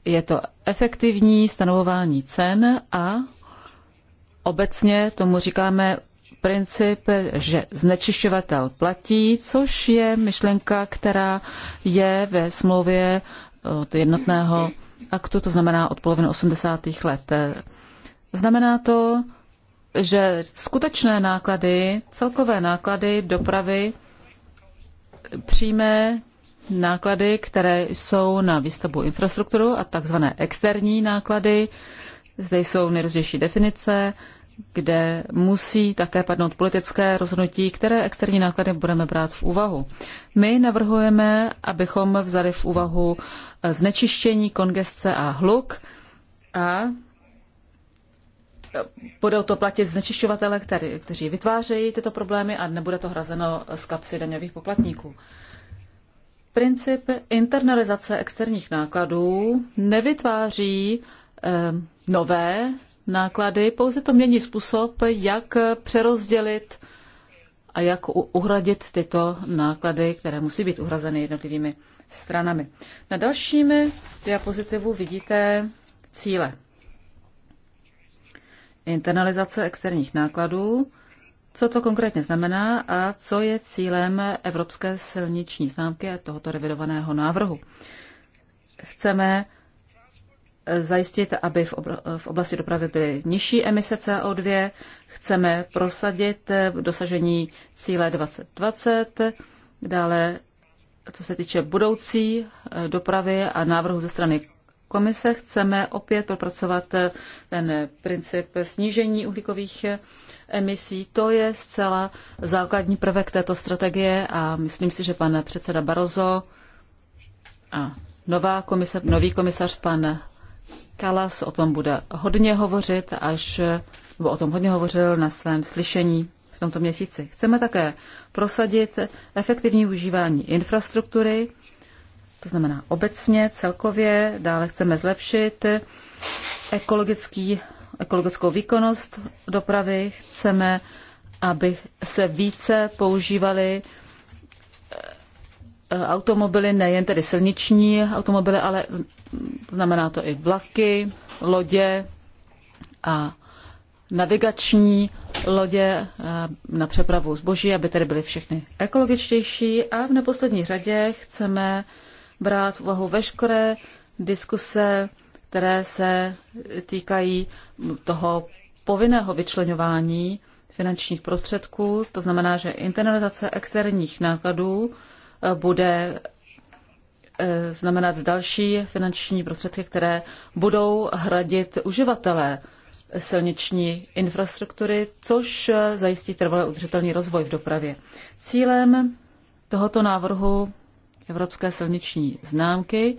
Je to efektivní stanovování cen a obecně tomu říkáme princip, že znečišťovatel platí, což je myšlenka, která je ve smlouvě od jednotného aktu, to znamená od poloviny 80. let. Znamená to, že skutečné náklady, celkové náklady dopravy, přímé náklady, které jsou na výstavbu infrastrukturu a takzvané externí náklady, zde jsou nejrůznější definice, kde musí také padnout politické rozhodnutí, které externí náklady budeme brát v úvahu. My navrhujeme, abychom vzali v úvahu znečištění, kongestce a hluk a budou to platit znečišťovatele, který, kteří vytvářejí tyto problémy a nebude to hrazeno z kapsy daňových poplatníků. Princip internalizace externích nákladů nevytváří eh, nové náklady, pouze to mění způsob, jak přerozdělit a jak uhradit tyto náklady, které musí být uhrazeny jednotlivými stranami. Na dalším diapozitivu vidíte cíle internalizace externích nákladů, co to konkrétně znamená a co je cílem Evropské silniční známky a tohoto revidovaného návrhu. Chceme eh, zajistit, aby v oblasti dopravy byly nižší emise CO2, chceme prosadit eh, dosažení cíle 2020, dále co se týče budoucí eh, dopravy a návrhu ze strany komise chceme opět propracovat eh, ten eh, princip snížení uhlíkových eh, emisí. To je zcela základní prvek této strategie a myslím si, že pan předseda Barroso a nová komise, nový komisař pan Kalas o tom bude hodně hovořit, až nebo o tom hodně hovořil na svém slyšení v tomto měsíci. Chceme také prosadit efektivní užívání infrastruktury, to znamená obecně, celkově. Dále chceme zlepšit ekologický, ekologickou výkonnost dopravy. Chceme, aby se více používaly eh, automobily, nejen tedy silniční automobily, ale znamená to i vlaky, lodě a navigační lodě eh, na přepravu zboží, aby tedy byly všechny ekologičtější. A v neposlední řadě chceme brát v úvahu veškeré diskuse, které se týkají toho povinného vyčlenování finančních prostředků, to znamená, že internalizace externích nákladů eh, bude eh, znamenat další finanční prostředky, které budou hradit uživatelé silniční infrastruktury, což eh, zajistí trvalé udržitelný rozvoj v dopravě. Cílem tohoto návrhu evropské silniční známky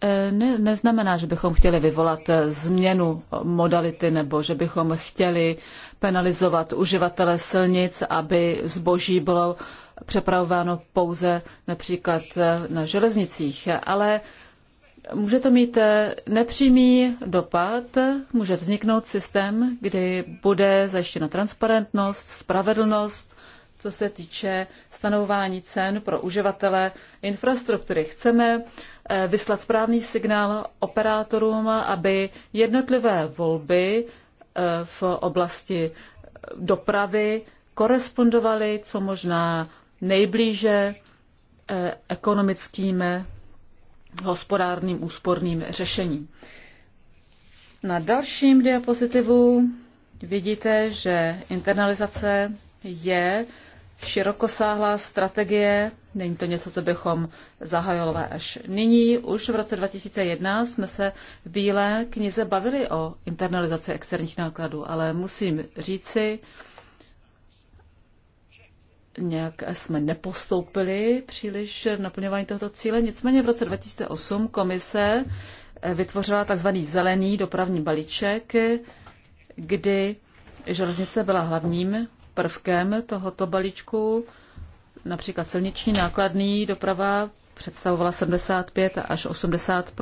eh, ne, neznamená, že bychom chtěli vyvolat eh, změnu modality nebo že bychom chtěli penalizovat uživatele silnic, aby zboží bylo přepravováno pouze například eh, na železnicích, ale může to mít nepřímý dopad, může vzniknout systém, kdy bude zajištěna transparentnost, spravedlnost, co se týče stanovování cen pro uživatele infrastruktury. Chceme eh, vyslat správný signál operátorům, aby jednotlivé volby eh, v oblasti eh, dopravy korespondovaly co možná nejblíže ekonomickým hospodárným úsporným řešením. Na dalším diapozitivu vidíte, že internalizace je širokosáhlá strategie. Není to něco, co bychom zahajovali až nyní. Už v roce 2001 jsme se v Bílé knize bavili o internalizaci externích nákladů, ale musím říci, nějak jsme nepostoupili příliš naplňování tohoto cíle. Nicméně v roce 2008 komise eh, vytvořila tzv. zelený dopravní balíček, kdy železnice byla hlavním prvkem tohoto balíčku. Například silniční nákladní doprava představovala 75 až 80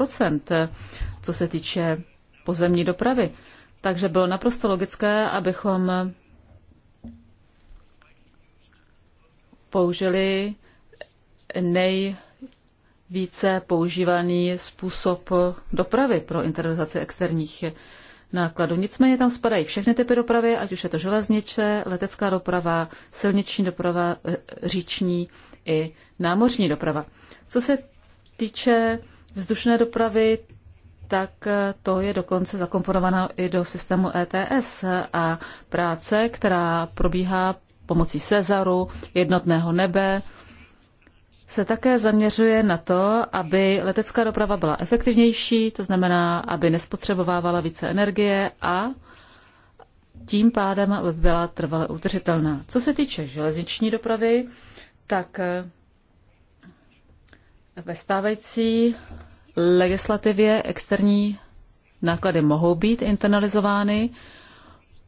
co se týče pozemní dopravy. Takže bylo naprosto logické, abychom použili nejvíce používaný způsob dopravy pro internalizaci externích nákladu. Nicméně tam spadají všechny typy dopravy, ať už je to železnice, letecká doprava, silniční doprava, eh, říční i námořní doprava. Co se týče vzdušné dopravy, tak eh, to je dokonce zakomponováno i do systému ETS a práce, která probíhá pomocí Cezaru, jednotného nebe, se také zaměřuje na to, aby letecká doprava byla efektivnější, to znamená, aby nespotřebovávala více energie a tím pádem, aby byla trvale udržitelná. Co se týče železniční dopravy, tak eh, ve stávající legislativě externí náklady mohou být internalizovány.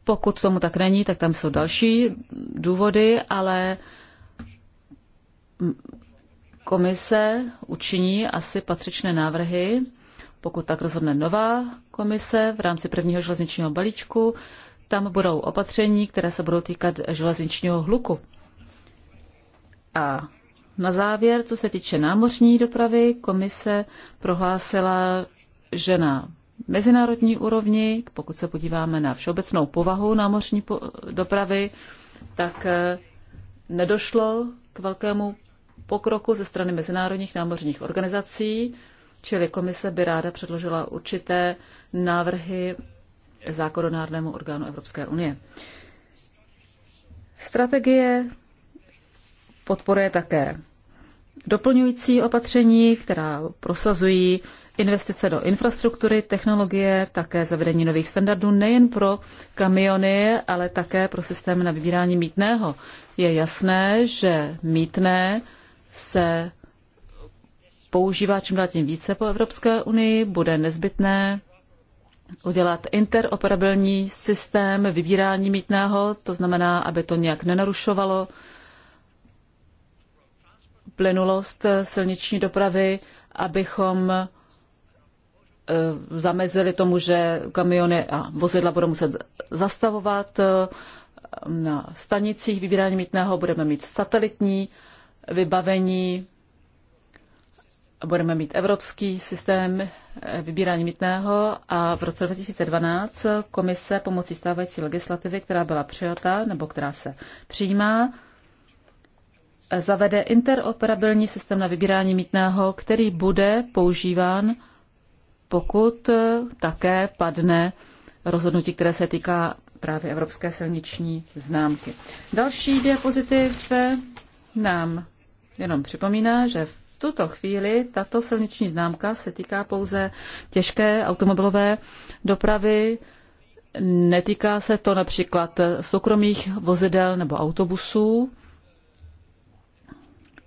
Pokud tomu tak není, tak tam jsou další důvody, ale Komise učiní asi patřičné návrhy, pokud tak rozhodne nová komise v rámci prvního železničního balíčku. Tam budou opatření, které se budou týkat železničního hluku. A na závěr, co se týče námořní dopravy, komise prohlásila, že na mezinárodní úrovni, pokud se podíváme na všeobecnou povahu námořní dopravy, tak eh, nedošlo k velkému pokroku ze strany mezinárodních námořních organizací, čili komise by ráda předložila určité návrhy zákonodárnému orgánu Evropské unie. Strategie podporuje také doplňující opatření, která prosazují investice do infrastruktury, technologie, také zavedení nových standardů nejen pro kamiony, ale také pro systém na vybírání mítného. Je jasné, že mítné se používá čím dál tím více po Evropské unii, bude nezbytné udělat interoperabilní systém vybírání mítného, to znamená, aby to nějak nenarušovalo plynulost eh, silniční dopravy, abychom eh, zamezili tomu, že kamiony a vozidla budou muset zastavovat. Eh, na stanicích vybírání mítného budeme mít satelitní vybavení, budeme mít evropský systém vybírání mítného a v roce 2012 komise pomocí stávající legislativy, která byla přijata nebo která se přijímá, zavede interoperabilní systém na vybírání mítného, který bude používán, pokud také padne rozhodnutí, které se týká právě evropské silniční známky. Další diapozitiv nám jenom připomíná, že v tuto chvíli tato silniční známka se týká pouze těžké automobilové dopravy, netýká se to například soukromých vozidel nebo autobusů.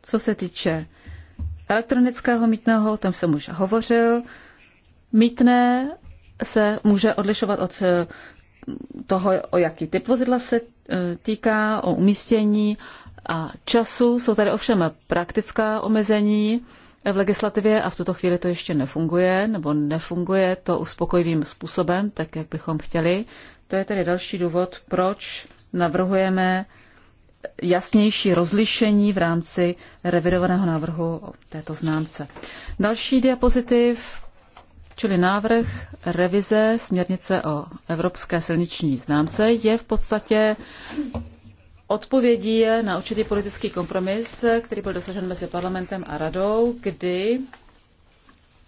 Co se týče elektronického mítného, o tom jsem už hovořil, mítné se může odlišovat od eh, toho, o jaký typ vozidla se eh, týká, o umístění, a času. Jsou tady ovšem praktická omezení v legislativě a v tuto chvíli to ještě nefunguje, nebo nefunguje to uspokojivým způsobem, tak jak bychom chtěli. To je tedy další důvod, proč navrhujeme jasnější rozlišení v rámci revidovaného návrhu o této známce. Další diapozitiv, čili návrh revize směrnice o evropské silniční známce, je v podstatě odpovědí je na určitý politický kompromis, který byl dosažen mezi parlamentem a radou, kdy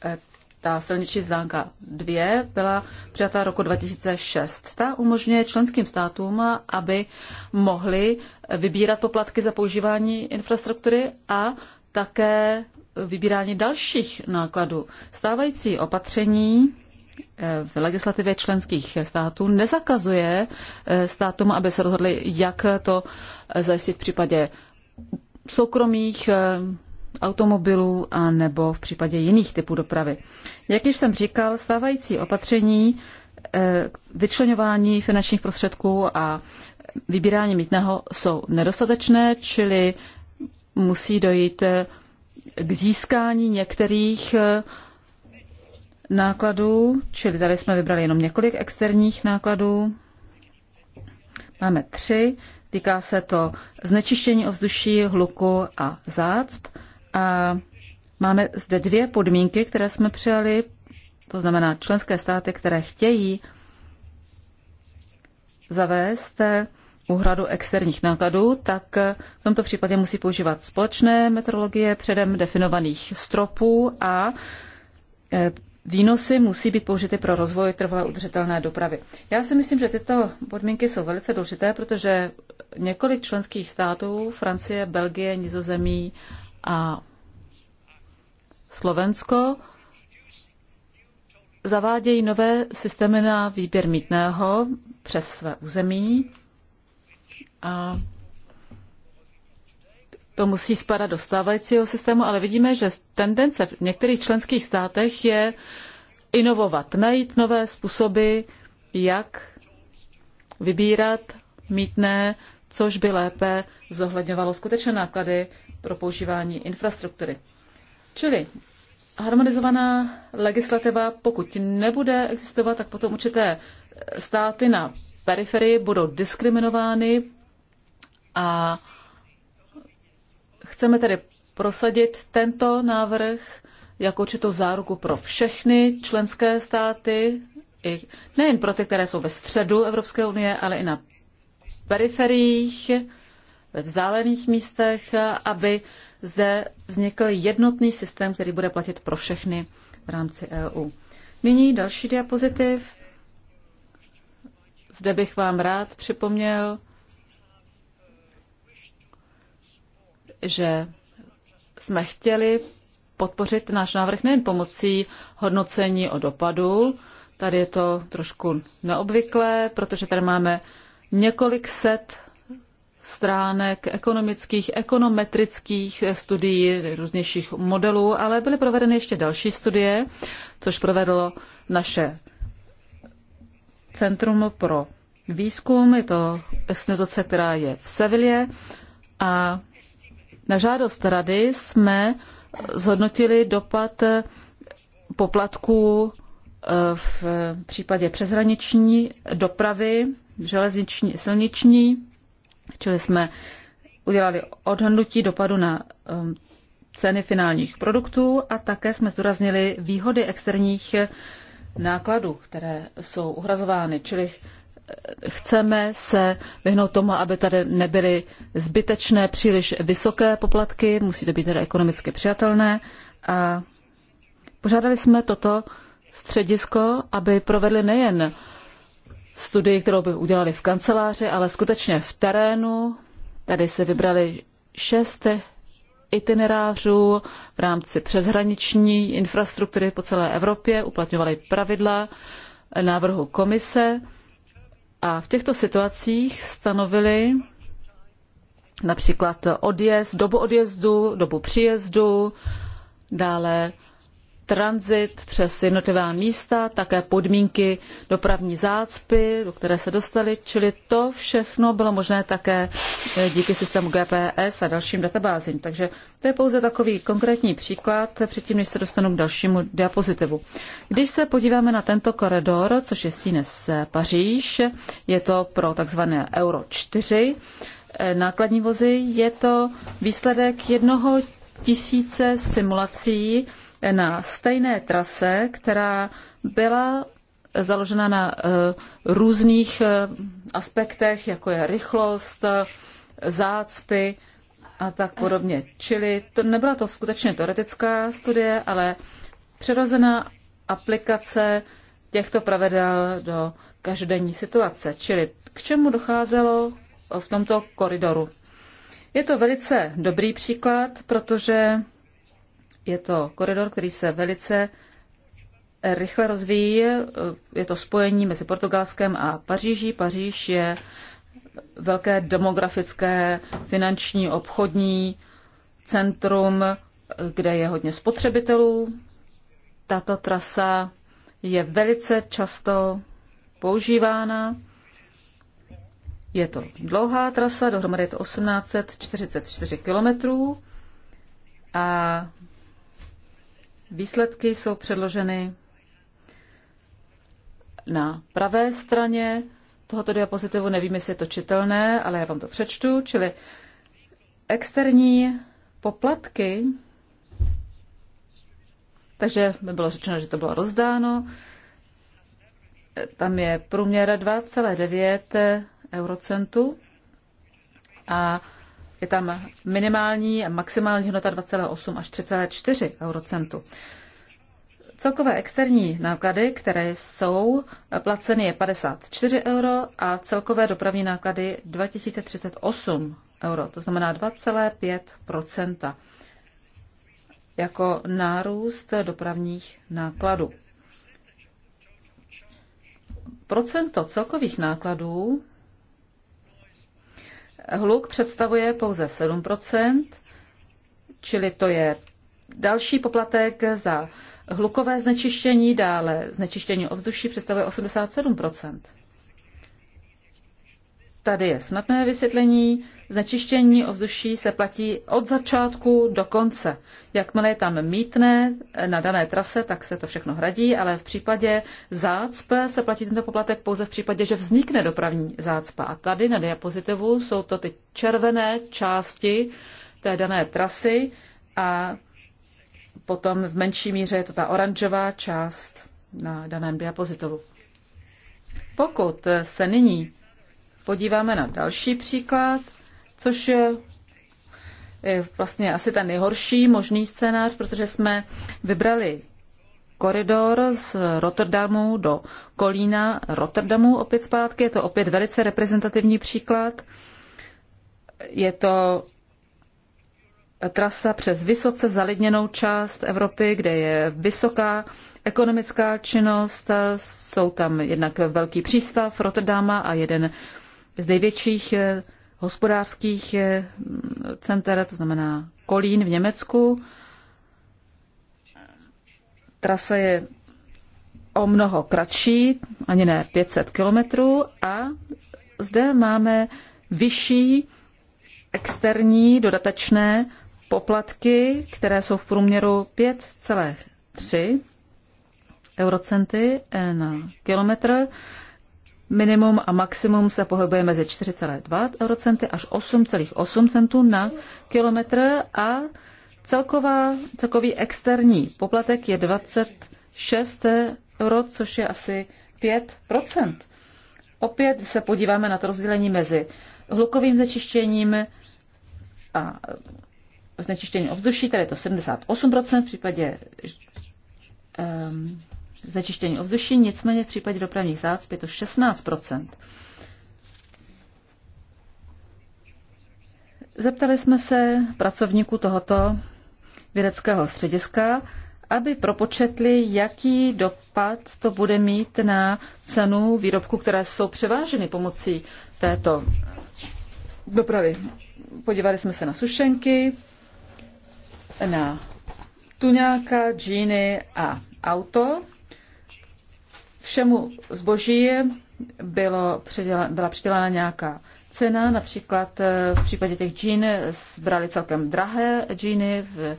eh, ta silniční zánka 2 byla přijata roku 2006. Ta umožňuje členským státům, aby mohli vybírat poplatky za používání infrastruktury a také vybírání dalších nákladů. Stávající opatření v legislativě členských států nezakazuje eh, státům, aby se rozhodli, jak to eh, zajistit v případě soukromých eh, automobilů a nebo v případě jiných typů dopravy. Jak již jsem říkal, stávající opatření vyčlenování finančních prostředků a vybírání mítného jsou nedostatečné, čili musí dojít k získání některých nákladů, čili tady jsme vybrali jenom několik externích nákladů. Máme tři, týká se to znečištění ovzduší, hluku a zácp. A máme zde dvě podmínky, které jsme přijali, to znamená členské státy, které chtějí zavést úhradu externích nákladů, tak v tomto případě musí používat společné metrologie předem definovaných stropů a eh, výnosy musí být použity pro rozvoj trvalé udržitelné dopravy. Já si myslím, že tyto podmínky jsou velice důležité, protože několik členských států, Francie, Belgie, Nizozemí a Slovensko, zavádějí nové systémy na výběr mítného přes své území a to musí spadat do stávajícího systému, ale vidíme, že tendence v některých členských státech je inovovat, najít nové způsoby, jak vybírat mítné, což by lépe zohledňovalo skutečné náklady pro používání infrastruktury. Čili harmonizovaná legislativa, pokud nebude existovat, tak potom určité státy na periferii budou diskriminovány a Chceme tedy prosadit tento návrh jako určitou záruku pro všechny členské státy, i nejen pro ty, které jsou ve středu Evropské unie, ale i na periferiích, ve vzdálených místech, aby zde vznikl jednotný systém, který bude platit pro všechny v rámci EU. Nyní další diapozitiv. Zde bych vám rád připomněl, že jsme chtěli podpořit náš návrh nejen pomocí hodnocení o dopadu, tady je to trošku neobvyklé, protože tady máme několik set stránek ekonomických, ekonometrických studií, různějších modelů, ale byly provedeny ještě další studie, což provedlo naše Centrum pro výzkum, je to instituce, která je v Sevilě a na žádost rady jsme zhodnotili dopad poplatků eh, v případě přeshraniční dopravy, železniční, silniční, čili jsme udělali odhadnutí dopadu na ehm, ceny finálních produktů a také jsme zdůraznili výhody externích eh, nákladů, které jsou uhrazovány. Čili chceme se vyhnout tomu, aby tady nebyly zbytečné příliš vysoké poplatky, musí to být tedy ekonomicky přijatelné. A požádali jsme toto středisko, aby provedli nejen studii, kterou by udělali v kanceláři, ale skutečně v terénu. Tady se vybrali šest itinerářů v rámci přeshraniční infrastruktury po celé Evropě, uplatňovali pravidla návrhu komise a v těchto situacích stanovili například odjezd, dobu odjezdu, dobu příjezdu, dále tranzit přes jednotlivá místa, také podmínky dopravní zácpy, do které se dostali, čili to všechno bylo možné také eh, díky systému GPS a dalším databázím. Takže to je pouze takový konkrétní příklad, předtím, než se dostanu k dalšímu diapozitivu. Když se podíváme na tento koridor, což je Sines Paříž, je to pro takzvané Euro 4, eh, nákladní vozy, je to výsledek jednoho tisíce simulací, na stejné trase, která byla založena na eh, různých eh, aspektech, jako je rychlost, eh, zácpy a tak podobně. Čili to nebyla to skutečně teoretická studie, ale přirozená aplikace těchto pravidel do každodenní situace. Čili k čemu docházelo v tomto koridoru? Je to velice dobrý příklad, protože je to koridor, který se velice rychle rozvíjí. Je to spojení mezi Portugalskem a Paříží. Paříž je velké demografické, finanční, obchodní centrum, kde je hodně spotřebitelů. Tato trasa je velice často používána. Je to dlouhá trasa, dohromady je to 1844 kilometrů a Výsledky jsou předloženy na pravé straně tohoto diapozitivu. Nevím, jestli je to čitelné, ale já vám to přečtu. Čili externí poplatky, takže by bylo řečeno, že to bylo rozdáno, tam je průměr 2,9 eurocentů a je tam minimální a maximální hodnota 2,8 až 3,4 eurocentu. Celkové externí náklady, které jsou placeny, je 54 euro a celkové dopravní náklady 2038 euro, to znamená 2,5 jako nárůst dopravních nákladů. Procento celkových nákladů Hluk představuje pouze 7 čili to je další poplatek za hlukové znečištění, dále znečištění ovzduší představuje 87 Tady je snadné vysvětlení. Znečištění ovzduší se platí od začátku do konce. Jakmile je tam mítné na dané trase, tak se to všechno hradí, ale v případě zácp se platí tento poplatek pouze v případě, že vznikne dopravní zácpa. A tady na diapozitivu jsou to ty červené části té dané trasy a potom v menší míře je to ta oranžová část na daném diapozitivu. Pokud se nyní podíváme na další příklad, což je vlastně asi ten nejhorší možný scénář, protože jsme vybrali koridor z Rotterdamu do Kolína Rotterdamu opět zpátky. Je to opět velice reprezentativní příklad. Je to trasa přes vysoce zalidněnou část Evropy, kde je vysoká ekonomická činnost. Jsou tam jednak velký přístav Rotterdama a jeden z největších eh, hospodářských eh, center, to znamená Kolín v Německu. Trasa je o mnoho kratší, ani ne 500 kilometrů a zde máme vyšší externí dodatečné poplatky, které jsou v průměru 5,3 eurocenty eh, na kilometr. Minimum a maximum se pohybuje mezi 4,2 eurocenty až 8,8 centů na kilometr a celková, celkový externí poplatek je 26 euro, což je asi 5 Opět se podíváme na to rozdělení mezi hlukovým znečištěním a znečištění ovzduší, tady je to 78%, v případě um, znečištění ovzduší, nicméně v případě dopravních zácp je to 16 Zeptali jsme se pracovníků tohoto vědeckého střediska, aby propočetli, jaký dopad to bude mít na cenu výrobků, které jsou převáženy pomocí této dopravy. Podívali jsme se na sušenky, na tuňáka, džíny a auto všemu zboží bylo přiděla, byla přidělena nějaká cena, například eh, v případě těch džín brali celkem drahé džíny v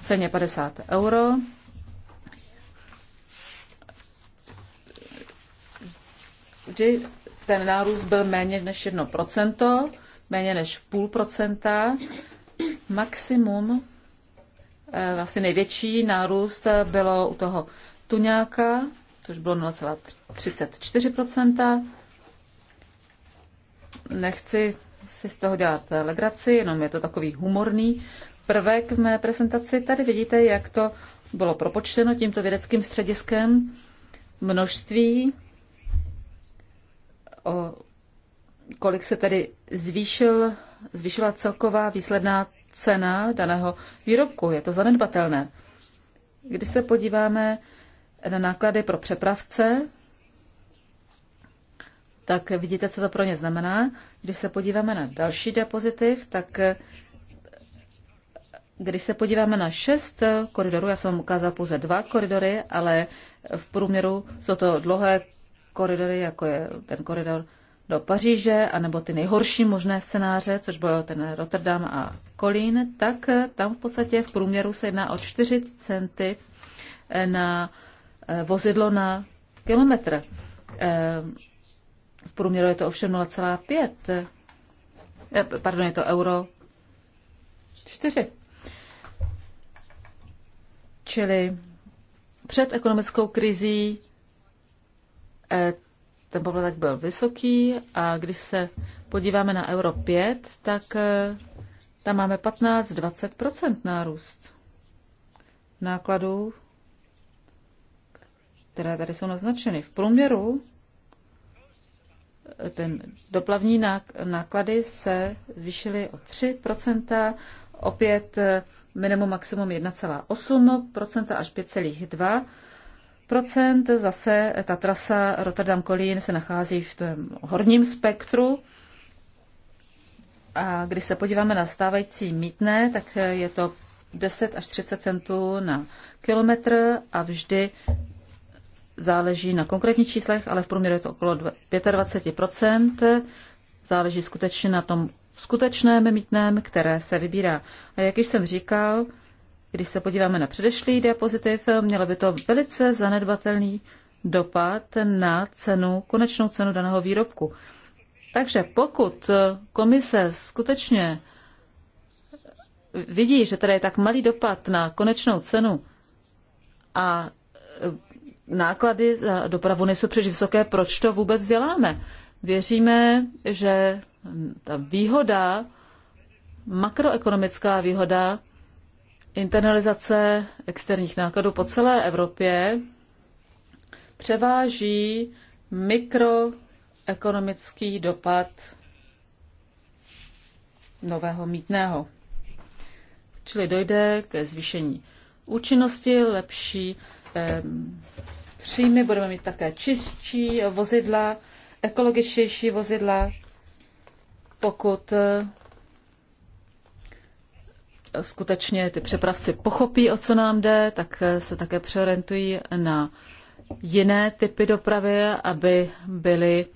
ceně 50 euro. Vždy ten nárůst byl méně než 1%, méně než půl procenta. Maximum, eh, asi největší nárůst bylo u toho tuňáka, což bylo 0,34%. Nechci si z toho dělat legraci, jenom je to takový humorný prvek v mé prezentaci. Tady vidíte, jak to bylo propočteno tímto vědeckým střediskem množství, o kolik se tedy zvýšil, zvýšila celková výsledná cena daného výrobku. Je to zanedbatelné. Když se podíváme na náklady pro přepravce, tak vidíte, co to pro ně znamená. Když se podíváme na další diapozitiv, tak eh, když se podíváme na šest koridorů, já jsem vám ukázal pouze dva koridory, ale v průměru jsou to dlouhé koridory, jako je ten koridor do Paříže, anebo ty nejhorší možné scénáře, což byl ten Rotterdam a Kolín, tak eh, tam v podstatě v průměru se jedná o 4 centy eh, na Eh, vozidlo na kilometr. Eh, v průměru je to ovšem 0,5. Eh, pardon, je to euro 4. Čili před ekonomickou krizí ten poplatek byl vysoký a když se podíváme na euro 5, tak tam máme 15-20 nárůst nákladů které tady jsou naznačeny. V průměru eh, ten doplavní náklady se zvýšily o 3 opět eh, minimum maximum 1,8 až 5,2 procent. Zase ta trasa Rotterdam-Kolín se nachází v tom horním spektru. A když se podíváme na stávající mítné, tak eh, je to 10 až 30 centů na kilometr a vždy záleží na konkrétních číslech, ale v průměru je to okolo 25 Záleží skutečně na tom skutečném mítném, které se vybírá. A jak již jsem říkal, když se podíváme na předešlý diapozitiv, mělo by to velice zanedbatelný dopad na cenu, konečnou cenu daného výrobku. Takže pokud komise skutečně vidí, že tady je tak malý dopad na konečnou cenu a náklady za dopravu nejsou příliš vysoké, proč to vůbec děláme? Věříme, že ta výhoda, makroekonomická výhoda internalizace externích nákladů po celé Evropě převáží mikroekonomický dopad nového mítného. Čili dojde ke zvýšení účinnosti, lepší eh, příjmy, budeme mít také čistší vozidla, ekologičtější vozidla, pokud eh, skutečně ty přepravci pochopí, o co nám jde, tak eh, se také přeorientují na jiné typy dopravy, aby byly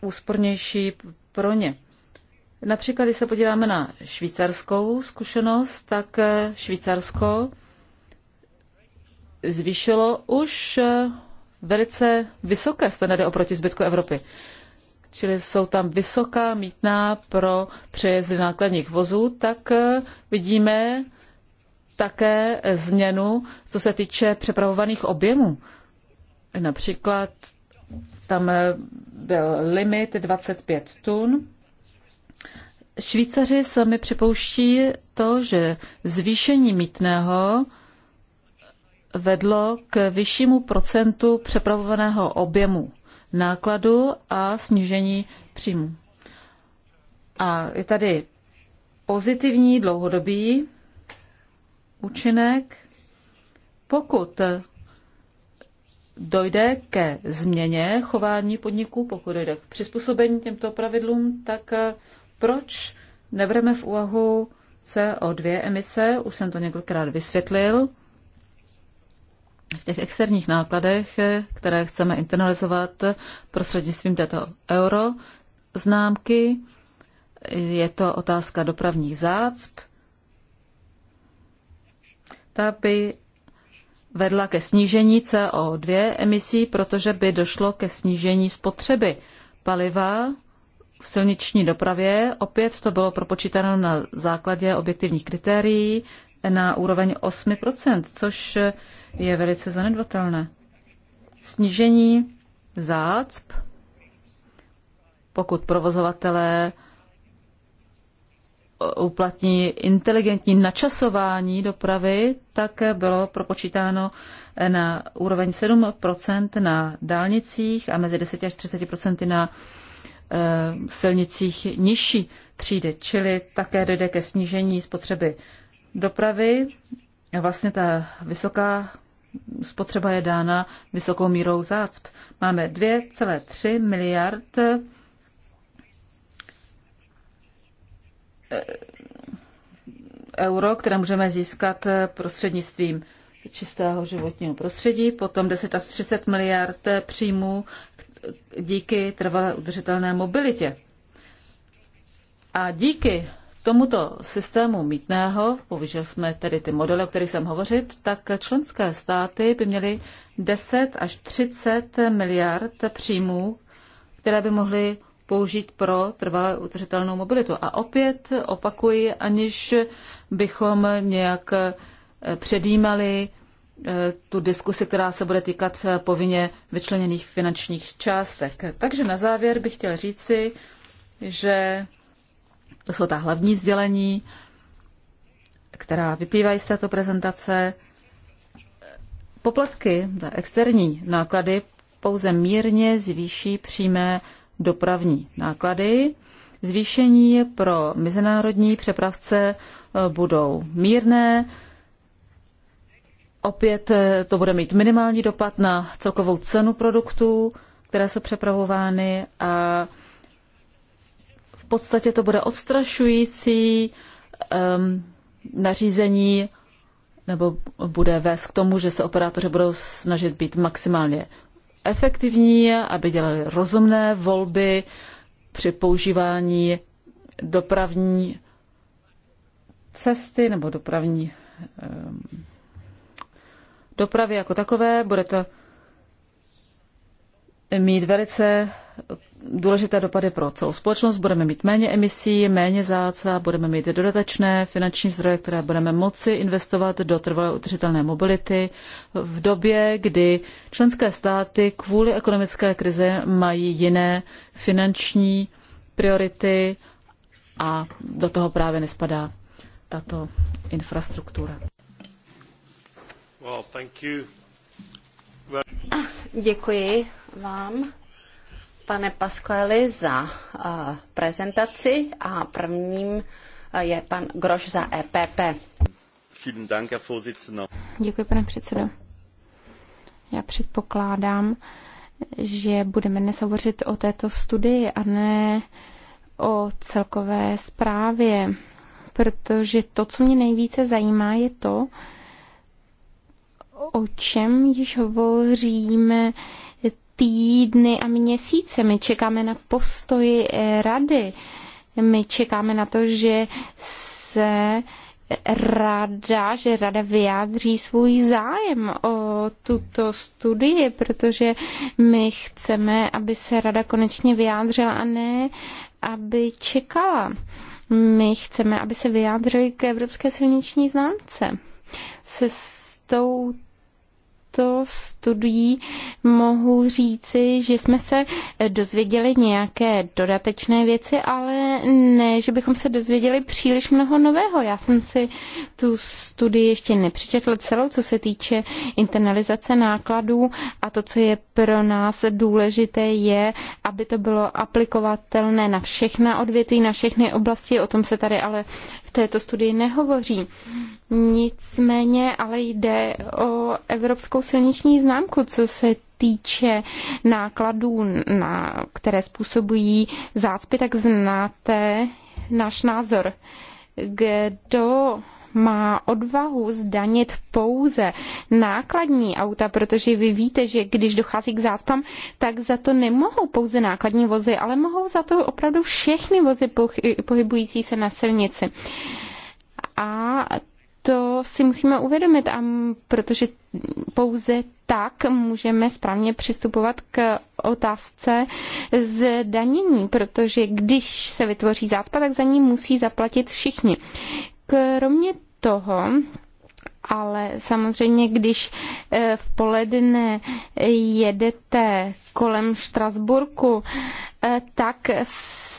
úspornější pro ně. Například, když se podíváme na švýcarskou zkušenost, tak eh, Švýcarsko zvýšilo už eh, velice vysoké standardy oproti zbytku Evropy. Čili jsou tam vysoká mítná pro přejezdy nákladních vozů, tak eh, vidíme také změnu, co se týče přepravovaných objemů. Například tam eh, byl limit 25 tun. Švýcaři sami připouští to, že zvýšení mítného vedlo k vyššímu procentu přepravovaného objemu nákladu a snížení příjmu. A je tady pozitivní dlouhodobý účinek, pokud dojde ke změně chování podniků, pokud dojde k přizpůsobení těmto pravidlům, tak proč nebereme v úvahu CO2 emise? Už jsem to několikrát vysvětlil v těch externích nákladech, které chceme internalizovat prostřednictvím této euro známky. Je to otázka dopravních zácp. Ta by vedla ke snížení CO2 emisí, protože by došlo ke snížení spotřeby paliva v silniční dopravě. Opět to bylo propočítáno na základě objektivních kritérií na úroveň 8%, což je velice zanedbatelné. Snížení zácp, pokud provozovatelé eh, uplatní inteligentní načasování dopravy, tak bylo propočítáno eh, na úroveň 7% na dálnicích a mezi 10 až 30% na eh, silnicích nižší třídy, čili také dojde ke snížení spotřeby dopravy. Vlastně ta vysoká spotřeba je dána vysokou mírou zácp. Máme 2,3 miliard eh, euro, které můžeme získat eh, prostřednictvím čistého životního prostředí, potom 10 až 30 miliard eh, příjmů díky trvalé udržitelné mobilitě. A díky tomuto systému mítného, použili jsme tedy ty modely, o kterých jsem hovořit, tak členské státy by měly 10 až 30 miliard příjmů, které by mohly použít pro trvalé udržitelnou mobilitu. A opět opakuji, aniž bychom nějak eh, předjímali eh, tu diskusi, která se bude týkat eh, povinně vyčleněných finančních částek. Takže na závěr bych chtěl říci, že to jsou ta hlavní sdělení, která vyplývají z této prezentace. Poplatky za externí náklady pouze mírně zvýší přímé dopravní náklady. Zvýšení pro mezinárodní přepravce eh, budou mírné. Opět eh, to bude mít minimální dopad na celkovou cenu produktů, které jsou přepravovány a v podstatě to bude odstrašující um, nařízení nebo bude vést k tomu, že se operátoři budou snažit být maximálně efektivní, aby dělali rozumné volby při používání dopravní cesty nebo dopravní um, dopravy jako takové. Bude to mít velice důležité dopady pro celou společnost. Budeme mít méně emisí, méně záca, budeme mít dodatečné finanční zdroje, které budeme moci investovat do trvalé udržitelné mobility v době, kdy členské státy kvůli ekonomické krize mají jiné finanční priority a do toho právě nespadá tato infrastruktura. Well, Děkuji vám pane Pasquale, za eh, prezentaci a prvním eh, je pan Groš za EPP. Děkuji, pane předsedo. Já předpokládám, že budeme dnes hovořit o této studii a ne o celkové zprávě, protože to, co mě nejvíce zajímá, je to, o čem již hovoříme týdny a měsíce. My čekáme na postoji eh, rady. My čekáme na to, že se rada, že rada vyjádří svůj zájem o tuto studii, protože my chceme, aby se rada konečně vyjádřila a ne, aby čekala. My chceme, aby se vyjádřili k Evropské silniční známce. Se s tou těchto studií mohu říci, že jsme se dozvěděli nějaké dodatečné věci, ale ne, že bychom se dozvěděli příliš mnoho nového. Já jsem si tu studii ještě nepřečetl celou, co se týče internalizace nákladů a to, co je pro nás důležité, je, aby to bylo aplikovatelné na všechna odvětví, na všechny oblasti. O tom se tady ale této studii nehovoří. Nicméně ale jde o evropskou silniční známku, co se týče nákladů, na, které způsobují zácpy, tak znáte náš názor. Kdo má odvahu zdanit pouze nákladní auta, protože vy víte, že když dochází k záspám, tak za to nemohou pouze nákladní vozy, ale mohou za to opravdu všechny vozy pohybující se na silnici. A to si musíme uvědomit, a protože pouze tak můžeme správně přistupovat k otázce zdanění, protože když se vytvoří zácpa, tak za ní musí zaplatit všichni. Kromě toho, ale samozřejmě, když eh, v poledne jedete kolem Štrasburku, eh, tak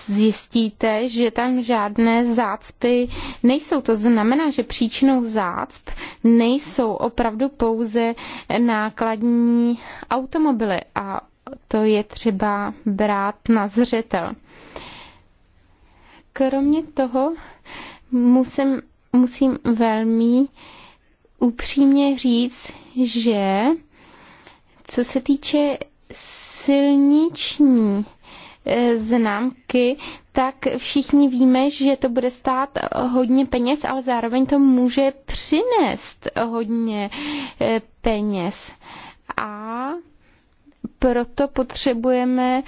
zjistíte, že tam žádné zácpy nejsou. To znamená, že příčinou zácp nejsou opravdu pouze nákladní automobily a to je třeba brát na zřetel. Kromě toho musím musím velmi upřímně říct, že co se týče silniční eh, známky, tak všichni víme, že to bude stát hodně peněz, ale zároveň to může přinést hodně eh, peněz. A proto potřebujeme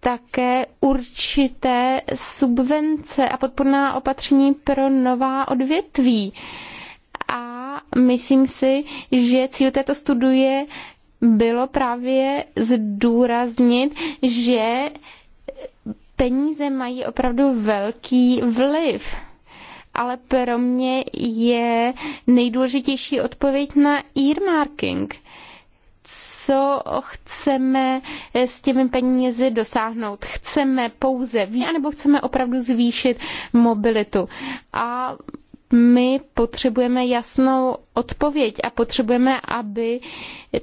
také určité subvence a podporná opatření pro nová odvětví. A myslím si, že cíl této studie bylo právě zdůraznit, že peníze mají opravdu velký vliv. Ale pro mě je nejdůležitější odpověď na earmarking co chceme s těmi penězi dosáhnout. Chceme pouze vy, anebo chceme opravdu zvýšit mobilitu. A my potřebujeme jasnou odpověď a potřebujeme, aby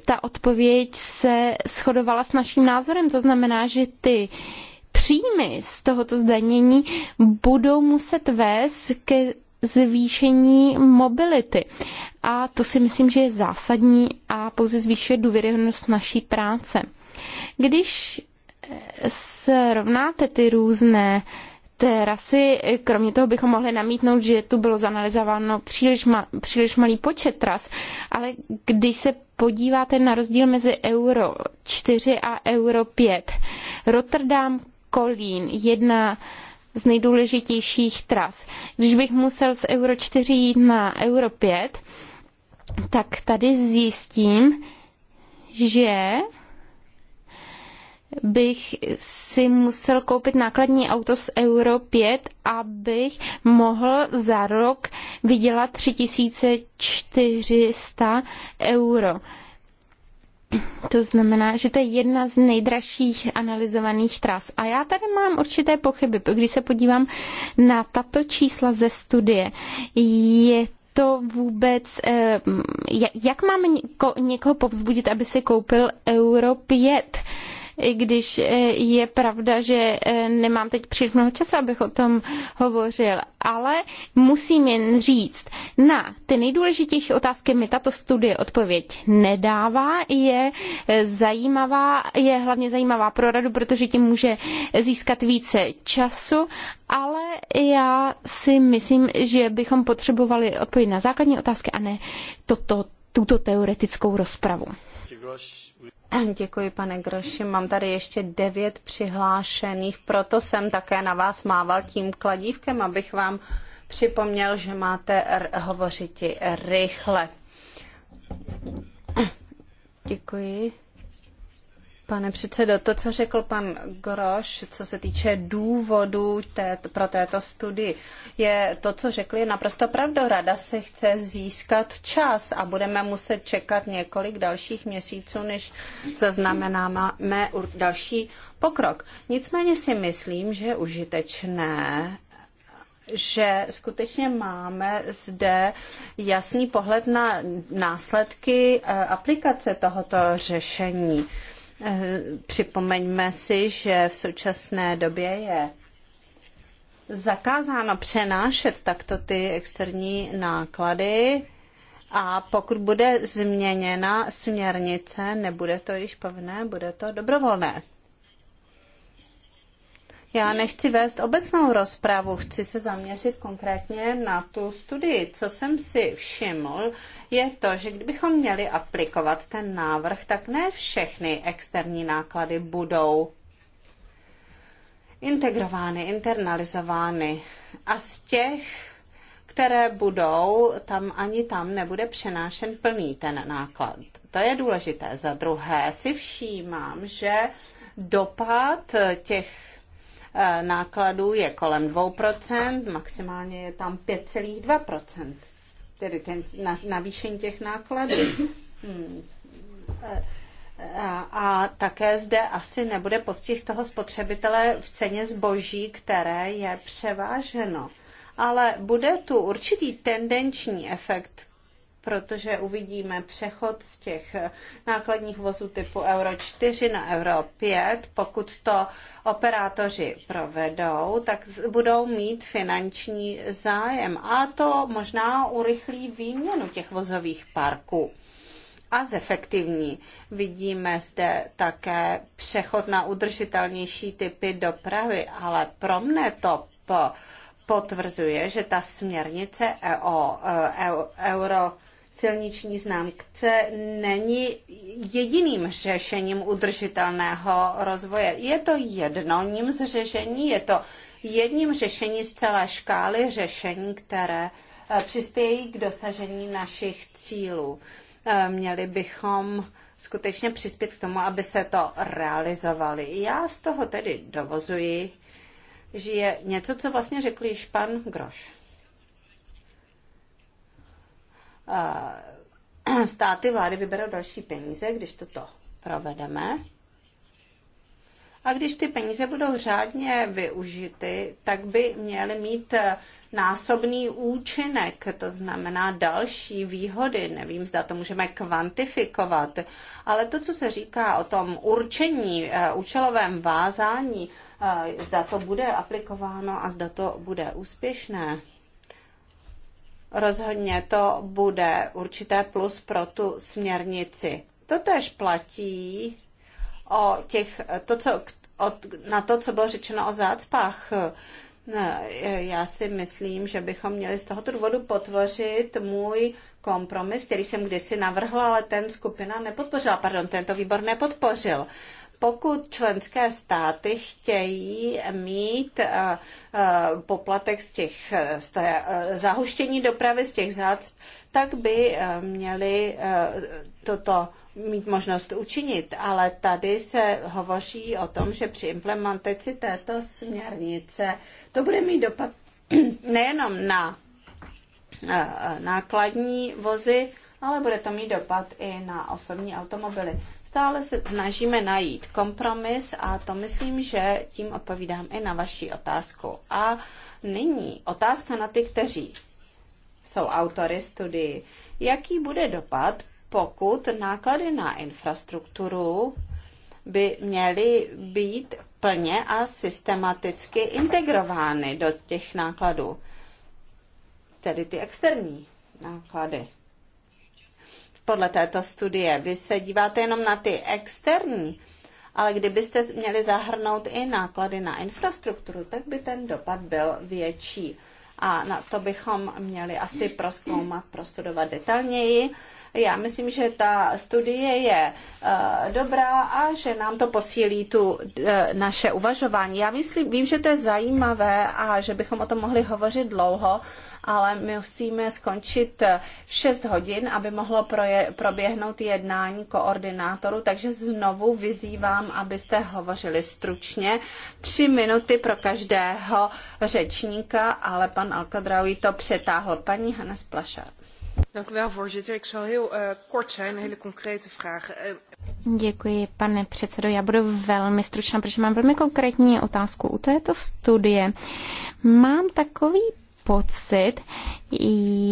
ta odpověď se shodovala s naším názorem. To znamená, že ty příjmy z tohoto zdanění budou muset vést ke zvýšení mobility. A to si myslím, že je zásadní a pouze zvýšuje důvěryhodnost naší práce. Když eh, srovnáte ty různé terasy, kromě toho bychom mohli namítnout, že tu bylo zanalizováno příliš, ma, příliš malý počet tras, ale když se podíváte na rozdíl mezi euro 4 a euro 5, Rotterdam, Kolín, jedna z nejdůležitějších tras. Když bych musel z Euro 4 jít na Euro 5, tak tady zjistím, že bych si musel koupit nákladní auto z Euro 5, abych mohl za rok vydělat 3400 euro. To znamená, že to je jedna z nejdražších analyzovaných tras. A já tady mám určité pochyby. Když se podívám na tato čísla ze studie, je to vůbec, eh, jak máme někoho povzbudit, aby si koupil Euro 5? i když e, je pravda, že e, nemám teď příliš mnoho času, abych o tom hovořil, ale musím jen říct, na ty nejdůležitější otázky mi tato studie odpověď nedává, je e, zajímavá, je hlavně zajímavá pro radu, protože tím může získat více času, ale já si myslím, že bychom potřebovali odpověď na základní otázky a ne toto, tuto teoretickou rozpravu. (clears throat) Děkuji, pane Groši. Mám tady ještě devět přihlášených, proto jsem také na vás mával tím kladívkem, abych vám připomněl, že máte hovořit rychle. (clears throat) Děkuji. Pane předsedo, to, co řekl pan Groš, co se týče důvodu tét, pro této studii, je to, co řekl, je naprosto pravda. Rada se chce získat čas a budeme muset čekat několik dalších měsíců, než zaznamenáme další pokrok. Nicméně si myslím, že je užitečné že skutečně máme zde jasný pohled na následky eh, aplikace tohoto řešení. Eh, připomeňme si, že v současné době je zakázáno přenášet takto ty externí náklady a pokud bude změněna směrnice, nebude to již povinné, bude to dobrovolné. Já nechci vést obecnou rozpravu, chci se zaměřit konkrétně na tu studii. Co jsem si všiml, je to, že kdybychom měli aplikovat ten návrh, tak ne všechny externí náklady budou integrovány, internalizovány. A z těch, které budou, tam ani tam nebude přenášen plný ten náklad. To je důležité. Za druhé si všímám, že dopad těch Eh, nákladů je kolem 2%, maximálně je tam 5,2%, tedy ten navýšení těch nákladů. Hmm. Eh, eh, a, a také zde asi nebude postih toho spotřebitele v ceně zboží, které je převáženo. Ale bude tu určitý tendenční efekt protože uvidíme přechod z těch nákladních vozů typu Euro 4 na Euro 5. Pokud to operátoři provedou, tak budou mít finanční zájem a to možná urychlí výměnu těch vozových parků a zefektivní. Vidíme zde také přechod na udržitelnější typy dopravy, ale pro mne to potvrzuje, že ta směrnice e o euro e silniční známce není jediným řešením udržitelného rozvoje. Je to jedním z řešení, je to jedním řešení z celé škály řešení, které eh, přispějí k dosažení našich cílů. Eh, měli bychom skutečně přispět k tomu, aby se to realizovali. Já z toho tedy dovozuji, že je něco, co vlastně řekl již pan Groš. Eh, (clears throat) státy vlády vyberou další peníze, když toto provedeme. A když ty peníze budou řádně využity, tak by měly mít eh, násobný účinek, to znamená další výhody. Nevím, zda to můžeme kvantifikovat, ale to, co se říká o tom určení, eh, účelovém vázání, zda to bude aplikováno a zda to bude úspěšné. Rozhodně to bude určité plus pro tu směrnici. To tež platí o těch, to, co, o, na to, co bylo řečeno o zácpách. já si myslím, že bychom měli z tohoto důvodu potvořit můj kompromis, který jsem kdysi navrhla, ale ten skupina nepodpořila, pardon, tento výbor nepodpořil. Pokud členské státy chtějí mít eh, eh, poplatek z těch z té, eh, zahuštění dopravy, z těch zácp, tak by měli toto mít možnost učinit, ale tady se hovoří o tom, že při implementaci této směrnice to bude mít dopad (clears throat) nejenom na nákladní vozy, ale bude to mít dopad i na osobní automobily neustále se snažíme najít kompromis a to myslím, že tím odpovídám i na vaši otázku. A nyní otázka na ty, kteří jsou autory studii. Jaký bude dopad, pokud náklady na infrastrukturu by měly být plně a systematicky integrovány do těch nákladů, tedy ty externí náklady? podle této studie. Vy se díváte jenom na ty externí, ale kdybyste měli zahrnout i náklady na infrastrukturu, tak by ten dopad byl větší. A na to bychom měli asi proskoumat, prostudovat detailněji já myslím, že ta studie je eh, dobrá a že nám to posílí tu eh, naše uvažování. Já myslím, vím, že to je zajímavé a že bychom o tom mohli hovořit dlouho, ale my musíme skončit v eh, 6 hodin, aby mohlo proje, proběhnout jednání koordinátoru, takže znovu vyzývám, abyste hovořili stručně. Tři minuty pro každého řečníka, ale pan Alkadraují to přetáhl. Paní Hana Plašák. Eh, eh, Děkuji, pane předsedo. Já budu velmi stručná, protože mám velmi konkrétní otázku u této studie. Mám takový pocit,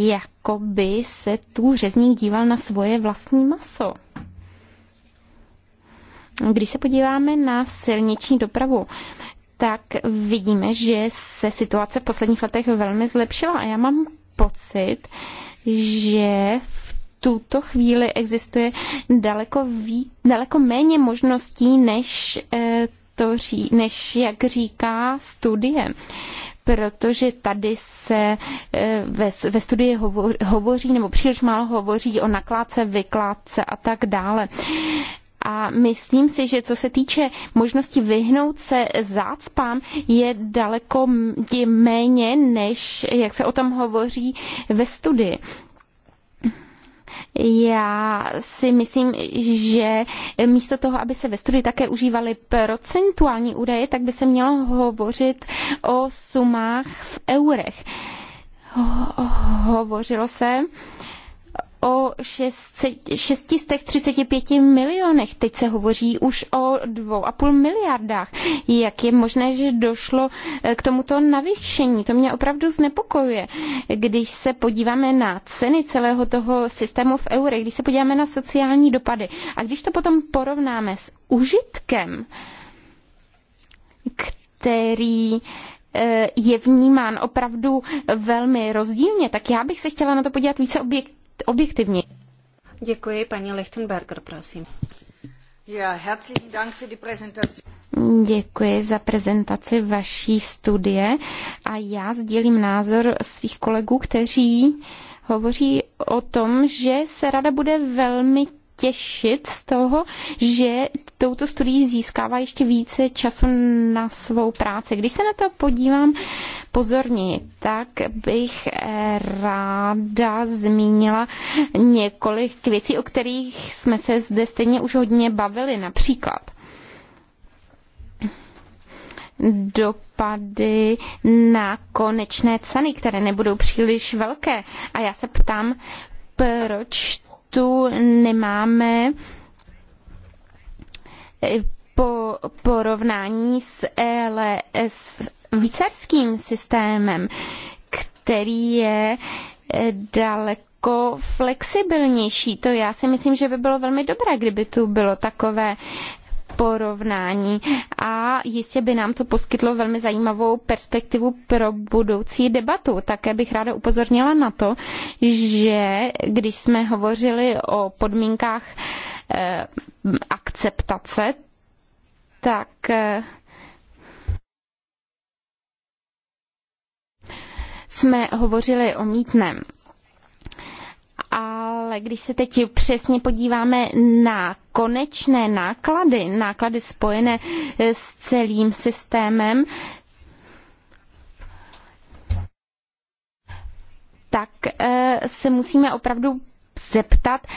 jako by se tu řezník díval na svoje vlastní maso. Když se podíváme na silniční dopravu, tak vidíme, že se situace v posledních letech velmi zlepšila a já mám pocit, že v tuto chvíli existuje daleko, ví, daleko méně možností, než, eh, to, ří, než jak říká studie protože tady se eh, ve, ve studii hovoří, nebo příliš málo hovoří o nakládce, vykládce a tak dále. A myslím si, že co se týče možnosti vyhnout se zácpám, je daleko méně, než jak se o tom hovoří ve studii. Já si myslím, že místo toho, aby se ve studii také užívaly procentuální údaje, tak by se mělo hovořit o sumách v eurech. Ho- hovořilo se o 635 milionech, teď se hovoří už o 2,5 miliardách. Jak je možné, že došlo eh, k tomuto navýšení? To mě opravdu znepokojuje. Když se podíváme na ceny celého toho systému v eure, když se podíváme na sociální dopady a když to potom porovnáme s užitkem, který eh, je vnímán opravdu velmi rozdílně, tak já bych se chtěla na to podívat více objektivně objektivní. Děkuji, paní Lichtenberger, prosím. Ja, Dank für die Děkuji za prezentaci vaší studie a já sdílím názor svých kolegů, kteří hovoří o tom, že se rada bude velmi těšit z toho, že touto studií získává ještě více času na svou práci. Když se na to podívám pozorně, tak bych eh, ráda zmínila několik věcí, o kterých jsme se zde stejně už hodně bavili. Například dopady na konečné ceny, které nebudou příliš velké. A já se ptám, proč tu nemáme eh, po porovnání s ELS výcarským systémem, který je eh, daleko flexibilnější. To já si myslím, že by bylo velmi dobré, kdyby tu bylo takové porovnání a jistě by nám to poskytlo velmi zajímavou perspektivu pro budoucí debatu. Také bych ráda upozornila na to, že když jsme hovořili o podmínkách eh, akceptace, tak eh, jsme hovořili o mítném ale když se teď přesně podíváme na konečné náklady, náklady spojené eh, s celým systémem, tak eh, se musíme opravdu zeptat,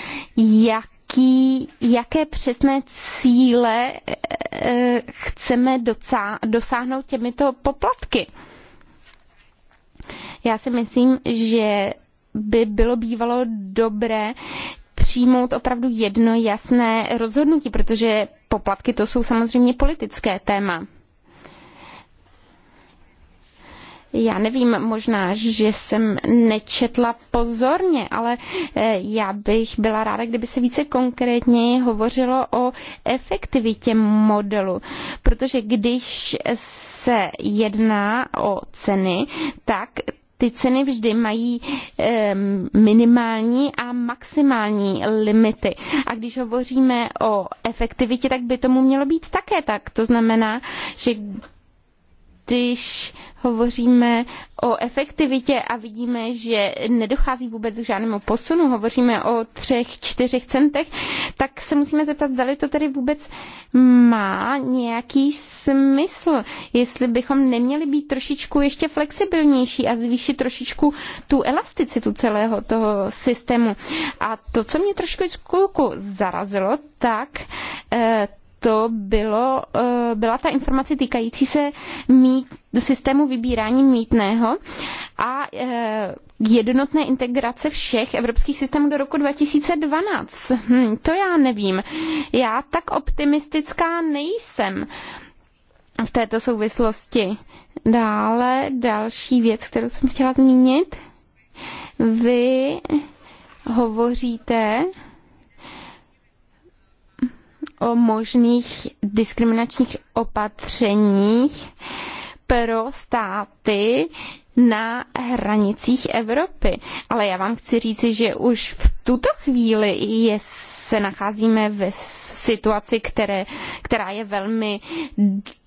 jaký, jaké přesné cíle eh, chceme docá, dosáhnout těmito poplatky. Já si myslím, že by bylo bývalo dobré přijmout opravdu jedno jasné rozhodnutí, protože poplatky to jsou samozřejmě politické téma. Já nevím, možná, že jsem nečetla pozorně, ale eh, já bych byla ráda, kdyby se více konkrétně hovořilo o efektivitě modelu. Protože když se jedná o ceny, tak ty ceny vždy mají minimální a maximální limity. A když hovoříme o efektivitě, tak by tomu mělo být také tak. To znamená, že když hovoříme o efektivitě a vidíme, že nedochází vůbec k žádnému posunu, hovoříme o třech, čtyřech centech, tak se musíme zeptat, zda to tedy vůbec má nějaký smysl, jestli bychom neměli být trošičku ještě flexibilnější a zvýšit trošičku tu elasticitu celého toho systému. A to, co mě trošku zarazilo, tak eh, to bylo, eh, byla ta informace týkající se mít, systému vybírání mítného a eh, jednotné integrace všech evropských systémů do roku 2012. Hm, to já nevím. Já tak optimistická nejsem v této souvislosti. Dále další věc, kterou jsem chtěla zmínit. Vy hovoříte o možných diskriminačních opatřeních pro státy, na hranicích Evropy. Ale já vám chci říci, že už v tuto chvíli je, se nacházíme v situaci, které, která je velmi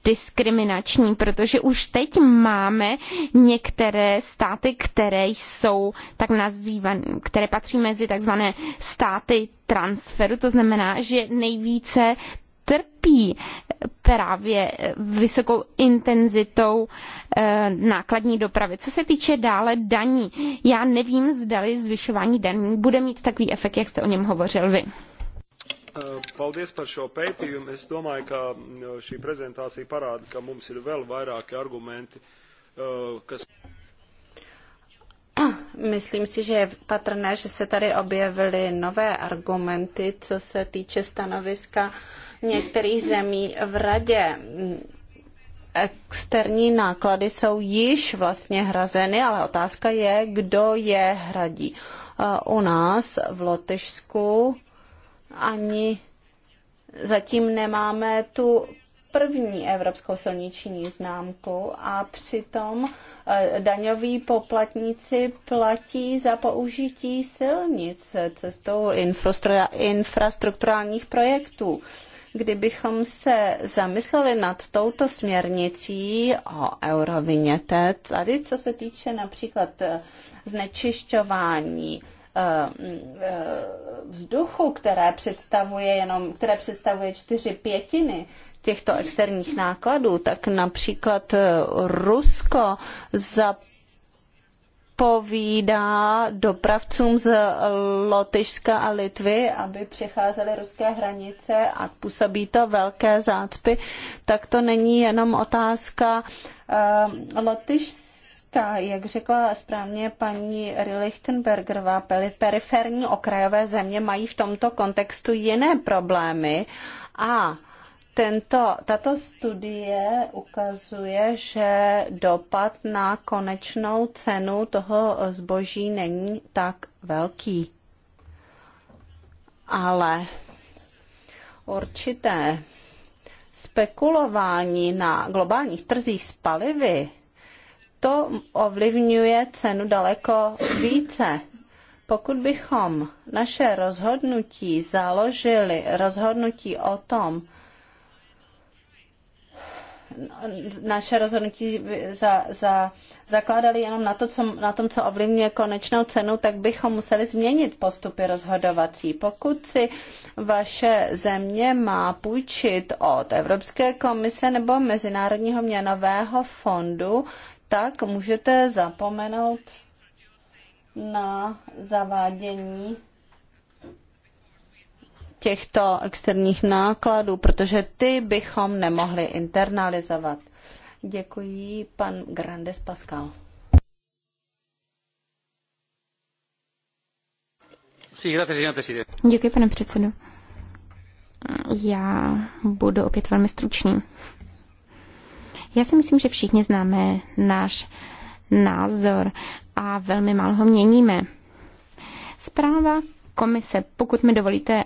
diskriminační, protože už teď máme některé státy, které jsou tak nazývané, které patří mezi takzvané státy transferu, to znamená, že nejvíce trpí právě vysokou intenzitou eh, nákladní dopravy. Co se týče dále daní, já nevím, zdali zvyšování daní bude mít takový efekt, jak jste o něm hovořil vy. Eh, paldies par šo pētījumu. Es domāju, ka eh, šī prezentācija parāda, ka mums ir vēl vairāki argumenti, kas. (clears throat) Myslím si, že je patrné, že se tady objevily nové argumenty, co se týče stanoviska uh, některých zemí v radě externí náklady jsou již vlastně hrazeny, ale otázka je, kdo je hradí. Eh, u nás v Lotyšsku ani zatím nemáme tu první evropskou silniční známku a přitom eh, daňoví poplatníci platí za použití silnic cestou infrastrukturálních projektů kdybychom se zamysleli nad touto směrnicí o euroviněte, tady co se týče například eh, znečišťování eh, mm, eh, vzduchu, které představuje jenom, které představuje čtyři pětiny těchto externích nákladů, tak například Rusko za odpovídá dopravcům z Lotyšska a Litvy, aby přecházeli ruské hranice a působí to velké zácpy, tak to není jenom otázka eh, Lotyšska jak řekla správně paní Lichtenbergerová, periferní okrajové země mají v tomto kontextu jiné problémy a tento, tato studie ukazuje, že dopad na konečnou cenu toho zboží není tak velký. Ale určité spekulování na globálních trzích s palivy, to ovlivňuje cenu daleko více. Pokud bychom naše rozhodnutí založili, rozhodnutí o tom, naše rozhodnutí za, za, zakládali jenom na, to, co, na tom, co ovlivňuje konečnou cenu, tak bychom museli změnit postupy rozhodovací. Pokud si vaše země má půjčit od Evropské komise nebo Mezinárodního měnového fondu, tak můžete zapomenout na zavádění těchto externích nákladů, protože ty bychom nemohli internalizovat. Děkuji, pan Grandes Pascal. Děkuji, pane předsedo. Já budu opět velmi stručný. Já si myslím, že všichni známe náš názor a velmi málo ho měníme. Zpráva komise, pokud mi dovolíte,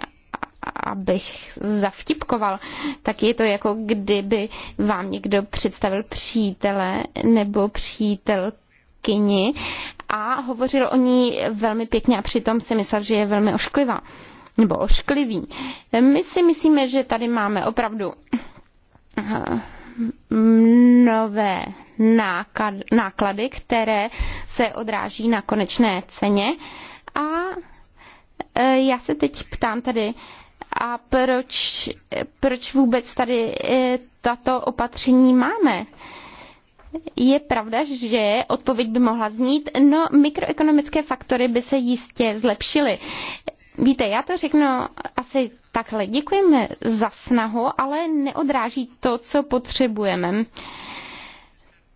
abych zavtipkoval, tak je to jako kdyby vám někdo představil přítele nebo přítel kyni a hovořil o ní velmi pěkně a přitom si myslel, že je velmi ošklivá nebo ošklivý. My si myslíme, že tady máme opravdu eh, nové náklady, které se odráží na konečné ceně. A eh, já se teď ptám tady a proč, proč vůbec tady e, tato opatření máme. Je pravda, že odpověď by mohla znít, no mikroekonomické faktory by se jistě zlepšily. Víte, já to řeknu asi takhle. Děkujeme za snahu, ale neodráží to, co potřebujeme.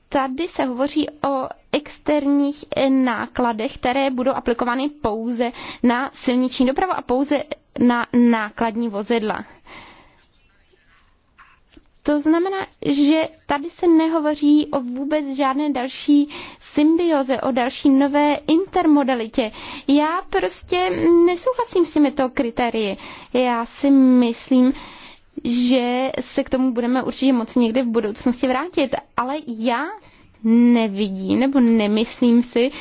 Tady se hovoří o externích e, nákladech, které budou aplikovány pouze na silniční dopravu a pouze na nákladní vozidla. To znamená, že tady se nehovoří o vůbec žádné další symbioze, o další nové intermodalitě. Já prostě nesouhlasím s těmito kritérii. Já si myslím, že se k tomu budeme určitě moci někdy v budoucnosti vrátit, ale já nevidím nebo nemyslím si,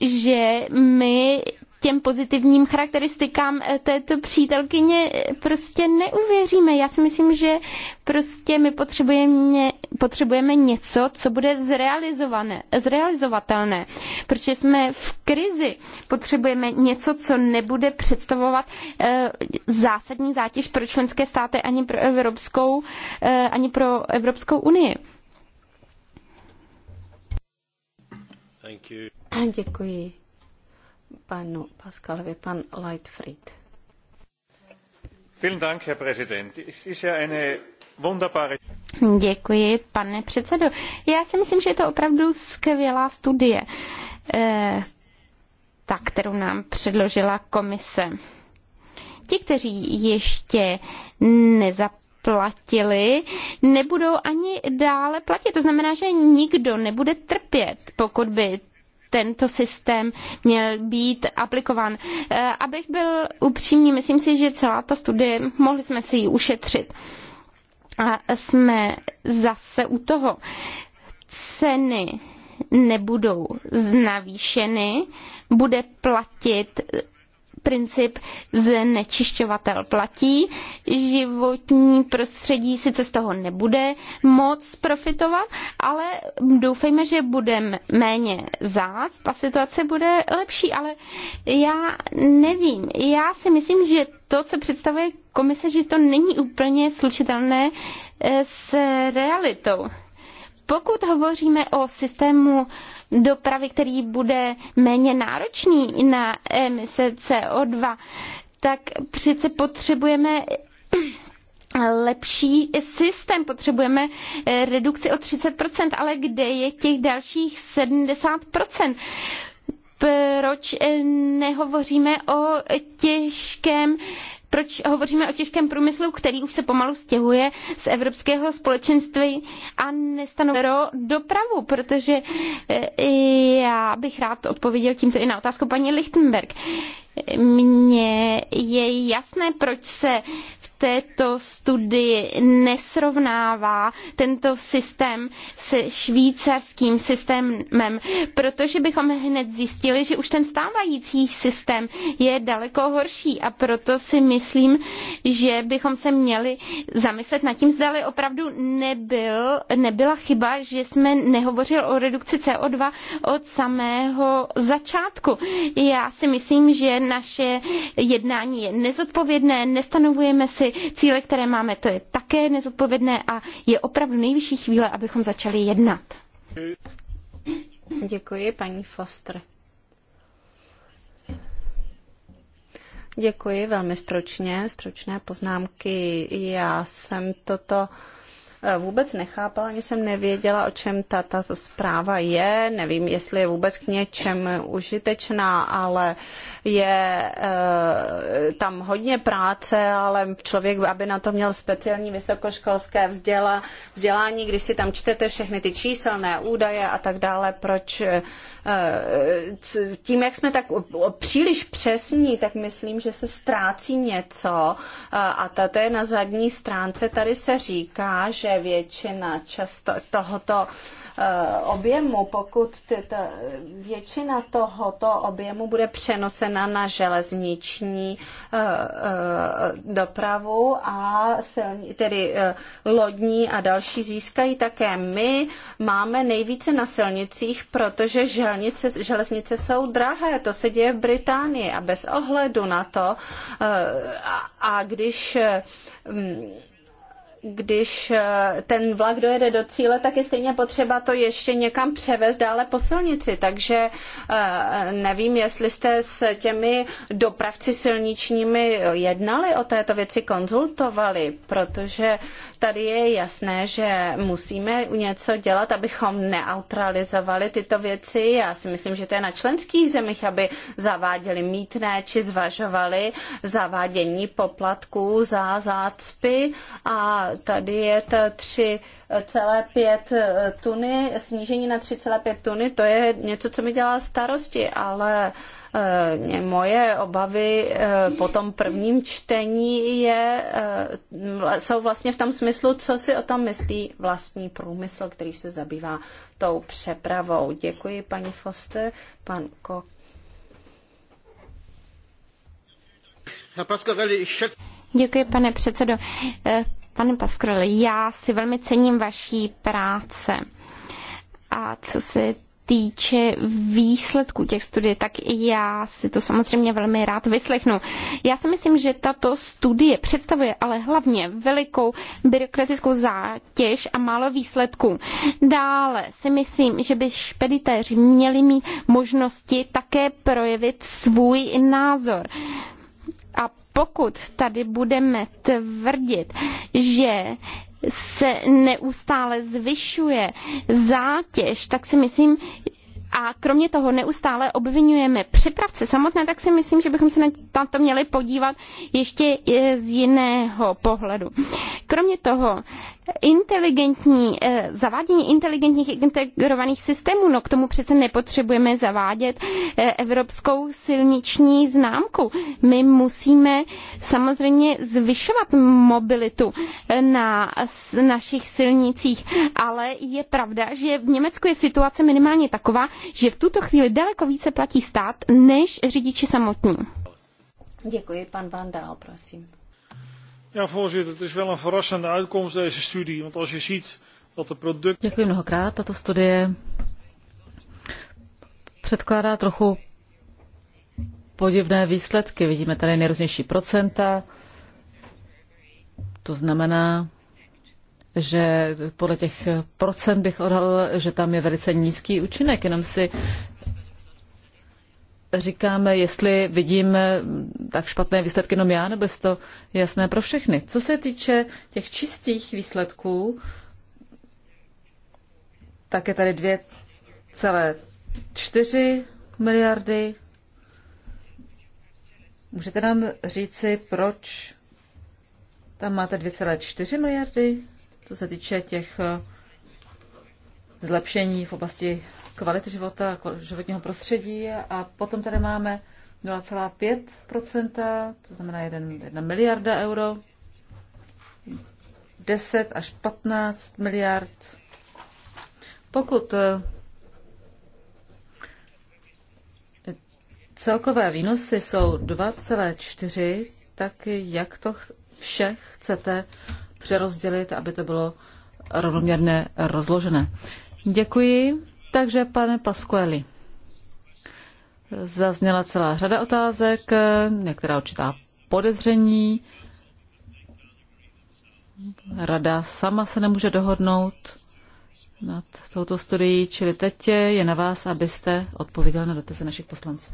že my těm pozitivním charakteristikám eh, této přítelkyně eh, prostě neuvěříme. Já si myslím, že prostě my potřebujeme, potřebujeme něco, co bude zrealizované, zrealizovatelné, protože jsme v krizi. Potřebujeme něco, co nebude představovat e, zásadní zátěž pro členské státy ani pro Evropskou, e, ani pro Evropskou unii. Thank you. Děkuji panu Pascalovi, pan Lightfried. Děkuji, pane předsedo. Já si myslím, že je to opravdu skvělá studie, eh, ta, kterou nám předložila komise. Ti, kteří ještě nezaplatili, nebudou ani dále platit. To znamená, že nikdo nebude trpět, pokud by tento systém měl být aplikován. Eh, abych byl upřímný, myslím si, že celá ta studie, mohli jsme si ji ušetřit. A jsme zase u toho. Ceny nebudou navýšeny, bude platit princip znečišťovatel platí. Životní prostředí sice z toho nebude moc profitovat, ale doufejme, že bude méně zácp a situace bude lepší, ale já nevím. Já si myslím, že to, co představuje komise, že to není úplně slučitelné eh, s realitou. Pokud hovoříme o systému dopravy, který bude méně náročný na emise CO2, tak přece potřebujeme lepší systém. Potřebujeme eh, redukci o 30%, ale kde je těch dalších 70%? Proč eh, nehovoříme o těžkém proč hovoříme o těžkém průmyslu, který už se pomalu stěhuje z Evropského společenství a nestanovuje dopravu? Protože eh, já bych rád odpověděl tímto i na otázku paní Lichtenberg mně je jasné, proč se v této studii nesrovnává tento systém se švýcarským systémem, protože bychom hned zjistili, že už ten stávající systém je daleko horší a proto si myslím, že bychom se měli zamyslet nad tím, zdali opravdu nebyl, nebyla chyba, že jsme nehovořili o redukci CO2 od samého začátku. Já si myslím, že naše jednání je nezodpovědné, nestanovujeme si cíle, které máme, to je také nezodpovědné a je opravdu nejvyšší chvíle, abychom začali jednat. Děkuji, paní Foster. Děkuji, velmi stručně, stručné poznámky. Já jsem toto Eh, vůbec nechápala, ani jsem nevěděla, o čem ta, ta zpráva je. Nevím, jestli je vůbec k něčem užitečná, ale je e, tam hodně práce, ale člověk, aby na to měl speciální vysokoškolské vzděla, vzdělání, když si tam čtete všechny ty číselné údaje a tak dále, proč eh, Eh, tím, jak jsme tak příliš přesní, tak myslím, že se ztrácí něco eh, a to je na zadní stránce. Tady se říká, že většina často tohoto Eh, objemu, pokud tyto, většina tohoto objemu bude přenosena na železniční eh, eh, dopravu a silni, tedy lodní a další získají také. My máme nejvíce na silnicích, protože želnice, železnice jsou drahé. To se děje v Británii a bez ohledu na to a když když eh, ten vlak dojede do cíle, tak je stejně potřeba to ještě někam převést dále po silnici. Takže eh, nevím, jestli jste s těmi dopravci silničními jednali o této věci, konzultovali, protože tady je jasné, že musíme něco dělat, abychom neutralizovali tyto věci. Já si myslím, že to je na členských zemích, aby zaváděli mítné či zvažovali zavádění poplatků za zácpy a ta diet 3,5 eh, tuny, snížení na 3,5 tuny, to je něco, co mi dělá starosti, ale eh, moje obavy eh, po tom prvním čtení je, jsou vlastně v tom smyslu, co si o tom myslí vlastní průmysl, který se zabývá tou přepravou. Děkuji, paní Foster, pan Kok. Děkuji, pane předsedo. Pane Paskrole, já si velmi cením vaší práce. A co se týče výsledků těch studií, tak já si to samozřejmě velmi rád vyslechnu. Já si myslím, že tato studie představuje ale hlavně velikou byrokratickou zátěž a málo výsledků. Dále si myslím, že by špeditéři měli mít možnosti také projevit svůj názor pokud tady budeme tvrdit, že se neustále zvyšuje zátěž, tak si myslím, a kromě toho neustále obvinujeme přepravce samotné, tak si myslím, že bychom se na to měli podívat ještě eh, z jiného pohledu. Kromě toho inteligentní, eh, zavádění inteligentních integrovaných systémů, no k tomu přece nepotřebujeme zavádět eh, evropskou silniční známku. My musíme samozřejmě zvyšovat mobilitu eh, na našich silnicích, ale je pravda, že v Německu je situace minimálně taková, že v tuto chvíli daleko více platí stát než řidiči samotní. Děkuji, pan Vandal, prosím. Ja, voorzitter, het is wel een verrassende uitkomst deze studie, want als je ziet dat de producten. Děkuji mnohokrát, tato studie předkládá trochu podivné výsledky. Vidíme tady nejrůznější procenta, to znamená, že podle těch procent bych odhalil, že tam je velice nízký účinek. Jenom si říkáme, jestli vidím eh, tak špatné výsledky jenom já, nebo je to jasné pro všechny. Co se týče těch čistých výsledků, tak je tady 2,4 miliardy. Můžete nám říci, proč tam máte 2,4 miliardy, co se týče těch eh, zlepšení v oblasti kvality života, životního prostředí a potom tady máme 0,5%, to znamená 1, 1 miliarda euro, 10 až 15 miliard. Pokud eh, celkové výnosy jsou 2,4, tak jak to vše chcete přerozdělit, aby to bylo rovnoměrně rozložené? Děkuji. Takže, pane Pasqueli, zazněla celá řada otázek, některá určitá podezření. Rada sama se nemůže dohodnout nad touto studií, čili teď je na vás, abyste odpověděl na dotazy našich poslanců.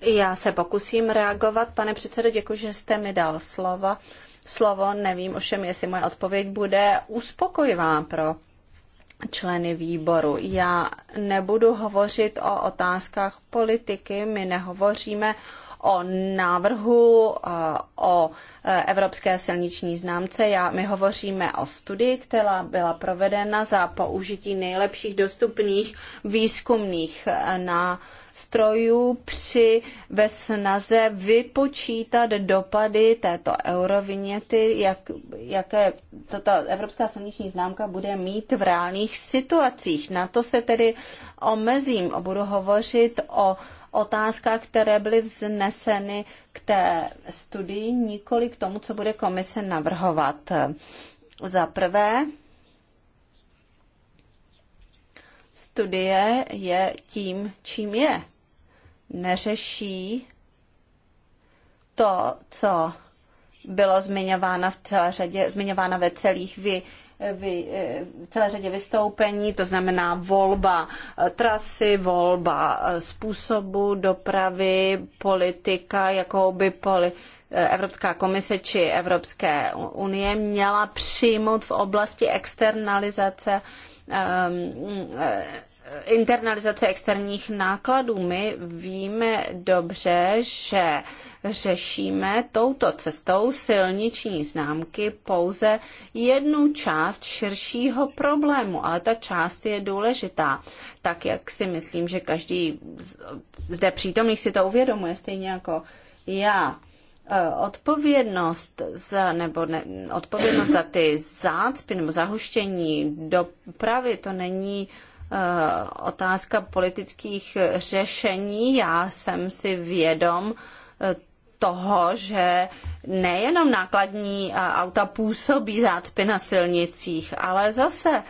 Já se pokusím reagovat. Pane předsedo, děkuji, že jste mi dal slovo slovo. Nevím ovšem, jestli moje odpověď bude uspokojivá pro členy výboru. Já nebudu hovořit o otázkách politiky, my nehovoříme o návrhu eh, o eh, evropské silniční známce. Já, my hovoříme o studii, která byla provedena za použití nejlepších dostupných výzkumných eh, na strojů při ve snaze vypočítat dopady této eurovinety, jak, jaké tato evropská silniční známka bude mít v reálných situacích. Na to se tedy omezím a budu hovořit o otázkách, které byly vzneseny k té studii, nikoli k tomu, co bude komise navrhovat. Za prvé, studie je tím, čím je. Neřeší to, co bylo zmiňováno v celé řadě, zmiňováno ve celých vy, vy, v celé řadě vystoupení, to znamená volba eh, trasy, volba eh, způsobu dopravy, politika, jakou by poli, eh, Evropská komise či Evropské unie měla přijmout v oblasti externalizace uh, Ehm, eh, internalizace externích nákladů. My víme dobře, že řešíme touto cestou silniční známky pouze jednu část širšího problému, ale ta část je důležitá. Tak jak si myslím, že každý zde přítomných si to uvědomuje, stejně jako já. E, odpovědnost za, nebo ne, odpovědnost za ty zácpy nebo zahuštění dopravy, to není uh, otázka politických řešení. Já jsem si vědom uh, toho, že nejenom nákladní uh, auta působí zácpy na silnicích, ale zase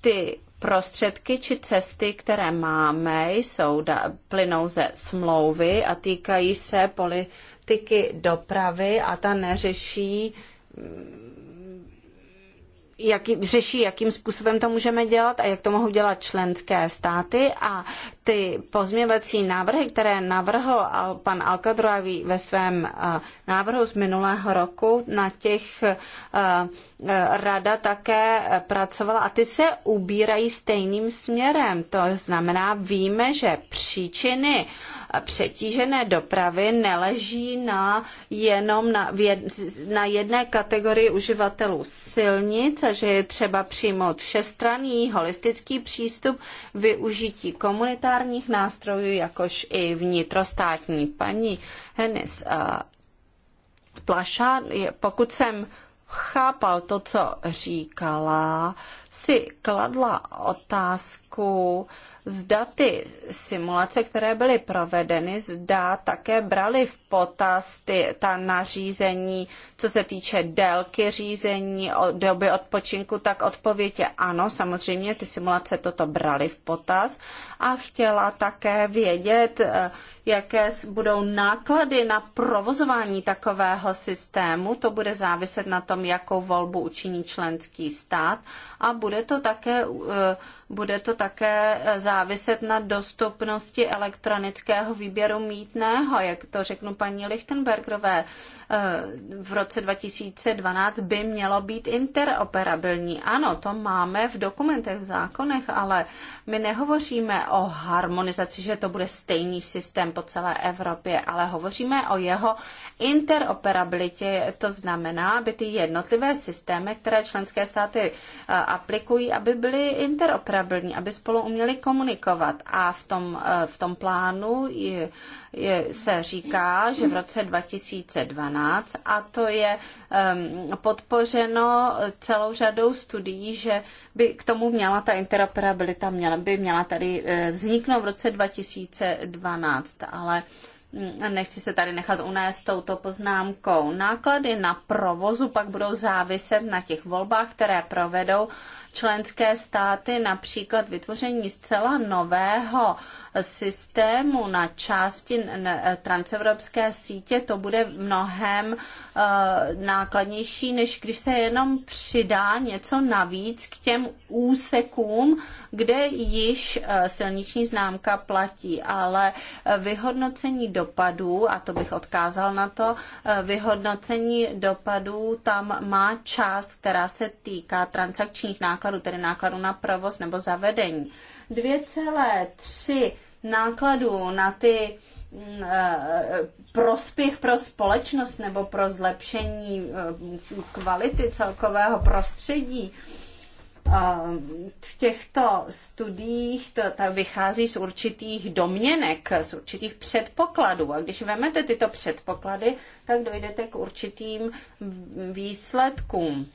ty prostředky či cesty, které máme, jsou da, plynou ze smlouvy a týkají se poli, politiky dopravy a ta neřeší jaký, řeší, jakým způsobem to můžeme dělat a jak to mohou dělat členské státy a ty pozměňovací návrhy, které navrhl pan Alkadrovi ve svém eh, návrhu z minulého roku, na těch eh, eh, rada také pracovala a ty se ubírají stejným směrem. To znamená, víme, že příčiny přetížené dopravy neleží na jenom na, jed, na jedné kategorii uživatelů silnic a že je třeba přijmout všestranný holistický přístup využití komunitární komunitárních nástrojů, jakož i vnitrostátní. Paní Hennis eh, Plaša, pokud jsem chápal to, co říkala, si kladla otázku, zda ty simulace, které byly provedeny, zda také brali v potaz ty, ta nařízení, co se týče délky řízení, doby odpočinku, tak odpověď je ano, samozřejmě ty simulace toto brali v potaz a chtěla také vědět, eh, jaké budou náklady na provozování takového systému. To bude záviset na tom, jakou volbu učiní členský stát a bude to také eh, bude to také eh, záviset na dostupnosti elektronického výběru mítného, jak to řeknu paní Lichtenbergerové. Eh, v roce 2012 by mělo být interoperabilní. Ano, to máme v dokumentech, v zákonech, ale my nehovoříme o harmonizaci, že to bude stejný systém po celé Evropě, ale hovoříme o jeho interoperabilitě. To znamená, aby ty jednotlivé systémy, které členské státy eh, aplikují, aby byly interoperabilní interoperabilní, aby spolu uměli komunikovat. A v tom, eh, v tom plánu je, je, se říká, že v roce 2012, a to je um, podpořeno celou řadou studií, že by k tomu měla ta interoperabilita, měla, by měla tady eh, vzniknout v roce 2012, ale hm, nechci se tady nechat unést touto poznámkou. Náklady na provozu pak budou záviset na těch volbách, které provedou členské státy například vytvoření zcela nového systému na části transevropské sítě, to bude mnohem eh, nákladnější, než když se jenom přidá něco navíc k těm úsekům, kde již eh, silniční známka platí. Ale eh, vyhodnocení dopadů, a to bych odkázal na to, vyhodnocení dopadů tam má část, která se týká transakčních nákladů nákladů, tedy nákladů na provoz nebo zavedení. 2,3 nákladů na ty mm, eh, prospěch pro společnost nebo pro zlepšení eh, kvality celkového prostředí. Eh, v těchto studiích to, to vychází z určitých domněnek, z určitých předpokladů. A když vemete tyto předpoklady, tak dojdete k určitým výsledkům.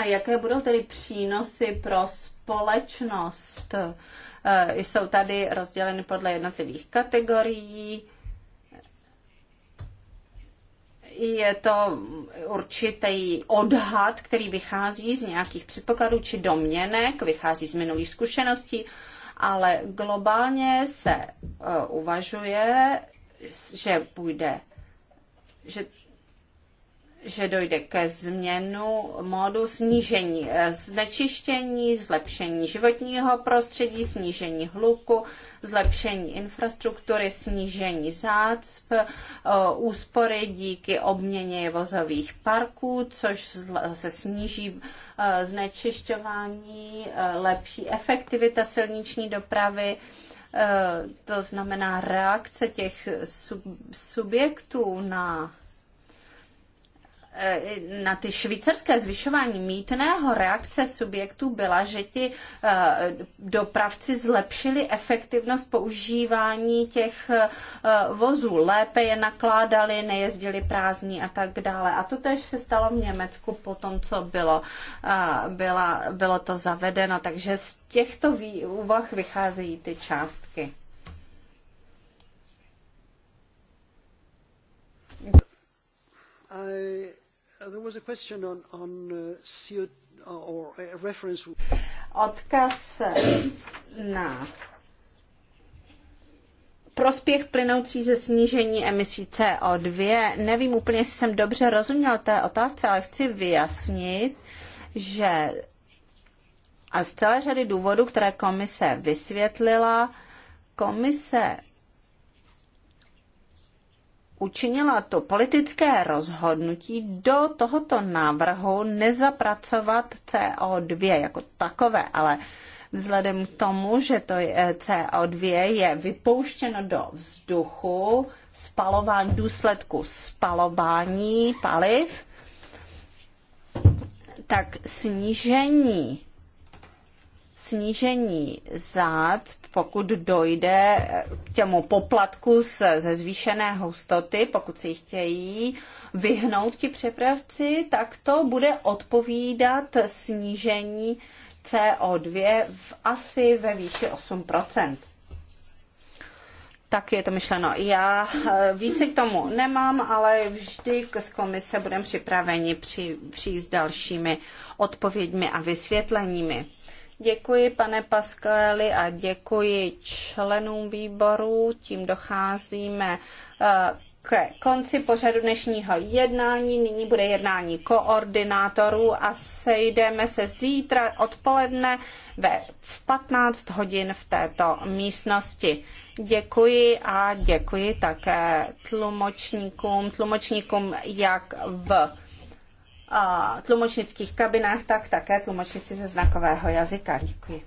A jaké budou tedy přínosy pro společnost? E, jsou tady rozděleny podle jednotlivých kategorií. Je to určitý odhad, který vychází z nějakých předpokladů či domněnek, vychází z minulých zkušeností, ale globálně se e, uvažuje, že půjde, že že dojde ke změnu módu snížení eh, znečištění, zlepšení životního prostředí, snížení hluku, zlepšení infrastruktury, snížení zácp, eh, úspory díky obměně vozových parků, což se sníží eh, znečišťování, lepší efektivita silniční dopravy to znamená reakce těch sub, subjektů na Eh, na ty švýcarské zvyšování mítného reakce subjektů byla, že ti eh, dopravci zlepšili efektivnost používání těch eh, vozů, lépe je nakládali, nejezdili prázdní a tak dále. A to tež se stalo v Německu po tom, co bylo, byla, bylo to zavedeno. Takže z těchto úvah vycházejí ty částky. I Uh, there was a question on, on uh, CO, uh, or a reference. Odkaz na prospěch plynoucí ze snížení emisí CO2. Nevím úplně, jestli jsem dobře rozuměl té otázce, ale chci vyjasnit, že a z celé řady důvodů, které komise vysvětlila, komise učinila to politické rozhodnutí do tohoto návrhu nezapracovat CO2 jako takové, ale vzhledem k tomu, že to je eh, CO2 je vypouštěno do vzduchu, spalování, důsledku spalování paliv, tak snížení snížení zát, pokud dojde k těmu poplatku ze zvýšené hustoty, pokud si chtějí vyhnout ti přepravci, tak to bude odpovídat snížení CO2 v asi ve výši 8 tak je to myšleno. Já eh, více k tomu nemám, ale vždy z komise budeme připraveni při, přijít s dalšími odpověďmi a vysvětleními. Děkuji, pane Pascali, a děkuji členům výboru. Tím docházíme eh, k konci pořadu dnešního jednání. Nyní bude jednání koordinátorů a sejdeme se zítra odpoledne ve, v 15 hodin v této místnosti. Děkuji a děkuji také tlumočníkům, tlumočníkům jak v tlumočnických kabinách, tak také tlumočníci ze znakového jazyka. Děkuji.